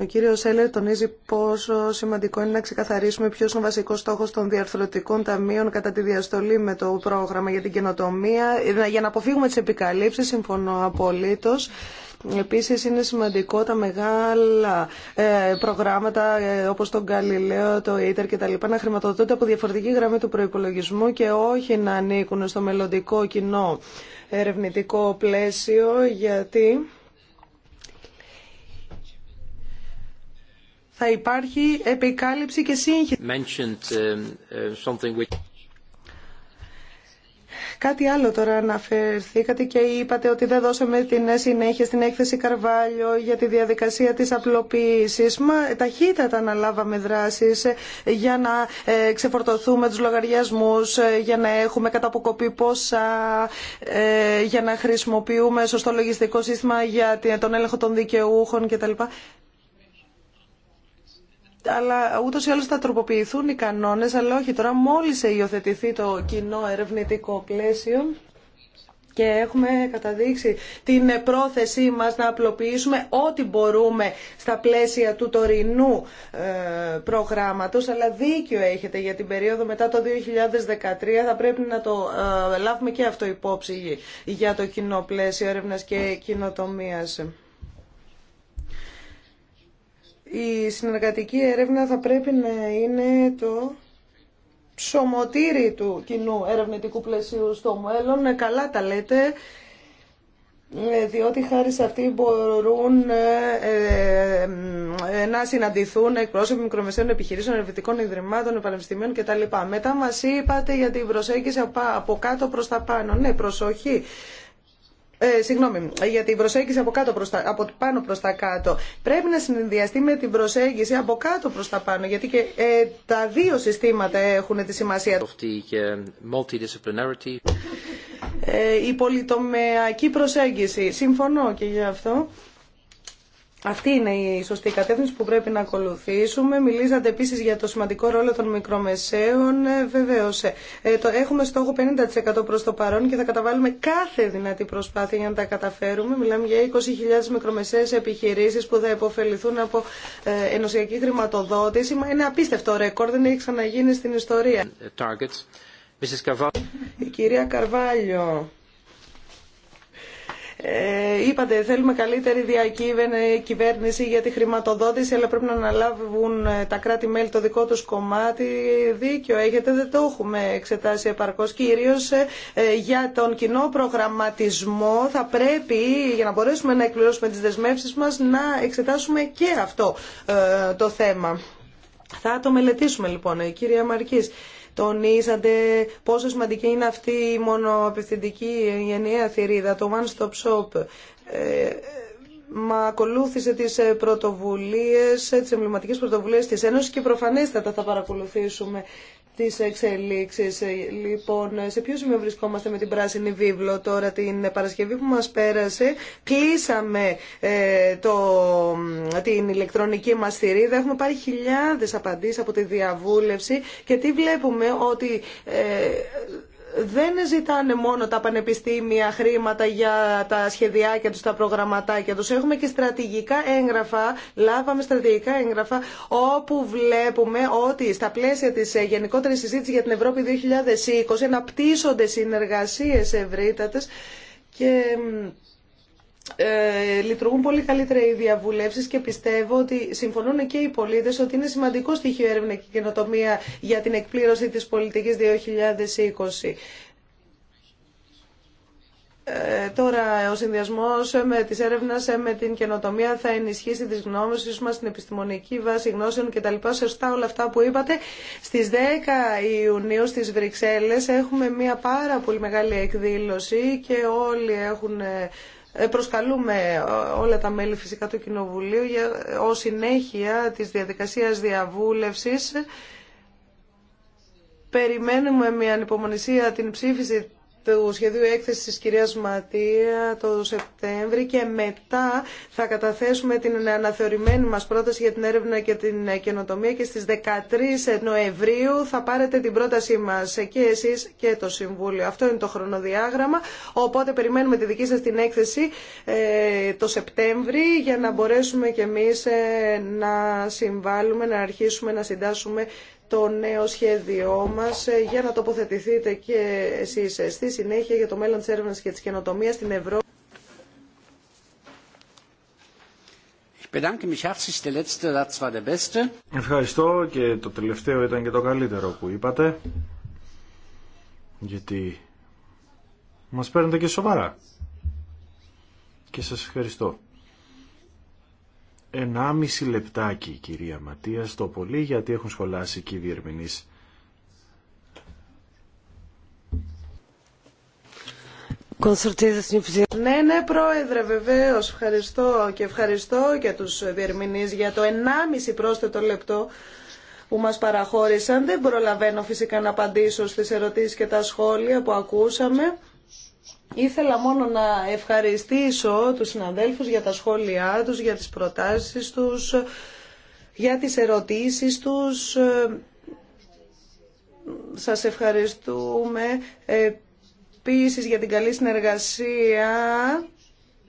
Ο κύριο Σέλερ τονίζει πόσο σημαντικό είναι να ξεκαθαρίσουμε ποιο είναι ο βασικό στόχο των διαρθρωτικών ταμείων κατά τη διαστολή με το πρόγραμμα για την καινοτομία, ε, για να αποφύγουμε τι επικαλύψει. Συμφωνώ απολύτω. Επίση είναι σημαντικό τα μεγάλα ε, προγράμματα ε, όπω τον Galileo, το ΙΤΕΡ κτλ., να χρηματοδοτούνται από διαφορετική γραμμή του προπολογισμού και όχι να ανήκουν στο μελλοντικό κοινό ερευνητικό πλαίσιο γιατί θα υπάρχει επικάλυψη και σύγχυση. Um, uh, Κάτι άλλο τώρα αναφερθήκατε και είπατε ότι δεν δώσαμε την συνέχεια στην έκθεση Καρβάλιο για τη διαδικασία της απλοποίησης. Μα ταχύτατα αναλάβαμε δράσεις ε, για να ε, ξεφορτωθούμε τους λογαριασμούς, ε, για να έχουμε καταποκοπή πόσα, για να χρησιμοποιούμε σωστό λογιστικό σύστημα για τον έλεγχο των δικαιούχων κτλ αλλά ούτως ή άλλως θα τροποποιηθούν οι κανόνες, αλλά όχι τώρα μόλις υιοθετηθεί το κοινό ερευνητικό πλαίσιο και έχουμε καταδείξει την πρόθεσή μας να απλοποιήσουμε ό,τι μπορούμε στα πλαίσια του τωρινού ε, προγράμματος, αλλά δίκιο έχετε για την περίοδο μετά το 2013 θα πρέπει να το ε, λάβουμε και αυτό υπόψη για το κοινό πλαίσιο έρευνας και κοινοτομίας η συνεργατική έρευνα θα πρέπει να είναι το ψωμοτήρι του κοινού ερευνητικού πλαισίου στο μέλλον. Ε, καλά τα λέτε, ε, διότι χάρη σε αυτή μπορούν ε, να συναντηθούν εκπρόσωποι μικρομεσαίων επιχειρήσεων, ερευνητικών ιδρυμάτων, πανεπιστημίων κτλ. Μετά μας είπατε για την προσέγγιση από κάτω προς τα πάνω. Ναι, προσοχή. Ε, συγγνώμη, για την προσέγγιση από, κάτω προς από πάνω προς τα κάτω πρέπει να συνδυαστεί με την προσέγγιση από κάτω προς τα πάνω γιατί και ε, τα δύο συστήματα έχουν τη σημασία Ε, η πολυτομεακή προσέγγιση, συμφωνώ και γι' αυτό. Αυτή είναι η σωστή κατεύθυνση που πρέπει να ακολουθήσουμε. Μιλήσατε επίση για το σημαντικό ρόλο των μικρομεσαίων. Ε, Βεβαίω, ε, ε, έχουμε στόχο 50% προ το παρόν και θα καταβάλουμε κάθε δυνατή προσπάθεια για να τα καταφέρουμε. Μιλάμε για 20.000 μικρομεσαίε επιχειρήσει που θα υποφεληθούν από ενωσιακή χρηματοδότηση. Είναι απίστευτο ρεκόρ, δεν έχει ξαναγίνει στην ιστορία. Η κυρία Καρβάλιο. Ε, είπατε θέλουμε καλύτερη διακυβέρνηση για τη χρηματοδότηση αλλά πρέπει να αναλάβουν ε, τα κράτη-μέλη το δικό τους κομμάτι. Δίκιο έχετε, δεν το έχουμε εξετάσει επαρκώς. Κυρίως ε, για τον κοινό προγραμματισμό θα πρέπει για να μπορέσουμε να εκπληρώσουμε τις δεσμεύσεις μας να εξετάσουμε και αυτό το θέμα. Θα το μελετήσουμε λοιπόν, κυρία Μαρκής τονίζατε πόσο σημαντική είναι αυτή η μονοαπευθυντική γενιαία θηρίδα, το One Stop Shop. Ε, μα ακολούθησε τις ε, πρωτοβουλίες, τις εμβληματικές πρωτοβουλίες της Ένωσης και προφανέστατα θα παρακολουθήσουμε τις εξελίξεις. Λοιπόν, σε ποιο σημείο βρισκόμαστε με την Πράσινη Βίβλο τώρα την Παρασκευή που μας πέρασε. Κλείσαμε ε, το, την ηλεκτρονική μα θηρίδα. Έχουμε πάρει χιλιάδες απαντήσεις από τη διαβούλευση και τι βλέπουμε ότι ε, δεν ζητάνε μόνο τα πανεπιστήμια χρήματα για τα σχεδιάκια τους, τα προγραμματάκια τους. Έχουμε και στρατηγικά έγγραφα, λάβαμε στρατηγικά έγγραφα, όπου βλέπουμε ότι στα πλαίσια της ε, γενικότερης συζήτησης για την Ευρώπη 2020 αναπτύσσονται συνεργασίες ευρύτατες και ε, λειτουργούν πολύ καλύτερα οι διαβουλευσει και πιστεύω ότι συμφωνούν και οι πολίτε ότι είναι σημαντικό στοιχείο έρευνα και καινοτομία για την εκπλήρωση τη πολιτική 2020. Ε, τώρα ο συνδυασμός με τις έρευνας με την καινοτομία θα ενισχύσει τις γνώμες μας στην επιστημονική βάση γνώσεων και τα λοιπά. Σωστά όλα αυτά που είπατε. Στις 10 Ιουνίου στις Βρυξέλλες έχουμε μια πάρα πολύ μεγάλη εκδήλωση και όλοι έχουν ε, ε, προσκαλούμε ε, όλα τα μέλη φυσικά του Κοινοβουλίου για, ε, ως συνέχεια της διαδικασίας διαβούλευσης. Περιμένουμε με ανυπομονησία την ψήφιση του σχεδίου έκθεσης της κυρίας Ματία το Σεπτέμβρη και μετά θα καταθέσουμε την αναθεωρημένη μας πρόταση για την έρευνα και την καινοτομία και στις 13 Νοεμβρίου θα πάρετε την πρότασή μας και εσείς και το Συμβούλιο. Αυτό είναι το χρονοδιάγραμμα, οπότε περιμένουμε τη δική σας την έκθεση ε, το Σεπτέμβρη για να μπορέσουμε και εμείς ε, να συμβάλλουμε, να αρχίσουμε να συντάσσουμε το νέο σχέδιό μας ε, για να τοποθετηθείτε και εσείς ε, στη συνέχεια για το μέλλον της έρευνας και της καινοτομίας στην Ευρώπη. Ευχαριστώ και το τελευταίο ήταν και το καλύτερο που είπατε γιατί μας παίρνετε και σοβαρά και σας ευχαριστώ. Ενάμιση λεπτάκι κυρία Ματίας το πολύ γιατί έχουν σχολάσει και οι διερμηνείς. Ναι, ναι, πρόεδρε, βεβαίω. Ευχαριστώ και ευχαριστώ και του διερμηνεί για το 1,5 πρόσθετο λεπτό που μας παραχώρησαν. Δεν προλαβαίνω φυσικά να απαντήσω στις ερωτήσεις και τα σχόλια που ακούσαμε. Ήθελα μόνο να ευχαριστήσω τους συναδέλφους για τα σχόλιά τους, για τις προτάσεις τους, για τις ερωτήσεις τους. Σας ευχαριστούμε επίσης για την καλή συνεργασία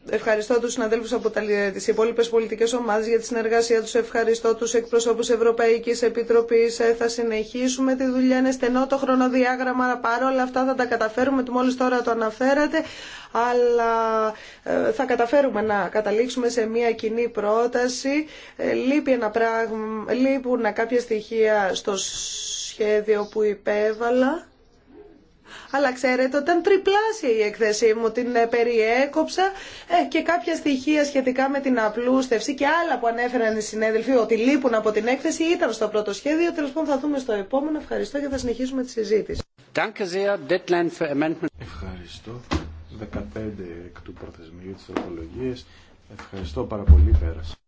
Ευχαριστώ τους συναδέλφους από τις υπόλοιπες πολιτικές ομάδες για τη συνεργασία τους. Ευχαριστώ τους εκπροσώπους Ευρωπαϊκής Επιτροπής. Ε, θα συνεχίσουμε τη δουλειά. Είναι στενό το χρονοδιάγραμμα. Παρόλα αυτά θα τα καταφέρουμε. Μόλις τώρα το αναφέρατε. Αλλά ε, θα καταφέρουμε να καταλήξουμε σε μια κοινή πρόταση. Ε, λείπει ένα πράγμα, λείπουν κάποια στοιχεία στο σχέδιο που υπέβαλα αλλά ξέρετε, όταν τριπλάσια η έκθεσή μου την ε, περιέκοψα ε, και κάποια στοιχεία σχετικά με την απλούστευση και άλλα που ανέφεραν οι συνέδελφοι ότι λείπουν από την έκθεση ήταν στο πρώτο σχέδιο. Τέλο πάντων, θα δούμε στο επόμενο. Ευχαριστώ και θα συνεχίσουμε τη συζήτηση. Ευχαριστώ. 15 εκ του προθεσμίου της Ευχαριστώ πάρα πολύ. Πέρασε.